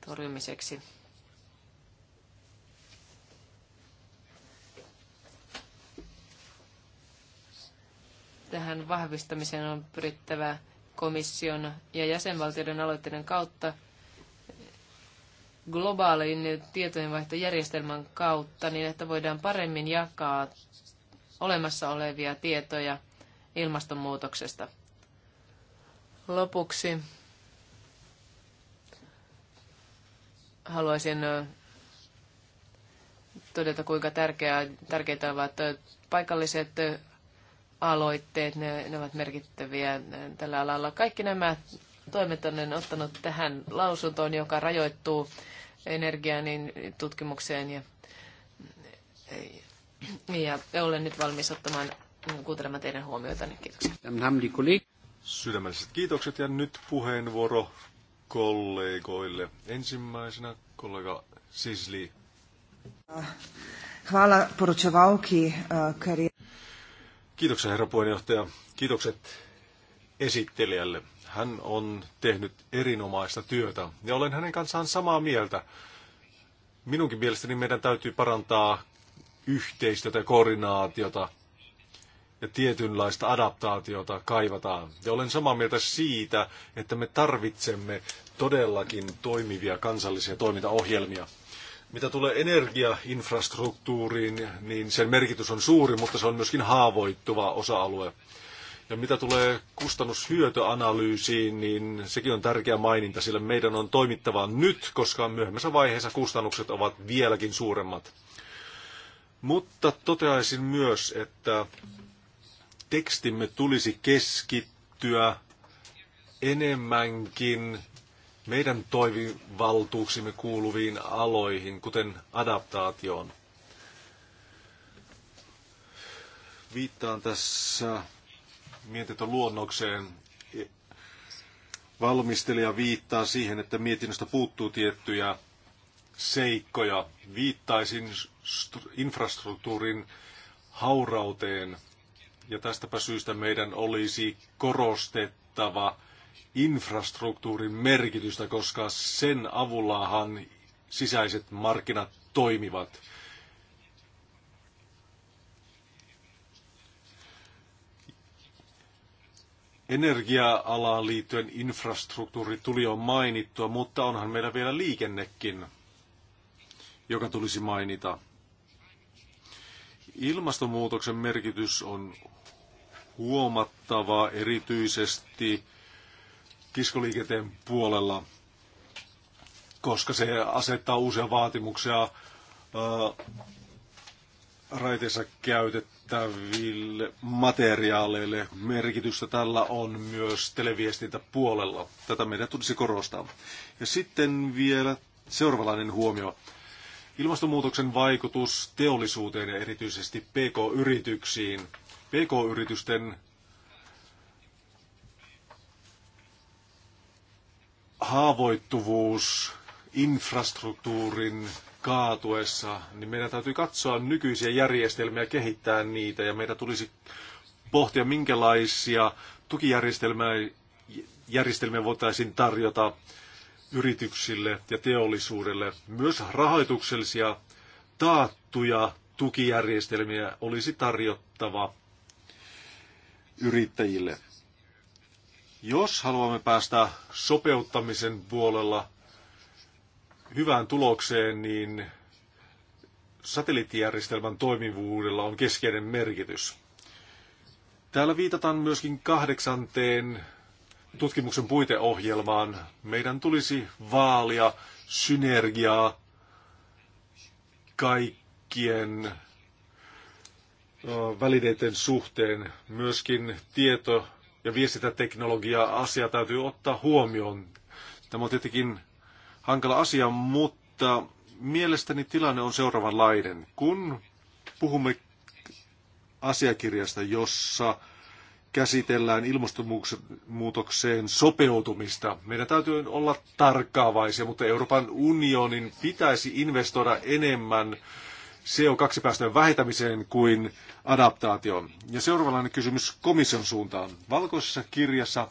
S3: torjumiseksi. Tähän vahvistamiseen on pyrittävä komission ja jäsenvaltioiden aloitteiden kautta globaalin tietojenvaihtojärjestelmän kautta niin, että voidaan paremmin jakaa olemassa olevia tietoja ilmastonmuutoksesta. Lopuksi haluaisin todeta, kuinka tärkeää, tärkeitä ovat paikalliset aloitteet, ne, ne ovat merkittäviä äh, tällä alalla. Kaikki nämä toimet on ottanut tähän lausuntoon, joka rajoittuu energiaan, niin tutkimukseen ja, ja olen nyt valmis ottamaan mm, kuuntelemaan teidän huomioita. Niin
S2: Kiitoksia. Sydämelliset kiitokset ja nyt puheenvuoro kollegoille. Ensimmäisenä kollega Sisli.
S5: Hvala poručevauki, eh, kari...
S2: Kiitoksia herra puheenjohtaja. Kiitokset esittelijälle. Hän on tehnyt erinomaista työtä ja olen hänen kanssaan samaa mieltä. Minunkin mielestäni meidän täytyy parantaa yhteistyötä ja koordinaatiota ja tietynlaista adaptaatiota kaivataan. Ja olen samaa mieltä siitä, että me tarvitsemme todellakin toimivia kansallisia toimintaohjelmia. Mitä tulee energiainfrastruktuuriin, niin sen merkitys on suuri, mutta se on myöskin haavoittuva osa-alue. Ja mitä tulee kustannushyötyanalyysiin, niin sekin on tärkeä maininta, sillä meidän on toimittava nyt, koska myöhemmässä vaiheessa kustannukset ovat vieläkin suuremmat. Mutta toteaisin myös, että tekstimme tulisi keskittyä enemmänkin meidän toivivaltuuksimme kuuluviin aloihin, kuten adaptaatioon. Viittaan tässä mietintöluonnokseen. Valmistelija viittaa siihen, että mietinnöstä puuttuu tiettyjä seikkoja. Viittaisin infrastruktuurin haurauteen, ja tästäpä syystä meidän olisi korostettava – infrastruktuurin merkitystä, koska sen avullahan sisäiset markkinat toimivat. Energia-alaan liittyen infrastruktuuri tuli jo mainittua, mutta onhan meillä vielä liikennekin, joka tulisi mainita. Ilmastonmuutoksen merkitys on huomattava erityisesti kiskoliikenteen puolella, koska se asettaa uusia vaatimuksia raiteissa käytettäville materiaaleille. Merkitystä tällä on myös televiestintäpuolella. Tätä meidän tulisi korostaa. Ja sitten vielä seuraavalainen huomio. Ilmastonmuutoksen vaikutus teollisuuteen ja erityisesti PK-yrityksiin. PK-yritysten haavoittuvuus infrastruktuurin kaatuessa, niin meidän täytyy katsoa nykyisiä järjestelmiä, kehittää niitä ja meidän tulisi pohtia, minkälaisia tukijärjestelmiä voitaisiin tarjota yrityksille ja teollisuudelle. Myös rahoituksellisia taattuja tukijärjestelmiä olisi tarjottava yrittäjille. Jos haluamme päästä sopeuttamisen puolella hyvään tulokseen, niin satelliittijärjestelmän toimivuudella on keskeinen merkitys. Täällä viitataan myöskin kahdeksanteen tutkimuksen puiteohjelmaan. Meidän tulisi vaalia synergiaa kaikkien välineiden suhteen, myöskin tieto- ja viestintäteknologia-asia täytyy ottaa huomioon. Tämä on tietenkin hankala asia, mutta mielestäni tilanne on seuraavanlainen. Kun puhumme asiakirjasta, jossa käsitellään ilmastonmuutokseen sopeutumista. Meidän täytyy olla tarkkaavaisia, mutta Euroopan unionin pitäisi investoida enemmän CO2-päästöjen vähentämiseen kuin adaptaatioon. Ja seuraavallainen kysymys komission suuntaan. Valkoisessa kirjassa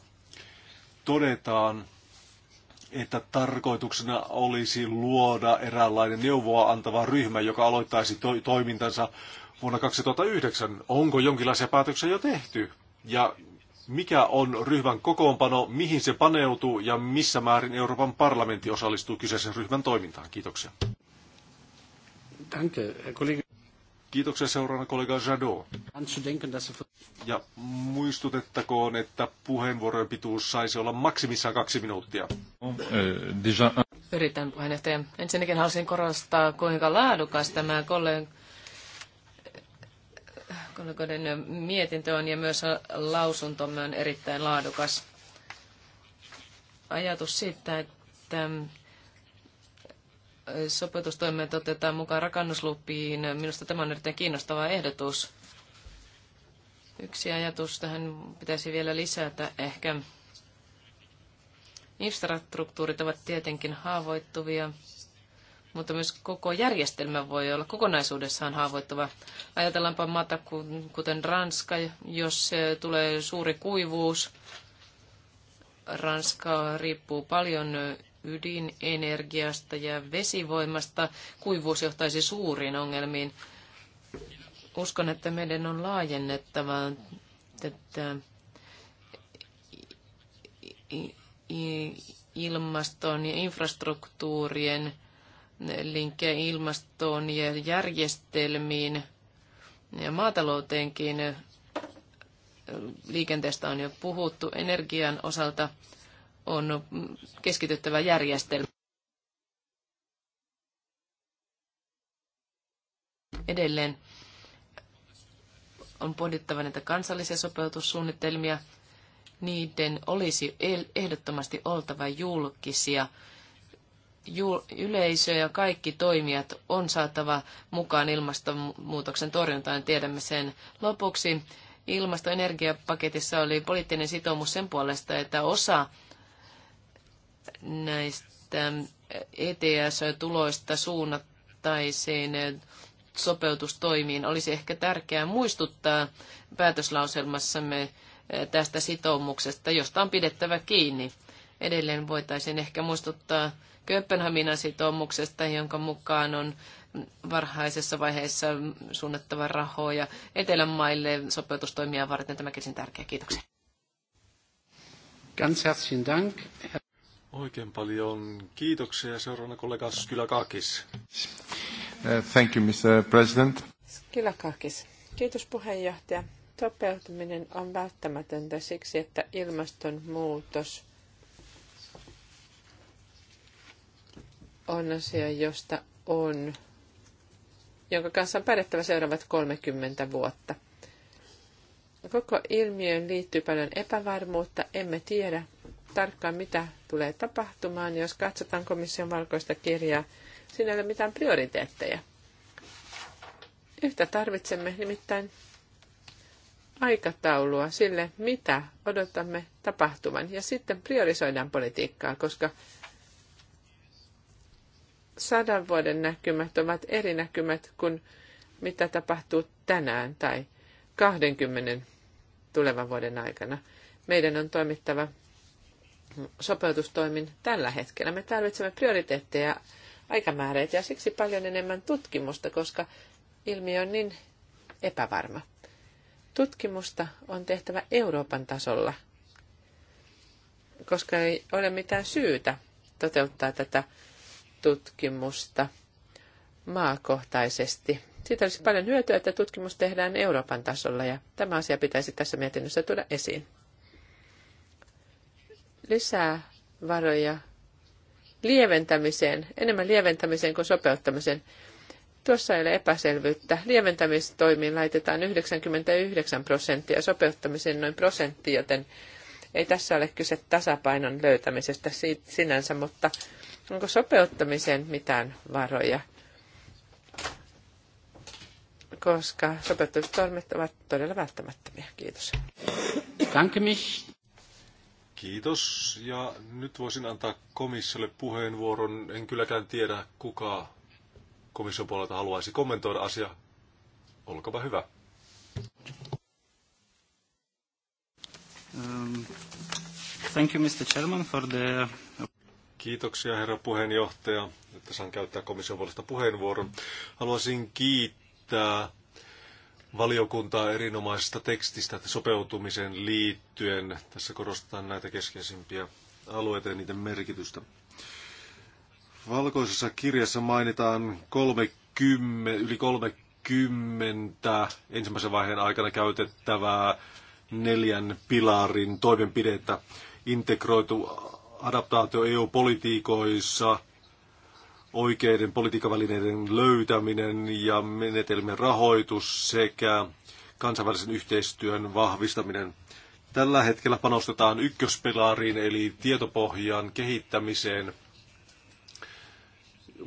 S2: todetaan, että tarkoituksena olisi luoda eräänlainen neuvoa antava ryhmä, joka aloittaisi to- toimintansa vuonna 2009. Onko jonkinlaisia päätöksiä jo tehty? Ja mikä on ryhmän kokoonpano, mihin se paneutuu ja missä määrin Euroopan parlamentti osallistuu kyseisen ryhmän toimintaan? Kiitoksia. Danke, Kollege. Kiitoksia seuraavana kollega Jadot. Er ja muistutettakoon, että puheenvuorojen pituus saisi olla maksimissaan kaksi minuuttia.
S5: Eh,
S3: Yritän puheenjohtaja. Ensinnäkin haluaisin korostaa, kuinka laadukas tämä kollegoiden mietintö on ja myös lausuntomme on erittäin laadukas. Ajatus siitä, että sopeutustoimet otetaan mukaan rakennuslupiin. Minusta tämä on erittäin kiinnostava ehdotus. Yksi ajatus tähän pitäisi vielä lisätä ehkä. Infrastruktuurit ovat tietenkin haavoittuvia, mutta myös koko järjestelmä voi olla kokonaisuudessaan haavoittuva. Ajatellaanpa maata kuten Ranska, jos tulee suuri kuivuus. Ranska riippuu paljon ydinenergiasta ja vesivoimasta, kuivuus johtaisi suuriin ongelmiin. Uskon, että meidän on laajennettava tätä ilmaston ja infrastruktuurien linkkejä ilmastoon ja järjestelmiin ja maatalouteenkin. Liikenteestä on jo puhuttu energian osalta on keskityttävä järjestelmä. Edelleen on pohdittava näitä kansallisia sopeutussuunnitelmia. Niiden olisi ehdottomasti oltava julkisia yleisö ja kaikki toimijat on saatava mukaan ilmastonmuutoksen torjuntaan, tiedämme sen. Lopuksi ilmastoenergiapaketissa oli poliittinen sitoumus sen puolesta, että osa näistä ETS-tuloista suunnattaisiin sopeutustoimiin. Olisi ehkä tärkeää muistuttaa päätöslauselmassamme tästä sitoumuksesta, josta on pidettävä kiinni. Edelleen voitaisiin ehkä muistuttaa Kööpenhaminan sitoumuksesta, jonka mukaan on varhaisessa vaiheessa suunnattava rahoja etelämaille sopeutustoimia varten. Tämäkin on tärkeä. Kiitoksia.
S1: Ganz herzlichen Dank. Oikein paljon
S2: kiitoksia. Seuraavana kollega Skylakakis. Uh, thank you, Mr. President.
S4: Skylakakis. Kiitos puheenjohtaja. Sopeutuminen on välttämätöntä siksi, että ilmastonmuutos on asia, josta on, jonka kanssa on pärjättävä seuraavat 30 vuotta. Koko ilmiöön liittyy paljon epävarmuutta, emme tiedä, tarkkaan, mitä tulee tapahtumaan. Jos katsotaan komission valkoista kirjaa, siinä ei ole mitään prioriteetteja. Yhtä tarvitsemme nimittäin aikataulua sille, mitä odotamme tapahtuvan, ja sitten priorisoidaan politiikkaa, koska sadan vuoden näkymät ovat eri näkymät kuin mitä tapahtuu tänään tai 20 tulevan vuoden aikana. Meidän on toimittava sopeutustoimin tällä hetkellä. Me tarvitsemme prioriteetteja, aikamääreitä ja siksi paljon enemmän tutkimusta, koska ilmiö on niin epävarma. Tutkimusta on tehtävä Euroopan tasolla, koska ei ole mitään syytä toteuttaa tätä tutkimusta maakohtaisesti. Siitä olisi paljon hyötyä, että tutkimus tehdään Euroopan tasolla ja tämä asia pitäisi tässä mietinnössä tuoda esiin lisää varoja lieventämiseen, enemmän lieventämiseen kuin sopeuttamiseen. Tuossa ei ole epäselvyyttä. Lieventämistoimiin laitetaan 99 prosenttia, sopeuttamiseen noin prosentti, joten ei tässä ole kyse tasapainon löytämisestä sinänsä, mutta onko sopeuttamiseen mitään varoja? Koska sopeuttamistoimet ovat todella välttämättömiä. Kiitos.
S1: Danke mich.
S2: Kiitos. Ja nyt voisin antaa komissiolle puheenvuoron. En kylläkään tiedä, kuka komission puolelta haluaisi kommentoida asiaa. Olkapa hyvä. Um,
S1: thank you, Mr. Chairman, for the...
S2: Kiitoksia, herra puheenjohtaja, että saan käyttää komission puolesta puheenvuoron. Haluaisin kiittää valiokuntaa erinomaisesta tekstistä sopeutumiseen liittyen. Tässä korostetaan näitä keskeisimpiä alueita ja niiden merkitystä. Valkoisessa kirjassa mainitaan 30, yli 30 ensimmäisen vaiheen aikana käytettävää neljän pilarin toimenpidettä. Integroitu adaptaatio EU-politiikoissa – oikeiden politiikkavälineiden löytäminen ja menetelmien rahoitus sekä kansainvälisen yhteistyön vahvistaminen. Tällä hetkellä panostetaan ykköspilariin eli tietopohjan kehittämiseen.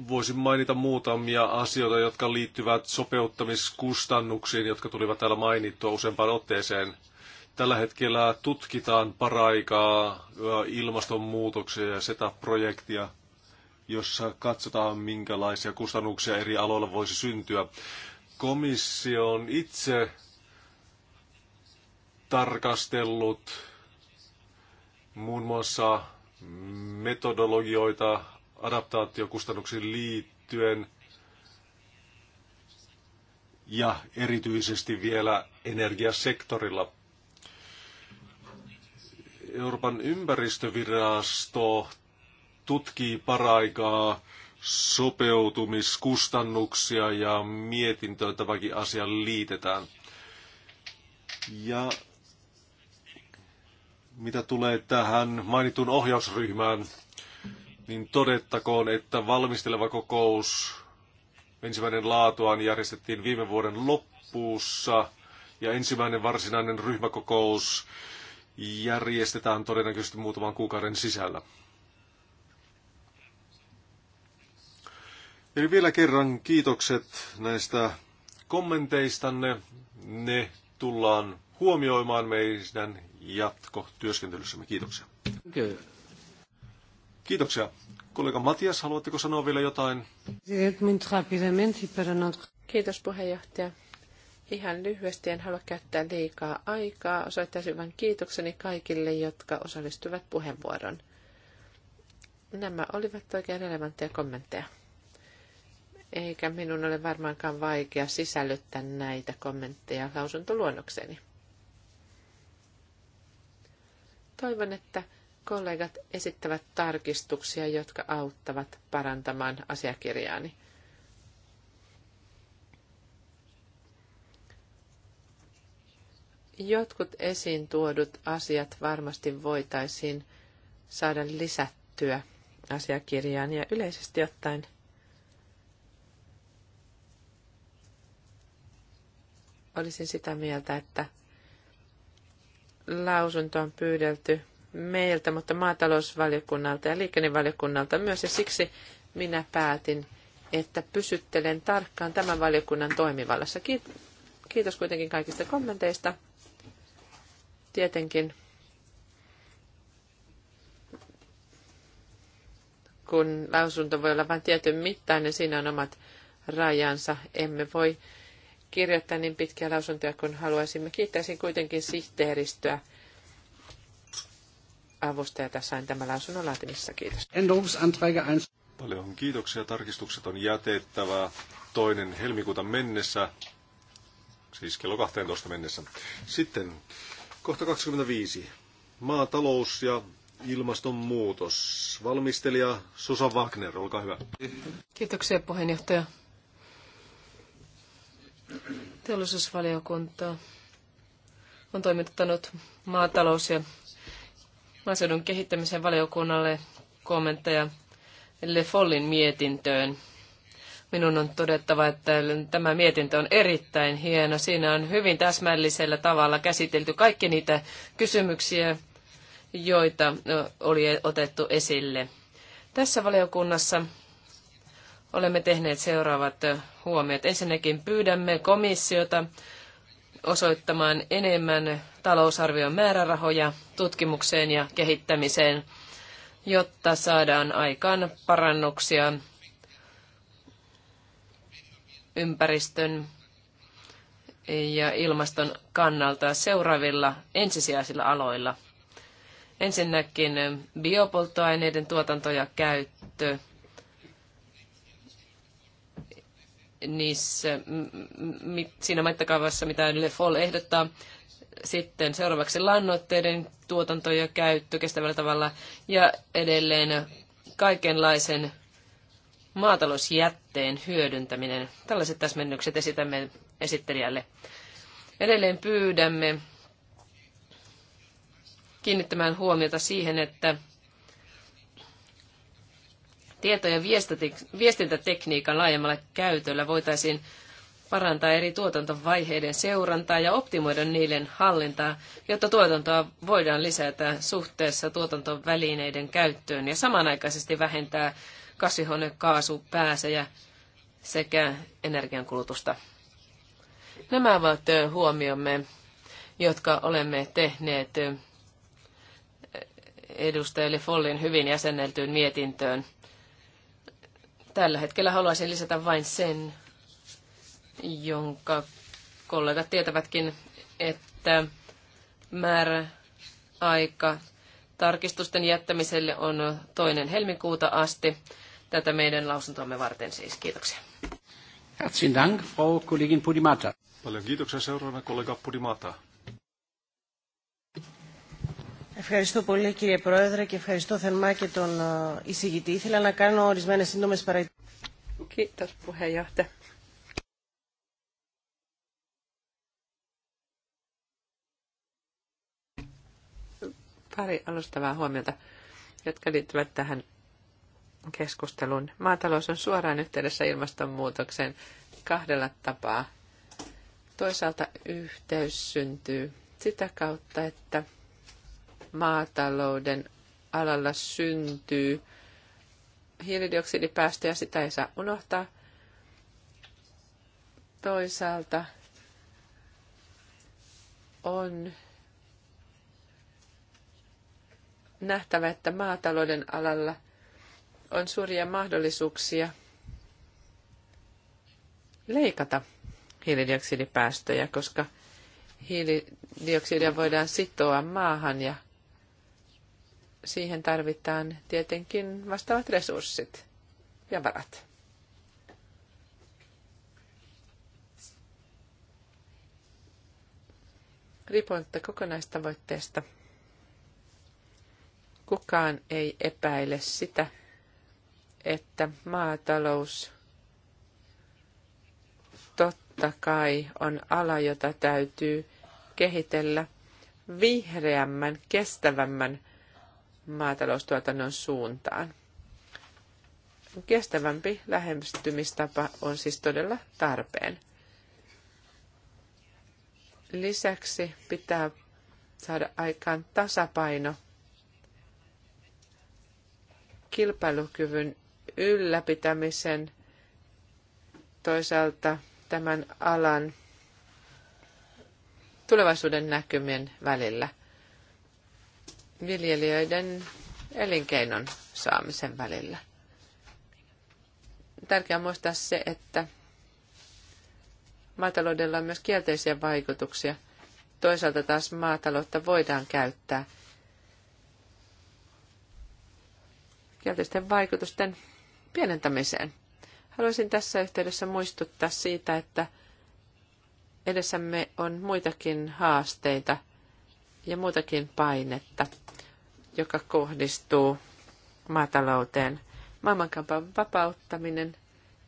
S2: Voisin mainita muutamia asioita, jotka liittyvät sopeuttamiskustannuksiin, jotka tulivat täällä mainittua useampaan otteeseen. Tällä hetkellä tutkitaan paraikaa ilmastonmuutoksia ja SETA-projektia jossa katsotaan, minkälaisia kustannuksia eri aloilla voisi syntyä. Komissio on itse tarkastellut muun muassa metodologioita adaptaatiokustannuksiin liittyen ja erityisesti vielä energiasektorilla. Euroopan ympäristövirasto tutkii paraikaa sopeutumiskustannuksia ja mietintöön tämäkin asia liitetään. Ja mitä tulee tähän mainitun ohjausryhmään, niin todettakoon, että valmisteleva kokous ensimmäinen laatuaan järjestettiin viime vuoden loppuussa ja ensimmäinen varsinainen ryhmäkokous järjestetään todennäköisesti muutaman kuukauden sisällä. Eli vielä kerran kiitokset näistä kommenteistanne. Ne tullaan huomioimaan meidän jatkotyöskentelyssämme. Kiitoksia. Okay. Kiitoksia. Kollega Matias, haluatteko sanoa vielä jotain?
S4: Kiitos puheenjohtaja. Ihan lyhyesti en halua käyttää liikaa aikaa. Osoittaisin vain kiitokseni kaikille, jotka osallistuivat puheenvuoron. Nämä olivat oikein relevantteja kommentteja eikä minun ole varmaankaan vaikea sisällyttää näitä kommentteja lausuntoluonnokseni. Toivon, että kollegat esittävät tarkistuksia, jotka auttavat parantamaan asiakirjaani. Jotkut esiin tuodut asiat varmasti voitaisiin saada lisättyä asiakirjaan ja yleisesti ottaen – olisin sitä mieltä, että lausunto on pyydelty meiltä, mutta maatalousvaliokunnalta ja liikennevaliokunnalta myös, ja siksi minä päätin, että pysyttelen tarkkaan tämän valiokunnan toimivallassa. Kiitos kuitenkin kaikista kommenteista. Tietenkin, kun lausunto voi olla vain tietyn mittainen, siinä on omat rajansa. Emme voi kirjoittaa niin pitkiä lausuntoja kuin haluaisimme. Kiittäisin kuitenkin sihteeristöä avustajata sain tämän lausunnon laatimissa. Kiitos.
S2: Paljon kiitoksia. Tarkistukset on jätettävä toinen helmikuuta mennessä, siis kello 12 mennessä. Sitten kohta 25. Maatalous ja ilmastonmuutos. Valmistelija Susa Wagner, olkaa hyvä.
S3: Kiitoksia puheenjohtaja. Teollisuusvaliokunta on toimittanut maatalous- ja maaseudun kehittämisen valiokunnalle kommentteja Le Follin mietintöön. Minun on todettava, että tämä mietintö on erittäin hieno. Siinä on hyvin täsmällisellä tavalla käsitelty kaikki niitä kysymyksiä, joita oli otettu esille. Tässä valiokunnassa olemme tehneet seuraavat huomiot. Ensinnäkin pyydämme komissiota osoittamaan enemmän talousarvion määrärahoja tutkimukseen ja kehittämiseen, jotta saadaan aikaan parannuksia ympäristön ja ilmaston kannalta seuraavilla ensisijaisilla aloilla. Ensinnäkin biopolttoaineiden tuotanto ja käyttö – niissä, siinä mittakaavassa, mitä Le Foll ehdottaa. Sitten seuraavaksi lannoitteiden tuotanto ja käyttö kestävällä tavalla ja edelleen kaikenlaisen maatalousjätteen hyödyntäminen. Tällaiset täsmennykset esitämme esittelijälle. Edelleen pyydämme kiinnittämään huomiota siihen, että tieto- ja viestintätekniikan laajemmalla käytöllä voitaisiin parantaa eri tuotantovaiheiden seurantaa ja optimoida niiden hallintaa, jotta tuotantoa voidaan lisätä suhteessa tuotantovälineiden käyttöön ja samanaikaisesti vähentää kasvihuonekaasupääsejä sekä energiankulutusta. Nämä ovat huomiomme, jotka olemme tehneet edustajalle Follin hyvin jäsenneltyyn mietintöön. Tällä hetkellä haluaisin lisätä vain sen, jonka kollegat tietävätkin, että määrä aika tarkistusten jättämiselle on toinen helmikuuta asti. Tätä meidän lausuntoamme varten siis. Kiitoksia.
S1: Herzlichen Dank, Frau Kollegin Pudimata. Paljon kiitoksia seuraavana kollega
S2: Pudimata.
S3: Ευχαριστώ πολύ κύριε Πρόεδρε και ευχαριστώ θερμά και τον εισηγητή. Ήθελα να κάνω ορισμένε σύντομε παρατηρήσει. Kiitos
S4: puheenjohtaja. Pari alustavaa huomiota, jotka liittyvät tähän keskusteluun. Maatalous on suoraan yhteydessä ilmastonmuutokseen kahdella tapaa. Toisaalta yhteys syntyy sitä kautta, että maatalouden alalla syntyy hiilidioksidipäästöjä, sitä ei saa unohtaa. Toisaalta on nähtävä, että maatalouden alalla on suuria mahdollisuuksia leikata hiilidioksidipäästöjä, koska hiilidioksidia voidaan sitoa maahan ja siihen tarvitaan tietenkin vastaavat resurssit ja varat. Riippumatta kokonaistavoitteesta, kukaan ei epäile sitä, että maatalous totta kai on ala, jota täytyy kehitellä vihreämmän, kestävämmän maataloustuotannon suuntaan. Kestävämpi lähestymistapa on siis todella tarpeen. Lisäksi pitää saada aikaan tasapaino kilpailukyvyn ylläpitämisen, toisaalta tämän alan tulevaisuuden näkymien välillä viljelijöiden elinkeinon saamisen välillä. Tärkeää muistaa se, että maataloudella on myös kielteisiä vaikutuksia. Toisaalta taas maataloutta voidaan käyttää kielteisten vaikutusten pienentämiseen. Haluaisin tässä yhteydessä muistuttaa siitä, että edessämme on muitakin haasteita – ja muutakin painetta, joka kohdistuu maatalouteen. Maailmankaupan vapauttaminen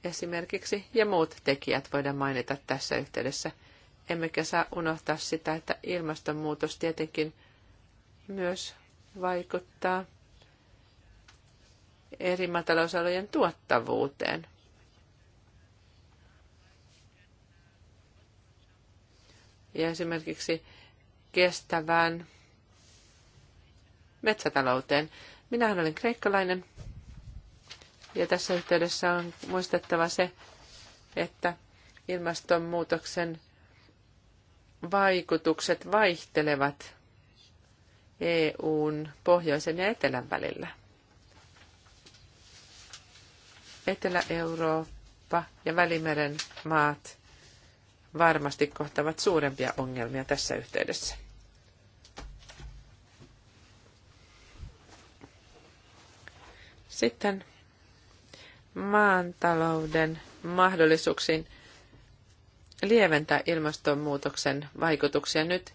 S4: esimerkiksi ja muut tekijät voidaan mainita tässä yhteydessä. Emmekä saa unohtaa sitä, että ilmastonmuutos tietenkin myös vaikuttaa eri maatalousalojen tuottavuuteen. Ja esimerkiksi kestävään metsätalouteen. Minähän olen kreikkalainen ja tässä yhteydessä on muistettava se, että ilmastonmuutoksen vaikutukset vaihtelevat EUn pohjoisen ja etelän välillä. Etelä-Eurooppa ja Välimeren maat varmasti kohtavat suurempia ongelmia tässä yhteydessä. Sitten maantalouden mahdollisuuksiin lieventää ilmastonmuutoksen vaikutuksia. Nyt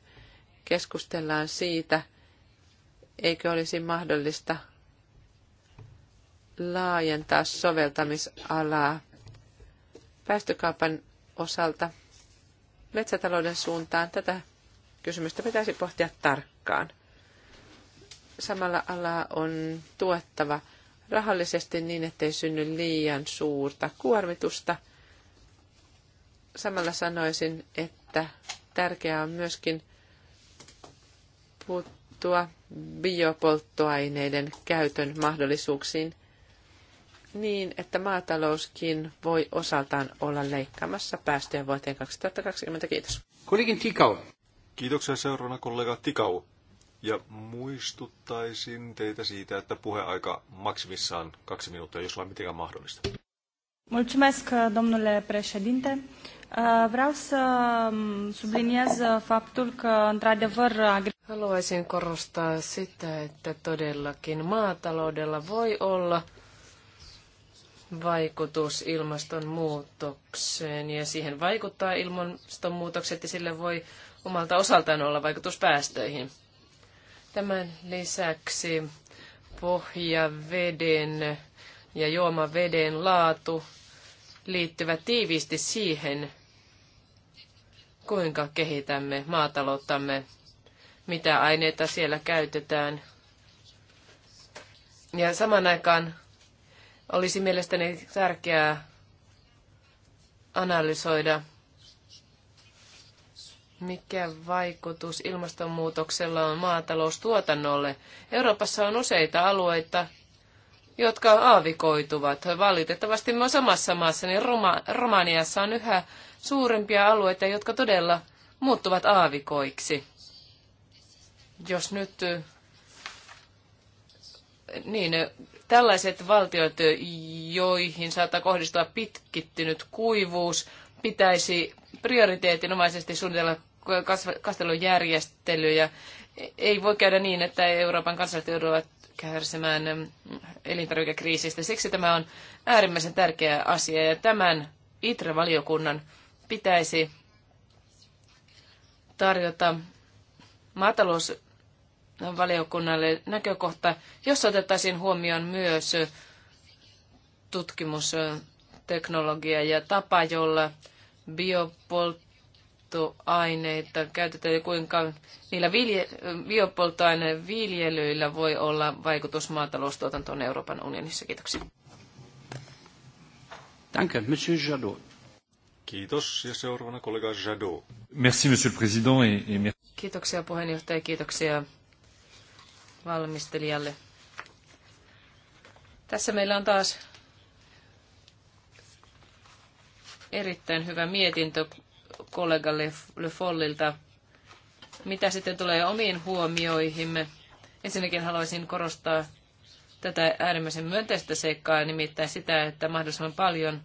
S4: keskustellaan siitä, eikö olisi mahdollista laajentaa soveltamisalaa päästökaupan osalta metsätalouden suuntaan. Tätä kysymystä pitäisi pohtia tarkkaan. Samalla alaa on tuettava – rahallisesti niin, ettei synny liian suurta kuormitusta. Samalla sanoisin, että tärkeää on myöskin puuttua biopolttoaineiden käytön mahdollisuuksiin niin, että maatalouskin voi osaltaan olla leikkaamassa päästöjä vuoteen 2020. Kiitos.
S2: Kuitenkin Tikau. Kiitoksia seuraavana kollega Tikau. Ja muistuttaisin teitä siitä, että puheaika maksimissaan kaksi minuuttia, jos vain mitenkään mahdollista.
S3: Mulțumesc, domnule președinte. Uh, vreau să um, subliniez faptul că, într-adevăr, Haluaisin korostaa sitä, että todellakin maataloudella voi olla vaikutus ilmastonmuutokseen ja siihen vaikuttaa ilmastonmuutokset ja sille voi omalta osaltaan olla vaikutus päästöihin. Tämän lisäksi pohjaveden ja juomaveden laatu liittyvät tiiviisti siihen, kuinka kehitämme maatalouttamme, mitä aineita siellä käytetään. Ja saman aikaan olisi mielestäni tärkeää analysoida – mikä vaikutus ilmastonmuutoksella on maataloustuotannolle? Euroopassa on useita alueita, jotka aavikoituvat. Valitettavasti myös samassa maassa, niin Roma, Romaniassa on yhä suurempia alueita, jotka todella muuttuvat aavikoiksi. Jos nyt niin, tällaiset valtiot, joihin saattaa kohdistua pitkittynyt kuivuus, pitäisi prioriteetinomaisesti suunnitella kastelujärjestelyjä. Ei voi käydä niin, että Euroopan kansalaiset joutuvat kärsimään elintarvikekriisistä. Siksi tämä on äärimmäisen tärkeä asia ja tämän ITRE-valiokunnan pitäisi tarjota maatalousvaliokunnalle näkökohta, jossa otettaisiin huomioon myös tutkimusteknologia ja tapa, jolla biopolttoaineita käytetään ja kuinka niillä vilje, biopolttoaineen viljelyillä voi olla vaikutus maataloustuotantoon Euroopan unionissa. Kiitoksia.
S1: Danke, Monsieur Jadot. Kiitos. Ja seuraavana
S2: kollega Jadot.
S5: Merci, Monsieur le Président. Et, et merci.
S3: Kiitoksia puheenjohtaja, kiitoksia valmistelijalle. Tässä meillä on taas erittäin hyvä mietintö kollega Le Follilta. Mitä sitten tulee omiin huomioihimme? Ensinnäkin haluaisin korostaa tätä äärimmäisen myönteistä seikkaa, nimittäin sitä, että mahdollisimman paljon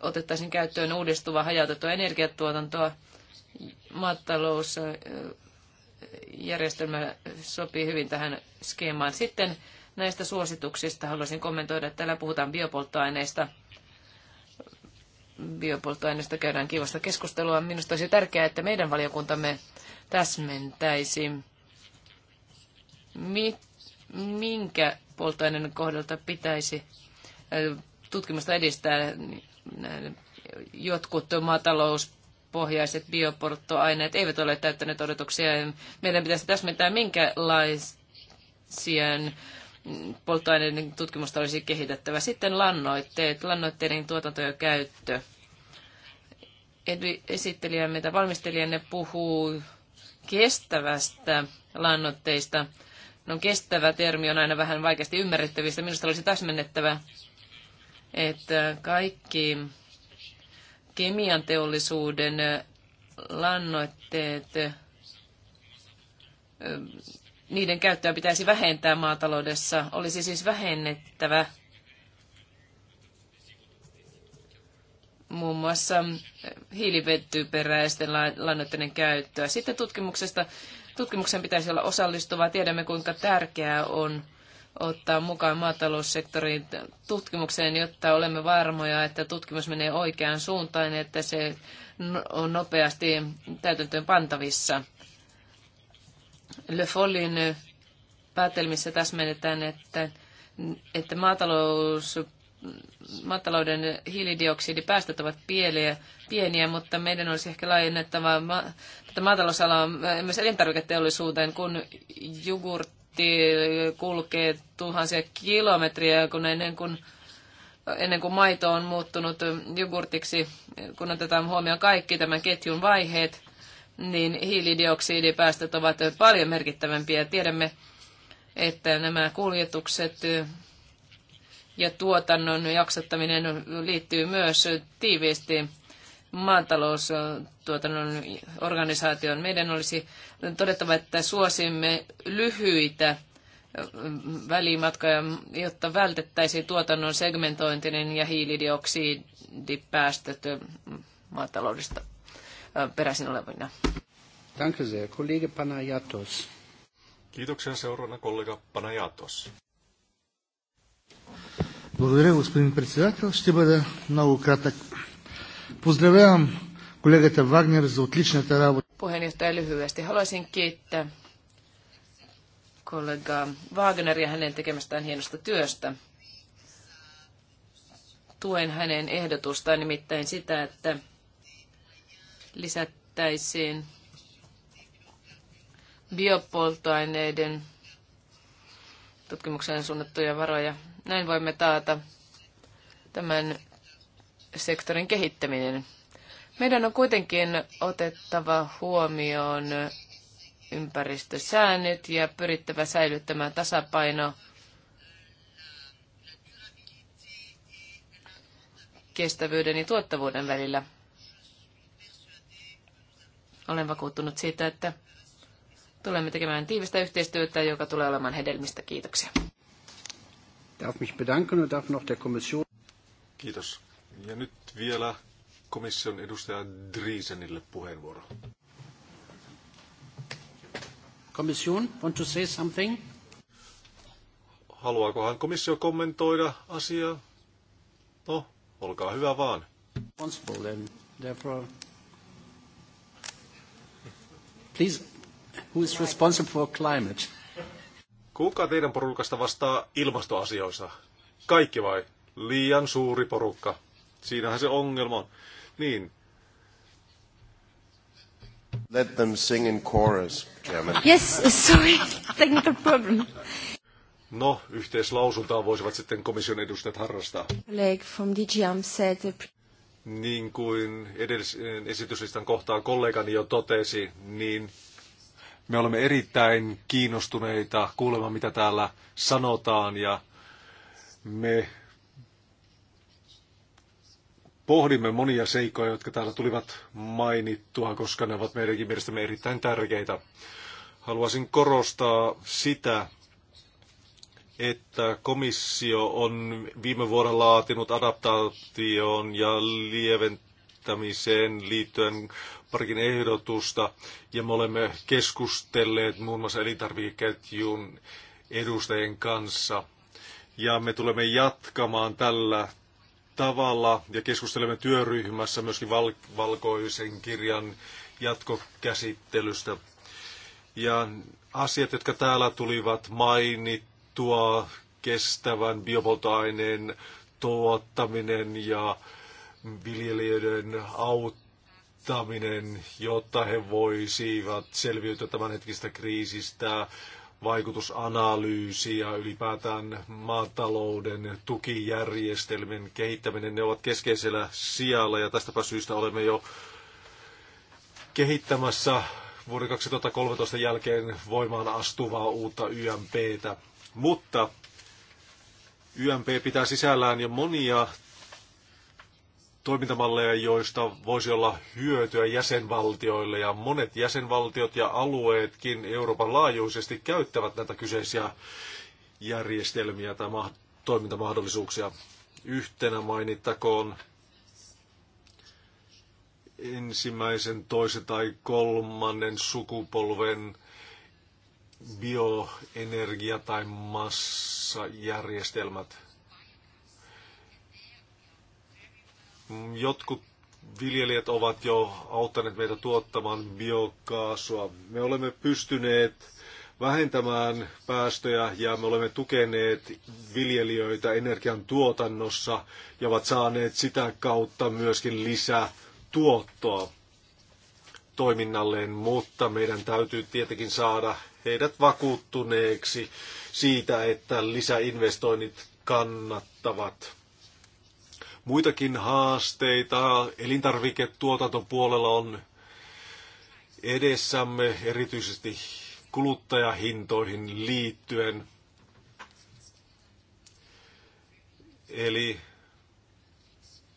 S3: otettaisiin käyttöön uudistuva hajautettua energiatuotantoa. Maatalousjärjestelmä äh, sopii hyvin tähän skeemaan. Sitten näistä suosituksista haluaisin kommentoida. Täällä puhutaan biopolttoaineista. Biopolttoaineista käydään kivasta keskustelua. Minusta olisi tärkeää, että meidän valiokuntamme täsmentäisi, minkä polttoaineen kohdalta pitäisi tutkimusta edistää jotkut maatalouspohjaiset biopolttoaineet eivät ole täyttäneet odotuksia. Meidän pitäisi täsmentää, minkälaisia polttoaineiden tutkimusta olisi kehitettävä. Sitten lannoitteet, lannoitteiden tuotanto ja käyttö. Esittelijämme tai valmistelijanne puhuu kestävästä lannoitteista. No kestävä termi on aina vähän vaikeasti ymmärrettävistä. Minusta olisi täsmennettävä, että kaikki kemian teollisuuden lannoitteet niiden käyttöä pitäisi vähentää maataloudessa. Olisi siis vähennettävä muun muassa mm, hiilivettyperäisten lannoitteiden käyttöä. Sitten tutkimuksesta, tutkimuksen pitäisi olla osallistuvaa. Tiedämme, kuinka tärkeää on ottaa mukaan maataloussektorin tutkimukseen, jotta olemme varmoja, että tutkimus menee oikeaan suuntaan, että se on nopeasti täytäntöön pantavissa. Le Follin päätelmissä täsmennetään, että, että maatalous, maatalouden hiilidioksidipäästöt ovat pieniä, pieniä, mutta meidän olisi ehkä laajennettava ma, tätä maatalousalaa myös elintarviketeollisuuteen, kun jogurtti kulkee tuhansia kilometriä, kun ennen kuin ennen kuin maito on muuttunut jogurtiksi, kun otetaan huomioon kaikki tämän ketjun vaiheet, niin hiilidioksidipäästöt ovat paljon merkittävämpiä. Tiedämme, että nämä kuljetukset ja tuotannon jaksottaminen liittyy myös tiiviisti maataloustuotannon organisaatioon. Meidän olisi todettava, että suosimme lyhyitä välimatkoja, jotta vältettäisiin tuotannon segmentointinen ja hiilidioksidipäästöt
S2: maataloudesta peräisin olevina.
S1: kollega Panayatos.
S2: Kiitoksia seurana kollega Panayatos.
S5: Благодаря, господин председател. Ще бъда много кратък. Поздравявам колегата Вагнер за отличната работа.
S3: Puheenjohtaja lyhyesti. Haluaisin kiittää kollega Wagneria hänen tekemästään hienosta työstä. Tuen hänen ehdotustaan nimittäin sitä, että lisättäisiin biopolttoaineiden tutkimukseen suunnattuja varoja. Näin voimme taata tämän sektorin kehittäminen. Meidän on kuitenkin otettava huomioon ympäristösäännöt ja pyrittävä säilyttämään tasapaino kestävyyden ja tuottavuuden välillä. Olen vakuuttunut siitä, että tulemme tekemään tiivistä yhteistyötä, joka tulee olemaan hedelmistä. Kiitoksia.
S1: Darf mich bedanken und darf noch der Kommission.
S2: Kiitos. Ja nyt vielä komission edustaja Driesenille puheenvuoro.
S1: Commission, want to say something?
S2: Haluaakohan komissio kommentoida asiaa? No, olkaa hyvä vaan.
S1: Responsible therefore Please, who is responsible for climate?
S2: Kuka teidän porukasta vastaa ilmastoasioissa? Kaikki vai? Liian suuri porukka. Siinähän se ongelma on. Niin. Let them sing in chorus, Chairman. Yes, sorry,
S4: technical problem.
S2: No, yhteislausuntaa voisivat sitten komission edustajat harrastaa.
S4: Like from DGM said...
S2: Niin kuin edellisen esityslistan kohtaan kollegani jo totesi, niin me olemme erittäin kiinnostuneita kuulemaan, mitä täällä sanotaan ja me pohdimme monia seikkoja, jotka täällä tulivat mainittua, koska ne ovat meidänkin mielestämme erittäin tärkeitä. Haluaisin korostaa sitä, että komissio on viime vuonna laatinut adaptaatioon ja lieventämiseen liittyen parikin ehdotusta, ja me olemme keskustelleet muun muassa elintarvikeketjun edustajien kanssa. Ja me tulemme jatkamaan tällä tavalla ja keskustelemme työryhmässä myöskin val- valkoisen kirjan jatkokäsittelystä. Ja asiat, jotka täällä tulivat mainit tuo kestävän biopoltoaineen tuottaminen ja viljelijöiden auttaminen, jotta he voisivat selviytyä tämänhetkistä kriisistä, vaikutusanalyysi ja ylipäätään maatalouden tukijärjestelmien kehittäminen, ne ovat keskeisellä sijalla ja tästäpä syystä olemme jo kehittämässä vuoden 2013 jälkeen voimaan astuvaa uutta YMPtä. Mutta YMP pitää sisällään jo monia toimintamalleja, joista voisi olla hyötyä jäsenvaltioille ja monet jäsenvaltiot ja alueetkin Euroopan laajuisesti käyttävät näitä kyseisiä järjestelmiä tai toimintamahdollisuuksia. Yhtenä mainittakoon ensimmäisen, toisen tai kolmannen sukupolven bioenergia- tai massajärjestelmät. Jotkut viljelijät ovat jo auttaneet meitä tuottamaan biokaasua. Me olemme pystyneet vähentämään päästöjä ja me olemme tukeneet viljelijöitä energian tuotannossa ja ovat saaneet sitä kautta myöskin lisää tuottoa toiminnalleen, mutta meidän täytyy tietenkin saada heidät vakuuttuneeksi siitä, että lisäinvestoinnit kannattavat. Muitakin haasteita elintarviketuotantopuolella on edessämme, erityisesti kuluttajahintoihin liittyen. Eli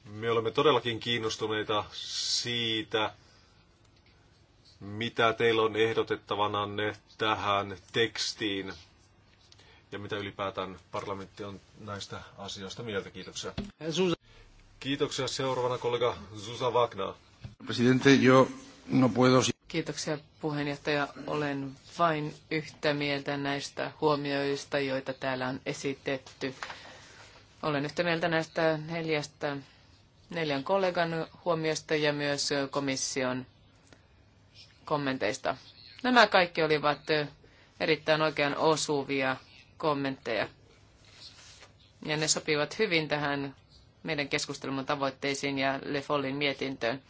S2: me olemme todellakin kiinnostuneita siitä, mitä teillä on ehdotettavananne tähän tekstiin ja mitä ylipäätään parlamentti on näistä asioista mieltä. Kiitoksia. Kiitoksia. Seuraavana kollega Susa Wagner.
S1: Presidente, yo no puedo...
S3: Kiitoksia puheenjohtaja. Olen vain yhtä mieltä näistä huomioista, joita täällä on esitetty. Olen yhtä mieltä näistä neljästä, neljän kollegan huomioista ja myös komission kommenteista. Nämä kaikki olivat erittäin oikean osuvia kommentteja. Ja ne sopivat hyvin tähän meidän keskustelun tavoitteisiin ja Follin mietintöön.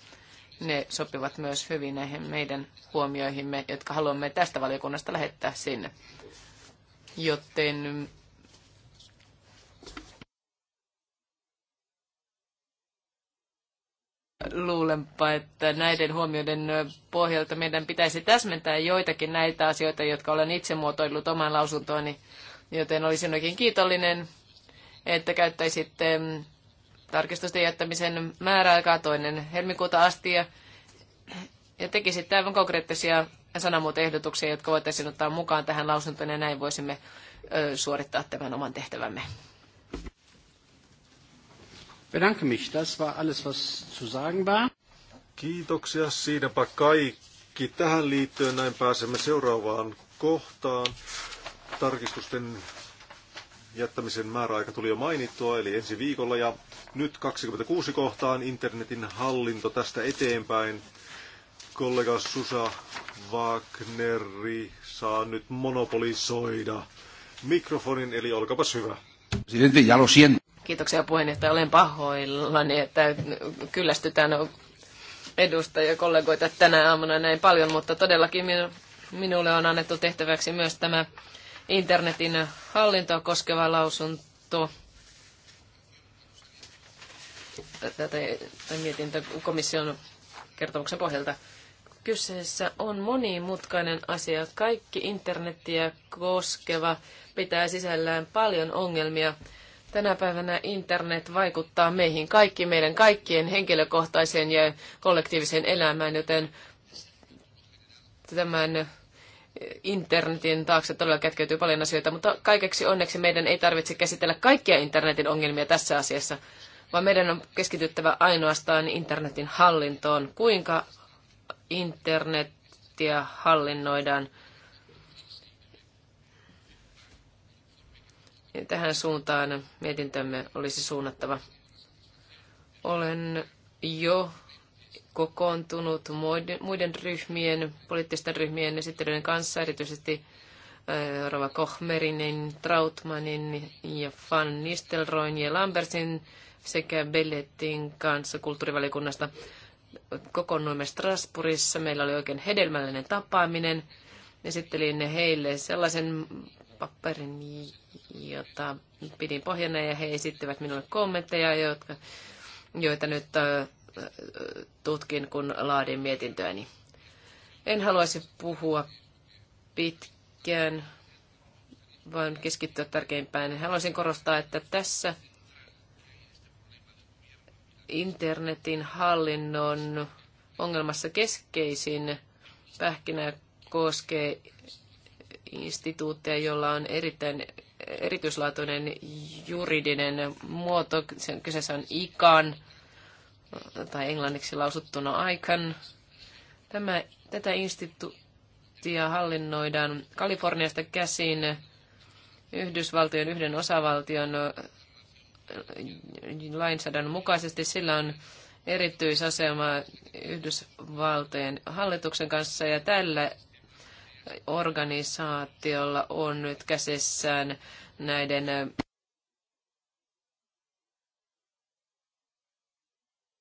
S3: Ne sopivat myös hyvin näihin meidän huomioihimme, jotka haluamme tästä valiokunnasta lähettää sinne. Joten Luulenpa, että näiden huomioiden pohjalta meidän pitäisi täsmentää joitakin näitä asioita, jotka olen itse muotoillut oman lausuntooni, joten olisin oikein kiitollinen, että käyttäisitte tarkistusten jättämisen määräaikaa toinen helmikuuta asti ja, ja tekisitte aivan konkreettisia sanamuotoehdotuksia, jotka voitaisiin ottaa mukaan tähän lausuntoon ja näin voisimme ö, suorittaa tämän oman tehtävämme
S1: bedanke mich. Das war alles, was zu sagen war.
S2: Kiitoksia. Siinäpä kaikki tähän liittyen. Näin pääsemme seuraavaan kohtaan. Tarkistusten jättämisen määräaika tuli jo mainittua, eli ensi viikolla. Ja nyt 26 kohtaan internetin hallinto tästä eteenpäin. Kollega Susa Wagneri saa nyt monopolisoida mikrofonin, eli olkapas hyvä.
S1: Presidente, ya lo siento.
S3: Kiitoksia puheenjohtaja. Olen pahoillani, että kyllästytään edustajia kollegoita tänä aamuna näin paljon, mutta todellakin minulle on annettu tehtäväksi myös tämä internetin hallintoa koskeva lausunto. Tätä mietintö komission kertomuksen pohjalta. Kyseessä on monimutkainen asia. Kaikki internettiä koskeva pitää sisällään paljon ongelmia Tänä päivänä internet vaikuttaa meihin kaikki, meidän kaikkien henkilökohtaiseen ja kollektiiviseen elämään, joten tämän internetin taakse todella kätkeytyy paljon asioita, mutta kaikeksi onneksi meidän ei tarvitse käsitellä kaikkia internetin ongelmia tässä asiassa, vaan meidän on keskityttävä ainoastaan internetin hallintoon, kuinka internetiä hallinnoidaan – tähän suuntaan mietintämme olisi suunnattava. Olen jo kokoontunut muiden ryhmien, poliittisten ryhmien esittelyiden kanssa, erityisesti äh, Rova Kohmerinen, Trautmanin ja Van Nistelroin ja Lambertsin sekä Belletin kanssa kulttuurivaliokunnasta kokoonnuimme Strasbourgissa. Meillä oli oikein hedelmällinen tapaaminen. Esittelin heille sellaisen paperin, jota pidin pohjana ja he esittivät minulle kommentteja, jotka, joita nyt tutkin, kun laadin mietintöäni. En haluaisi puhua pitkään, vaan keskittyä tärkeimpään. Haluaisin korostaa, että tässä internetin hallinnon ongelmassa keskeisin pähkinä koskee instituutteja, jolla on erittäin erityislaatuinen juridinen muoto. sen Kyseessä on ikan tai englanniksi lausuttuna ICAN. Tämä, tätä instituuttia hallinnoidaan Kaliforniasta käsin Yhdysvaltojen yhden osavaltion lainsäädännön mukaisesti. Sillä on erityisasema Yhdysvaltojen hallituksen kanssa ja tällä organisaatiolla on nyt käsissään näiden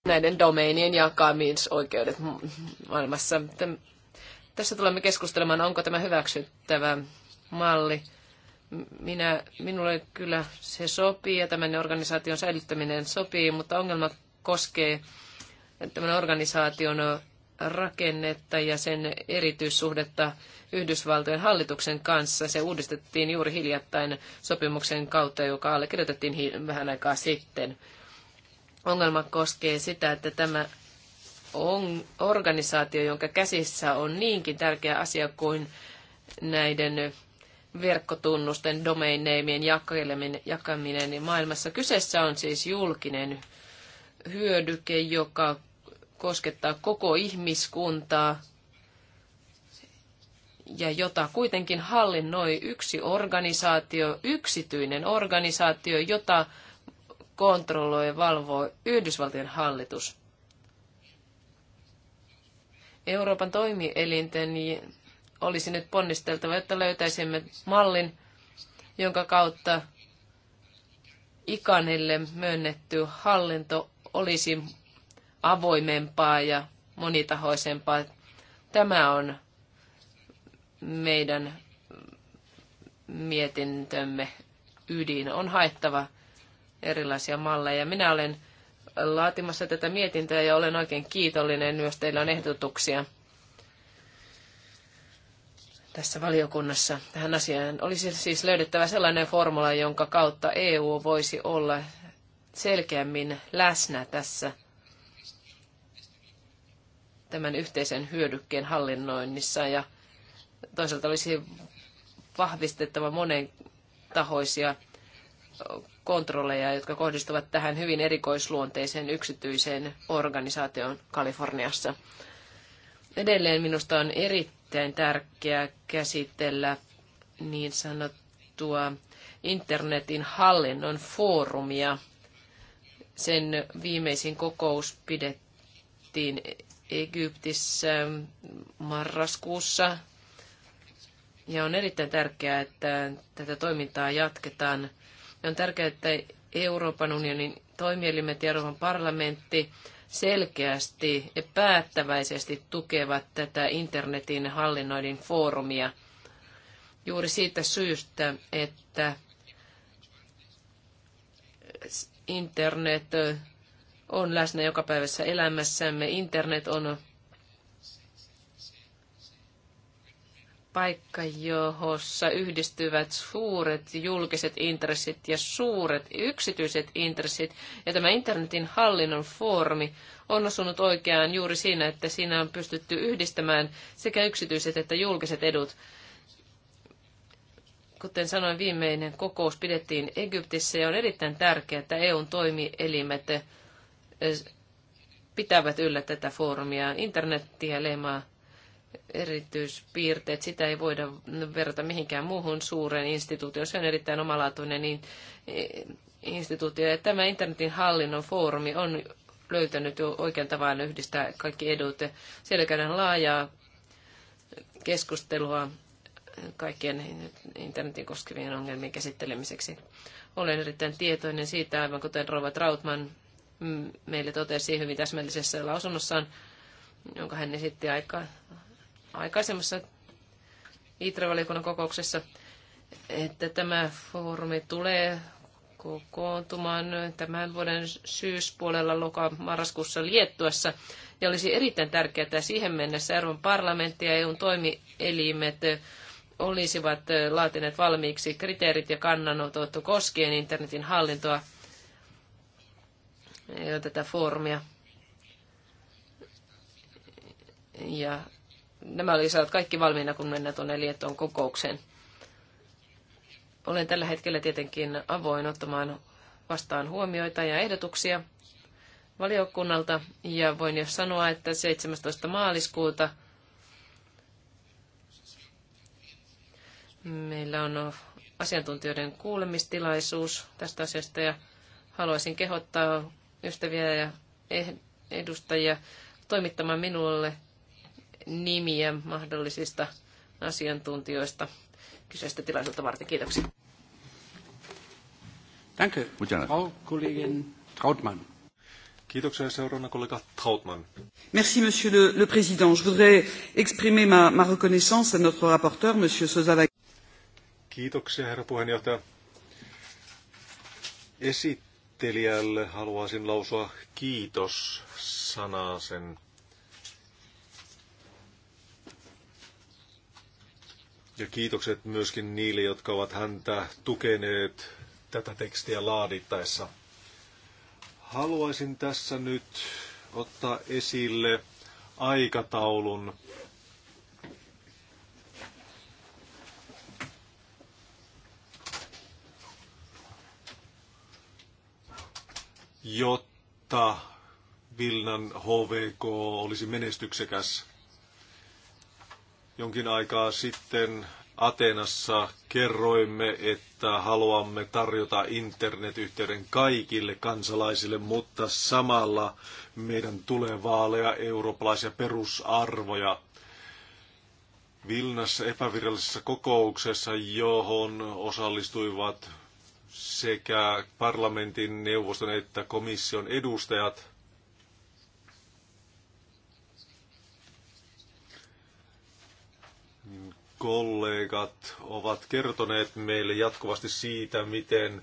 S3: näiden domeinien jakamisoikeudet maailmassa. Tässä tulemme keskustelemaan, onko tämä hyväksyttävä malli. Minä, minulle kyllä se sopii ja tämän organisaation säilyttäminen sopii, mutta ongelma koskee tämän organisaation rakennetta ja sen erityissuhdetta Yhdysvaltojen hallituksen kanssa. Se uudistettiin juuri hiljattain sopimuksen kautta, joka allekirjoitettiin vähän aikaa sitten. Ongelma koskee sitä, että tämä on organisaatio, jonka käsissä on niinkin tärkeä asia kuin näiden verkkotunnusten, domain nameien jakaminen maailmassa. Kyseessä on siis julkinen hyödyke, joka koskettaa koko ihmiskuntaa ja jota kuitenkin hallinnoi yksi organisaatio, yksityinen organisaatio, jota kontrolloi ja valvoo Yhdysvaltojen hallitus. Euroopan toimielinten olisi nyt ponnisteltava, jotta löytäisimme mallin, jonka kautta ikanille myönnetty hallinto olisi avoimempaa ja monitahoisempaa. Tämä on meidän mietintömme ydin. On haettava erilaisia malleja. Minä olen laatimassa tätä mietintöä ja olen oikein kiitollinen, Myös teillä on ehdotuksia tässä valiokunnassa tähän asiaan. Olisi siis löydettävä sellainen formula, jonka kautta EU voisi olla selkeämmin läsnä tässä – tämän yhteisen hyödykkeen hallinnoinnissa ja toisaalta olisi vahvistettava monen tahoisia kontrolleja, jotka kohdistuvat tähän hyvin erikoisluonteiseen yksityiseen organisaatioon Kaliforniassa. Edelleen minusta on erittäin tärkeää käsitellä niin sanottua internetin hallinnon foorumia. Sen viimeisin kokous pidettiin Egyptissä mm, marraskuussa. Ja on erittäin tärkeää, että tätä toimintaa jatketaan. Ja on tärkeää, että Euroopan unionin toimielimet ja Euroopan parlamentti selkeästi ja päättäväisesti tukevat tätä internetin hallinnoidin foorumia juuri siitä syystä, että internet on läsnä joka päivässä elämässämme. Internet on paikka, johossa yhdistyvät suuret julkiset intressit ja suuret yksityiset intressit. Ja tämä internetin hallinnon foorumi on osunut oikeaan juuri siinä, että siinä on pystytty yhdistämään sekä yksityiset että julkiset edut. Kuten sanoin, viimeinen kokous pidettiin Egyptissä ja on erittäin tärkeää, että EUn toimielimet pitävät yllä tätä foorumia. Internettiä leimaa erityispiirteet. Sitä ei voida verrata mihinkään muuhun suureen instituutioon. Se on erittäin omalaatuinen niin instituutio. Ja tämä internetin hallinnon foorumi on löytänyt jo oikean tavan yhdistää kaikki edut. Siellä käydään laajaa keskustelua kaikkien internetin koskevien ongelmien käsittelemiseksi. Olen erittäin tietoinen siitä, aivan kuten Rova Rautman Mm, meille totesi hyvin täsmällisessä lausunnossaan, jonka hän esitti aika, aikaisemmassa ITRA-valiokunnan kokouksessa, että tämä foorumi tulee kokoontumaan tämän vuoden syyspuolella loka-marraskuussa Liettuassa. Ja olisi erittäin tärkeää, että siihen mennessä Euroopan parlamentti ja EUn toimielimet olisivat laatineet valmiiksi kriteerit ja kannanotot koskien internetin hallintoa – ole tätä foorumia. Ja nämä olisivat kaikki valmiina, kun mennään tuonne Liettoon kokoukseen. Olen tällä hetkellä tietenkin avoin ottamaan vastaan huomioita ja ehdotuksia valiokunnalta. Ja voin jo sanoa, että 17. maaliskuuta meillä on asiantuntijoiden kuulemistilaisuus tästä asiasta ja haluaisin kehottaa ystäviä ja eh, edustajia toimittamaan minulle nimiä mahdollisista asiantuntijoista kyseistä tilaisuutta varten. Kiitoksia.
S2: Danke, Frau Kollegin Trautmann. Kiitoksia seuraavana kollega Trautmann. Merci monsieur le, le président. Je voudrais exprimer ma, ma reconnaissance à notre rapporteur monsieur Sosa. Kiitoksia herra puheenjohtaja. Esittää esittelijälle haluaisin lausua kiitos sanaa sen. Ja kiitokset myöskin niille, jotka ovat häntä tukeneet tätä tekstiä laadittaessa. Haluaisin tässä nyt ottaa esille aikataulun jotta Vilnan HVK olisi menestyksekäs. Jonkin aikaa sitten Atenassa kerroimme, että haluamme tarjota internetyhteyden kaikille kansalaisille, mutta samalla meidän tulee vaaleja eurooppalaisia perusarvoja. Vilnassa epävirallisessa kokouksessa, johon osallistuivat sekä parlamentin, neuvoston että komission edustajat kollegat ovat kertoneet meille jatkuvasti siitä, miten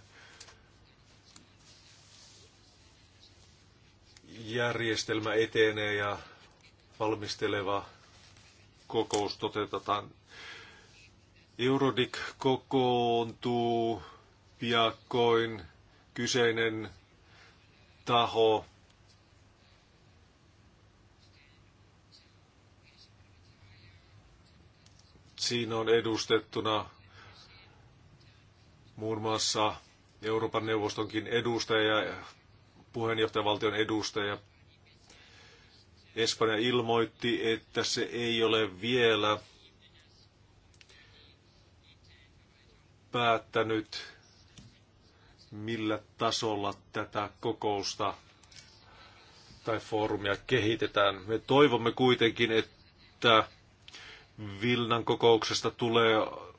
S2: järjestelmä etenee ja valmisteleva kokous toteutetaan. Eurodic kokoontuu piakkoin kyseinen taho siinä on edustettuna muun muassa Euroopan neuvostonkin edustaja ja puheenjohtajavaltion edustaja. Espanja ilmoitti, että se ei ole vielä päättänyt millä tasolla tätä kokousta tai foorumia kehitetään. Me toivomme kuitenkin, että Vilnan kokouksesta tulee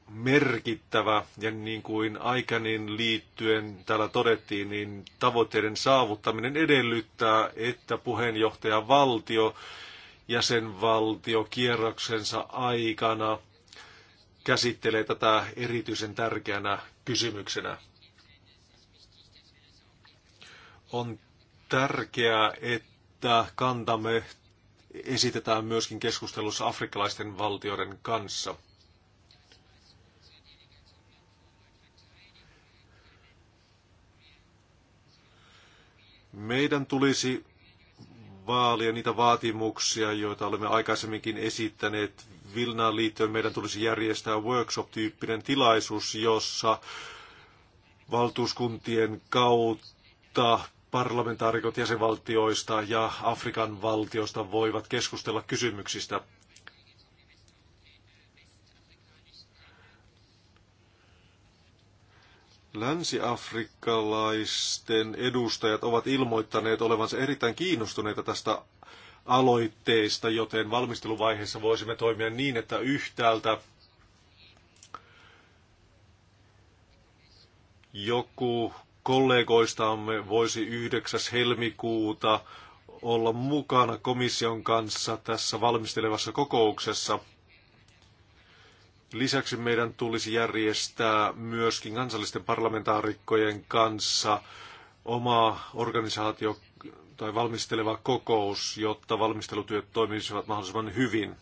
S2: merkittävä ja niin kuin aikanin liittyen täällä todettiin, niin tavoitteiden saavuttaminen edellyttää, että puheenjohtaja valtio jäsenvaltio kierroksensa aikana käsittelee tätä erityisen tärkeänä kysymyksenä. On tärkeää, että kantamme esitetään myöskin keskustelussa afrikkalaisten valtioiden kanssa. Meidän tulisi vaalia niitä vaatimuksia, joita olemme aikaisemminkin esittäneet. Vilnaan liittyen meidän tulisi järjestää workshop-tyyppinen tilaisuus, jossa valtuuskuntien kautta parlamentaarikot jäsenvaltioista ja Afrikan valtioista voivat keskustella kysymyksistä. Länsi-afrikkalaisten edustajat ovat ilmoittaneet olevansa erittäin kiinnostuneita tästä aloitteesta, joten valmisteluvaiheessa voisimme toimia niin, että yhtäältä joku kollegoistamme voisi 9. helmikuuta olla mukana komission kanssa tässä valmistelevassa kokouksessa. Lisäksi meidän tulisi järjestää myöskin kansallisten parlamentaarikkojen kanssa oma organisaatio tai valmisteleva kokous, jotta valmistelutyöt toimisivat mahdollisimman hyvin.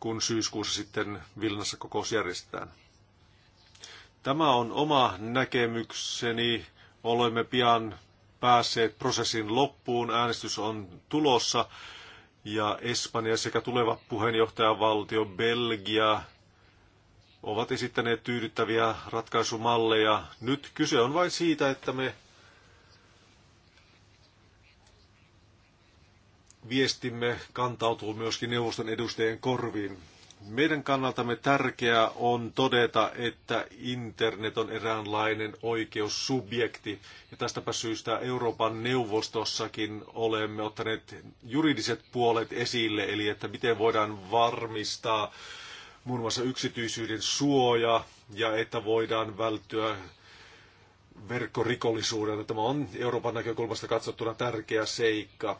S2: kun syyskuussa sitten Vilnassa kokous järjestetään. Tämä on oma näkemykseni. Olemme pian päässeet prosessin loppuun. Äänestys on tulossa. Ja Espanja sekä tuleva puheenjohtajavaltio Belgia ovat esittäneet tyydyttäviä ratkaisumalleja. Nyt kyse on vain siitä, että me viestimme kantautuu myöskin neuvoston edustajien korviin. Meidän kannaltamme tärkeää on todeta, että internet on eräänlainen oikeussubjekti. Ja tästäpä syystä Euroopan neuvostossakin olemme ottaneet juridiset puolet esille, eli että miten voidaan varmistaa muun muassa yksityisyyden suoja ja että voidaan välttyä verkkorikollisuudelta. Tämä on Euroopan näkökulmasta katsottuna tärkeä seikka.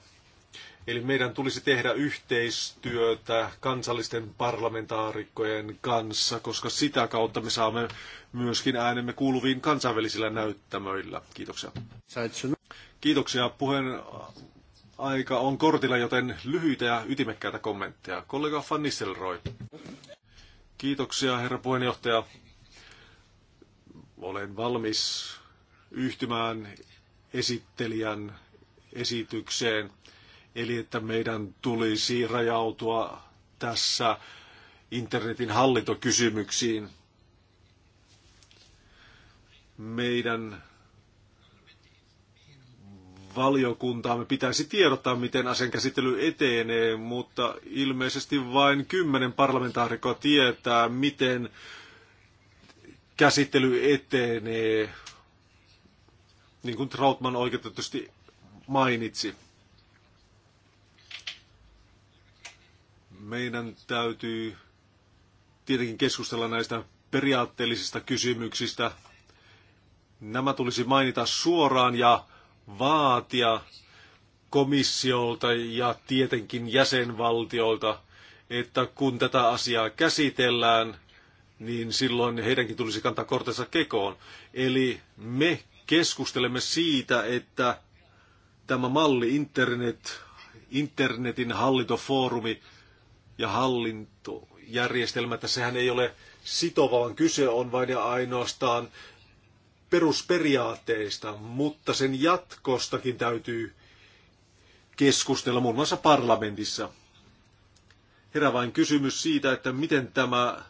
S2: Eli meidän tulisi tehdä yhteistyötä kansallisten parlamentaarikkojen kanssa, koska sitä kautta me saamme myöskin äänemme kuuluviin kansainvälisillä näyttämöillä. Kiitoksia. Kiitoksia. Puheen aika on kortilla, joten lyhyitä ja ytimekkäitä kommentteja. Kollega Van Nistelrooy. Kiitoksia, herra puheenjohtaja. Olen valmis yhtymään esittelijän esitykseen – Eli että meidän tulisi rajautua tässä internetin hallintokysymyksiin. Meidän valiokuntaamme pitäisi tiedottaa, miten asian käsittely etenee, mutta ilmeisesti vain kymmenen parlamentaarikkoa tietää, miten käsittely etenee, niin kuin Trautman oikeutetusti mainitsi. Meidän täytyy tietenkin keskustella näistä periaatteellisista kysymyksistä. Nämä tulisi mainita suoraan ja vaatia komissiolta ja tietenkin jäsenvaltioilta, että kun tätä asiaa käsitellään, niin silloin heidänkin tulisi kantaa kortensa kekoon. Eli me keskustelemme siitä, että tämä malli internet, internetin hallintofoorumi ja hallintojärjestelmä, että sehän ei ole sitova, vaan kyse on vain ja ainoastaan perusperiaatteista, mutta sen jatkostakin täytyy keskustella muun muassa parlamentissa. Herää vain kysymys siitä, että miten tämä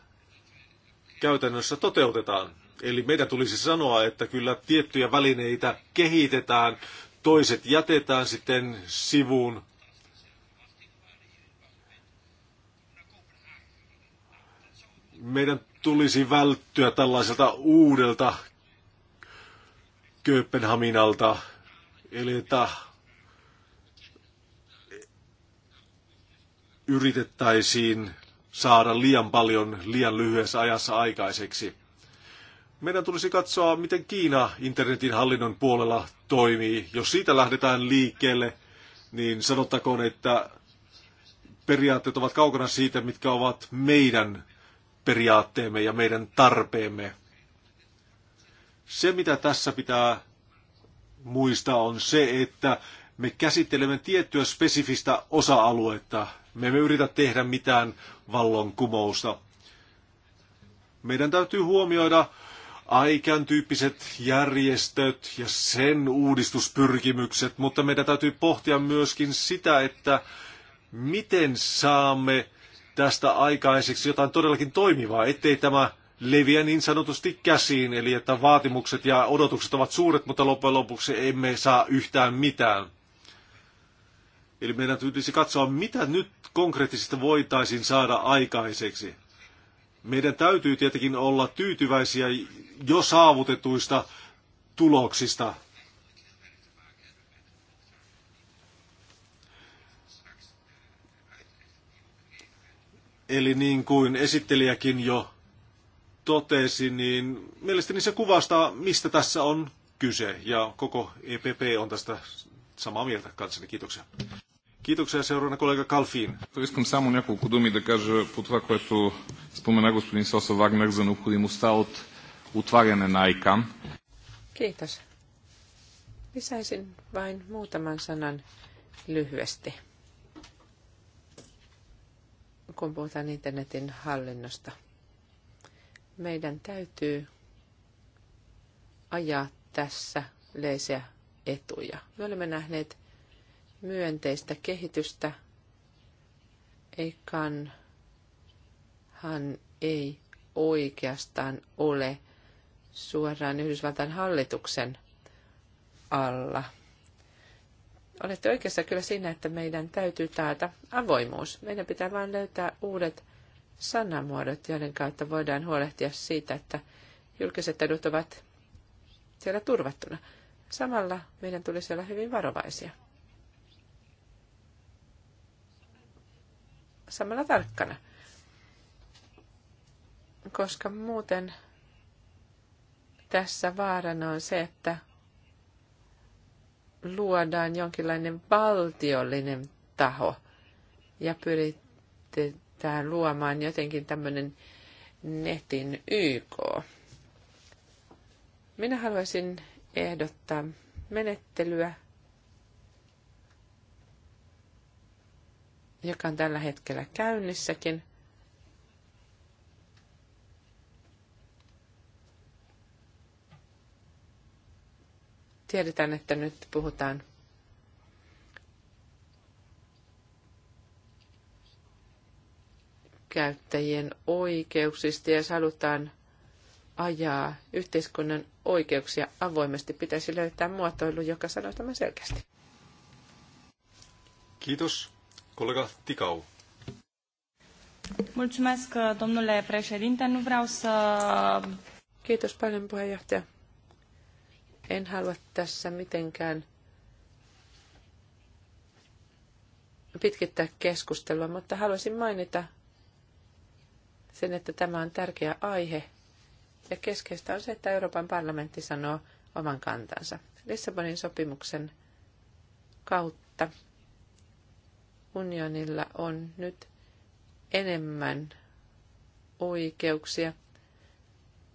S2: käytännössä toteutetaan. Eli meidän tulisi sanoa, että kyllä tiettyjä välineitä kehitetään, toiset jätetään sitten sivuun meidän tulisi välttyä tällaiselta uudelta Kööpenhaminalta, eli että yritettäisiin saada liian paljon liian lyhyessä ajassa aikaiseksi. Meidän tulisi katsoa, miten Kiina internetin hallinnon puolella toimii. Jos siitä lähdetään liikkeelle, niin sanottakoon, että periaatteet ovat kaukana siitä, mitkä ovat meidän periaatteemme ja meidän tarpeemme. Se, mitä tässä pitää muistaa, on se, että me käsittelemme tiettyä spesifistä osa-aluetta. Me emme yritä tehdä mitään vallonkumousta. Meidän täytyy huomioida aikan tyyppiset järjestöt ja sen uudistuspyrkimykset, mutta meidän täytyy pohtia myöskin sitä, että miten saamme tästä aikaiseksi jotain todellakin toimivaa, ettei tämä leviä niin sanotusti käsiin, eli että vaatimukset ja odotukset ovat suuret, mutta loppujen lopuksi emme saa yhtään mitään. Eli meidän tulisi katsoa, mitä nyt konkreettisesti voitaisiin saada aikaiseksi. Meidän täytyy tietenkin olla tyytyväisiä jo saavutetuista tuloksista, Eli niin kuin esittelijäkin jo totesi, niin mielestäni se kuvastaa, mistä tässä on kyse. Ja koko EPP on tästä samaa mieltä kanssani. Kiitoksia. Kiitoksia seuraavana kollega Kalfin.
S5: samo само няколко da kaže po tva това, tu spomena gospodin Sosa Wagner za neuhodimusta od отваряне na ICAN.
S4: Kiitos. Lisäisin vain muutaman sanan lyhyesti kun puhutaan internetin hallinnosta. Meidän täytyy ajaa tässä yleisiä etuja. Me olemme nähneet myönteistä kehitystä. Eikan hän ei oikeastaan ole suoraan Yhdysvaltain hallituksen alla – olette oikeassa kyllä siinä, että meidän täytyy taata avoimuus. Meidän pitää vain löytää uudet sanamuodot, joiden kautta voidaan huolehtia siitä, että julkiset edut ovat siellä turvattuna. Samalla meidän tulisi olla hyvin varovaisia. Samalla tarkkana, koska muuten tässä vaarana on se, että luodaan jonkinlainen valtiollinen taho ja pyritte tähän luomaan jotenkin tämmöinen netin YK. Minä haluaisin ehdottaa menettelyä, joka on tällä hetkellä käynnissäkin – Tiedetään, että nyt puhutaan käyttäjien oikeuksista ja halutaan ajaa yhteiskunnan oikeuksia avoimesti, pitäisi löytää muotoilu, joka sanoo tämän selkeästi.
S2: Kiitos. Kollega Tikau.
S4: Mulțumesc, domnule președinte. Nu vreau să... Kiitos paljon, puheenjohtaja. En halua tässä mitenkään pitkittää keskustelua, mutta haluaisin mainita sen, että tämä on tärkeä aihe. Ja keskeistä on se, että Euroopan parlamentti sanoo oman kantansa. Lissabonin sopimuksen kautta unionilla on nyt enemmän oikeuksia –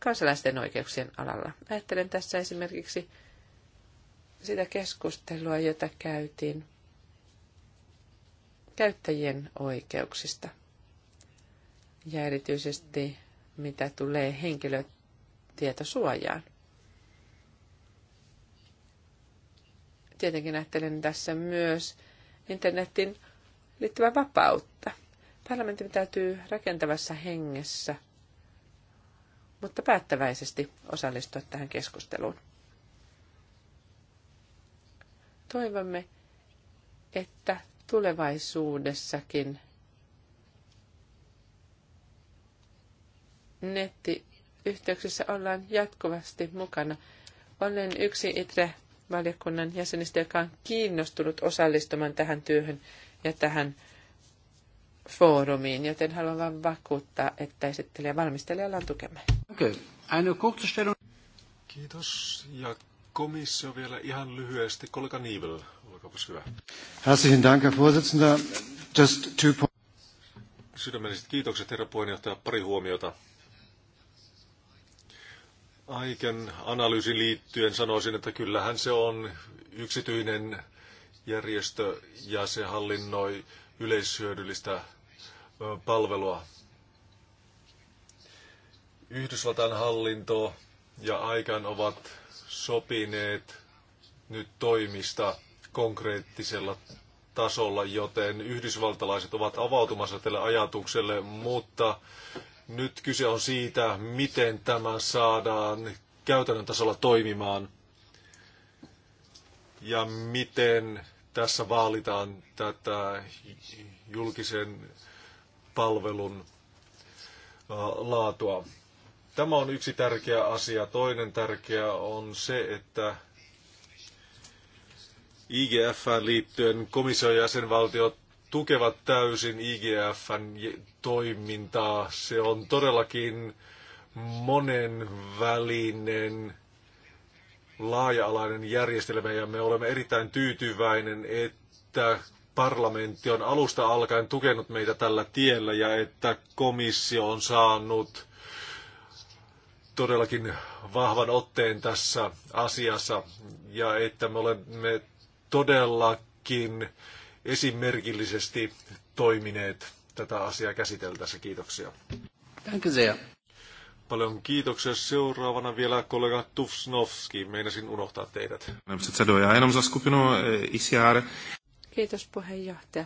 S4: kansalaisten oikeuksien alalla. Ajattelen tässä esimerkiksi sitä keskustelua, jota käytiin käyttäjien oikeuksista. Ja erityisesti mitä tulee henkilötietosuojaan. Tietenkin ajattelen tässä myös internetin liittyvää vapautta. Parlamentin täytyy rakentavassa hengessä – mutta päättäväisesti osallistua tähän keskusteluun. Toivomme, että tulevaisuudessakin nettiyhteyksissä ollaan jatkuvasti mukana. Olen yksi ITRE-valiokunnan jäsenistä, joka on kiinnostunut osallistumaan tähän työhön ja tähän foorumiin, joten haluan vain vakuuttaa, että esittelijä valmistelijalla on tukemme.
S2: Kiitos. Ja komissio vielä ihan lyhyesti. Kollega Niivel, olkaapas hyvä.
S1: Herzlichen Dank, Herr Vorsitzender. Just two points.
S2: Sydämelliset kiitokset, herra puheenjohtaja. Pari huomiota. Aiken analyysin liittyen sanoisin, että kyllähän se on yksityinen järjestö ja se hallinnoi yleishyödyllistä palvelua. Yhdysvaltain hallinto ja aikaan ovat sopineet nyt toimista konkreettisella tasolla, joten yhdysvaltalaiset ovat avautumassa tälle ajatukselle, mutta nyt kyse on siitä, miten tämä saadaan käytännön tasolla toimimaan ja miten tässä vaalitaan tätä julkisen palvelun laatua. Tämä on yksi tärkeä asia. Toinen tärkeä on se, että IGF liittyen komission jäsenvaltiot tukevat täysin IGFn toimintaa. Se on todellakin monenvälinen laaja-alainen järjestelmä ja me olemme erittäin tyytyväinen, että parlamentti on alusta alkaen tukenut meitä tällä tiellä ja että komissio on saanut todellakin vahvan otteen tässä asiassa ja että me olemme todellakin esimerkillisesti toimineet tätä asiaa käsiteltäessä. Kiitoksia. Danke Paljon kiitoksia. Seuraavana vielä kollega Tufsnovski. Meinasin unohtaa teidät.
S5: Eh,
S4: Kiitos puheenjohtaja.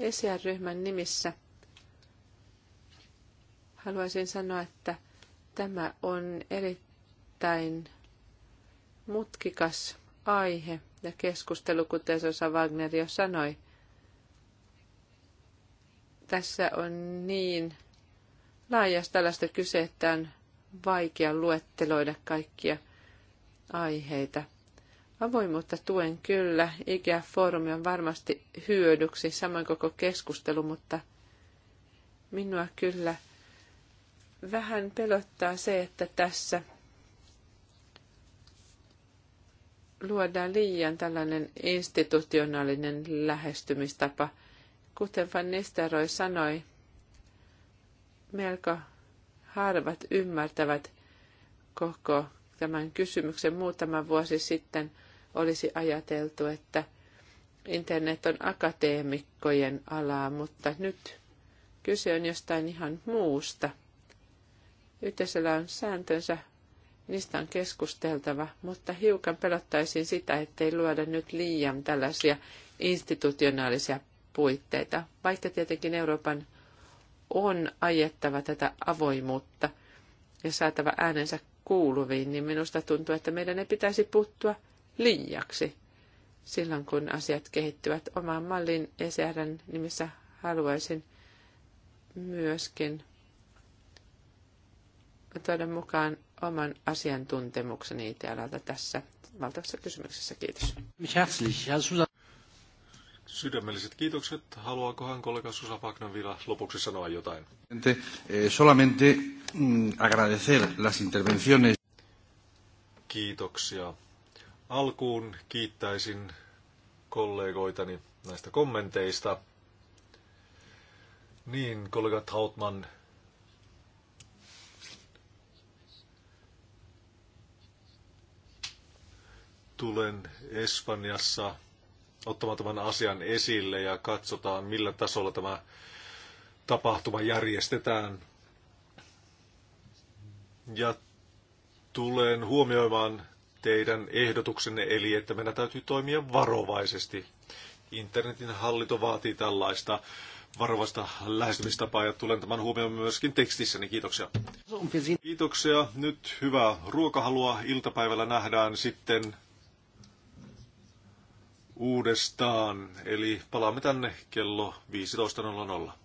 S4: ECR-ryhmän nimissä haluaisin sanoa, että Tämä on erittäin mutkikas aihe ja keskustelu, kuten Sosa Wagner jo sanoi. Tässä on niin laajasta tällaista kyse, että on vaikea luetteloida kaikkia aiheita. Avoimuutta tuen kyllä. igf foorumi on varmasti hyödyksi, samoin koko keskustelu, mutta minua kyllä – Vähän pelottaa se, että tässä luodaan liian tällainen institutionaalinen lähestymistapa. Kuten Van Nisteroi sanoi, melko harvat ymmärtävät koko tämän kysymyksen. Muutama vuosi sitten olisi ajateltu, että internet on akateemikkojen alaa, mutta nyt kyse on jostain ihan muusta – Yhteisöllä on sääntönsä, niistä on keskusteltava, mutta hiukan pelottaisin sitä, ettei luoda nyt liian tällaisia institutionaalisia puitteita, vaikka tietenkin Euroopan on ajettava tätä avoimuutta ja saatava äänensä kuuluviin, niin minusta tuntuu, että meidän ei pitäisi puuttua liiaksi silloin, kun asiat kehittyvät omaan malliin. ECRn nimissä haluaisin myöskin toivon mukaan oman asiantuntemukseni IT-alalta tässä valtavassa kysymyksessä. Kiitos.
S2: Sydämelliset kiitokset. Haluaakohan kollega Susa Pagnan vielä lopuksi sanoa jotain?
S1: Eh, solamente mm, agradecer las intervenciones.
S2: Kiitoksia. Alkuun kiittäisin kollegoitani näistä kommenteista. Niin, kollega Hautman tulen Espanjassa ottamaan tämän asian esille ja katsotaan, millä tasolla tämä tapahtuma järjestetään. Ja tulen huomioimaan teidän ehdotuksenne, eli että meidän täytyy toimia varovaisesti. Internetin hallinto vaatii tällaista varovasta lähestymistapaa ja tulen tämän huomioon myöskin tekstissäni. Kiitoksia. Kiitoksia. Nyt hyvää ruokahalua. Iltapäivällä nähdään sitten uudestaan. Eli palaamme tänne kello 15.00.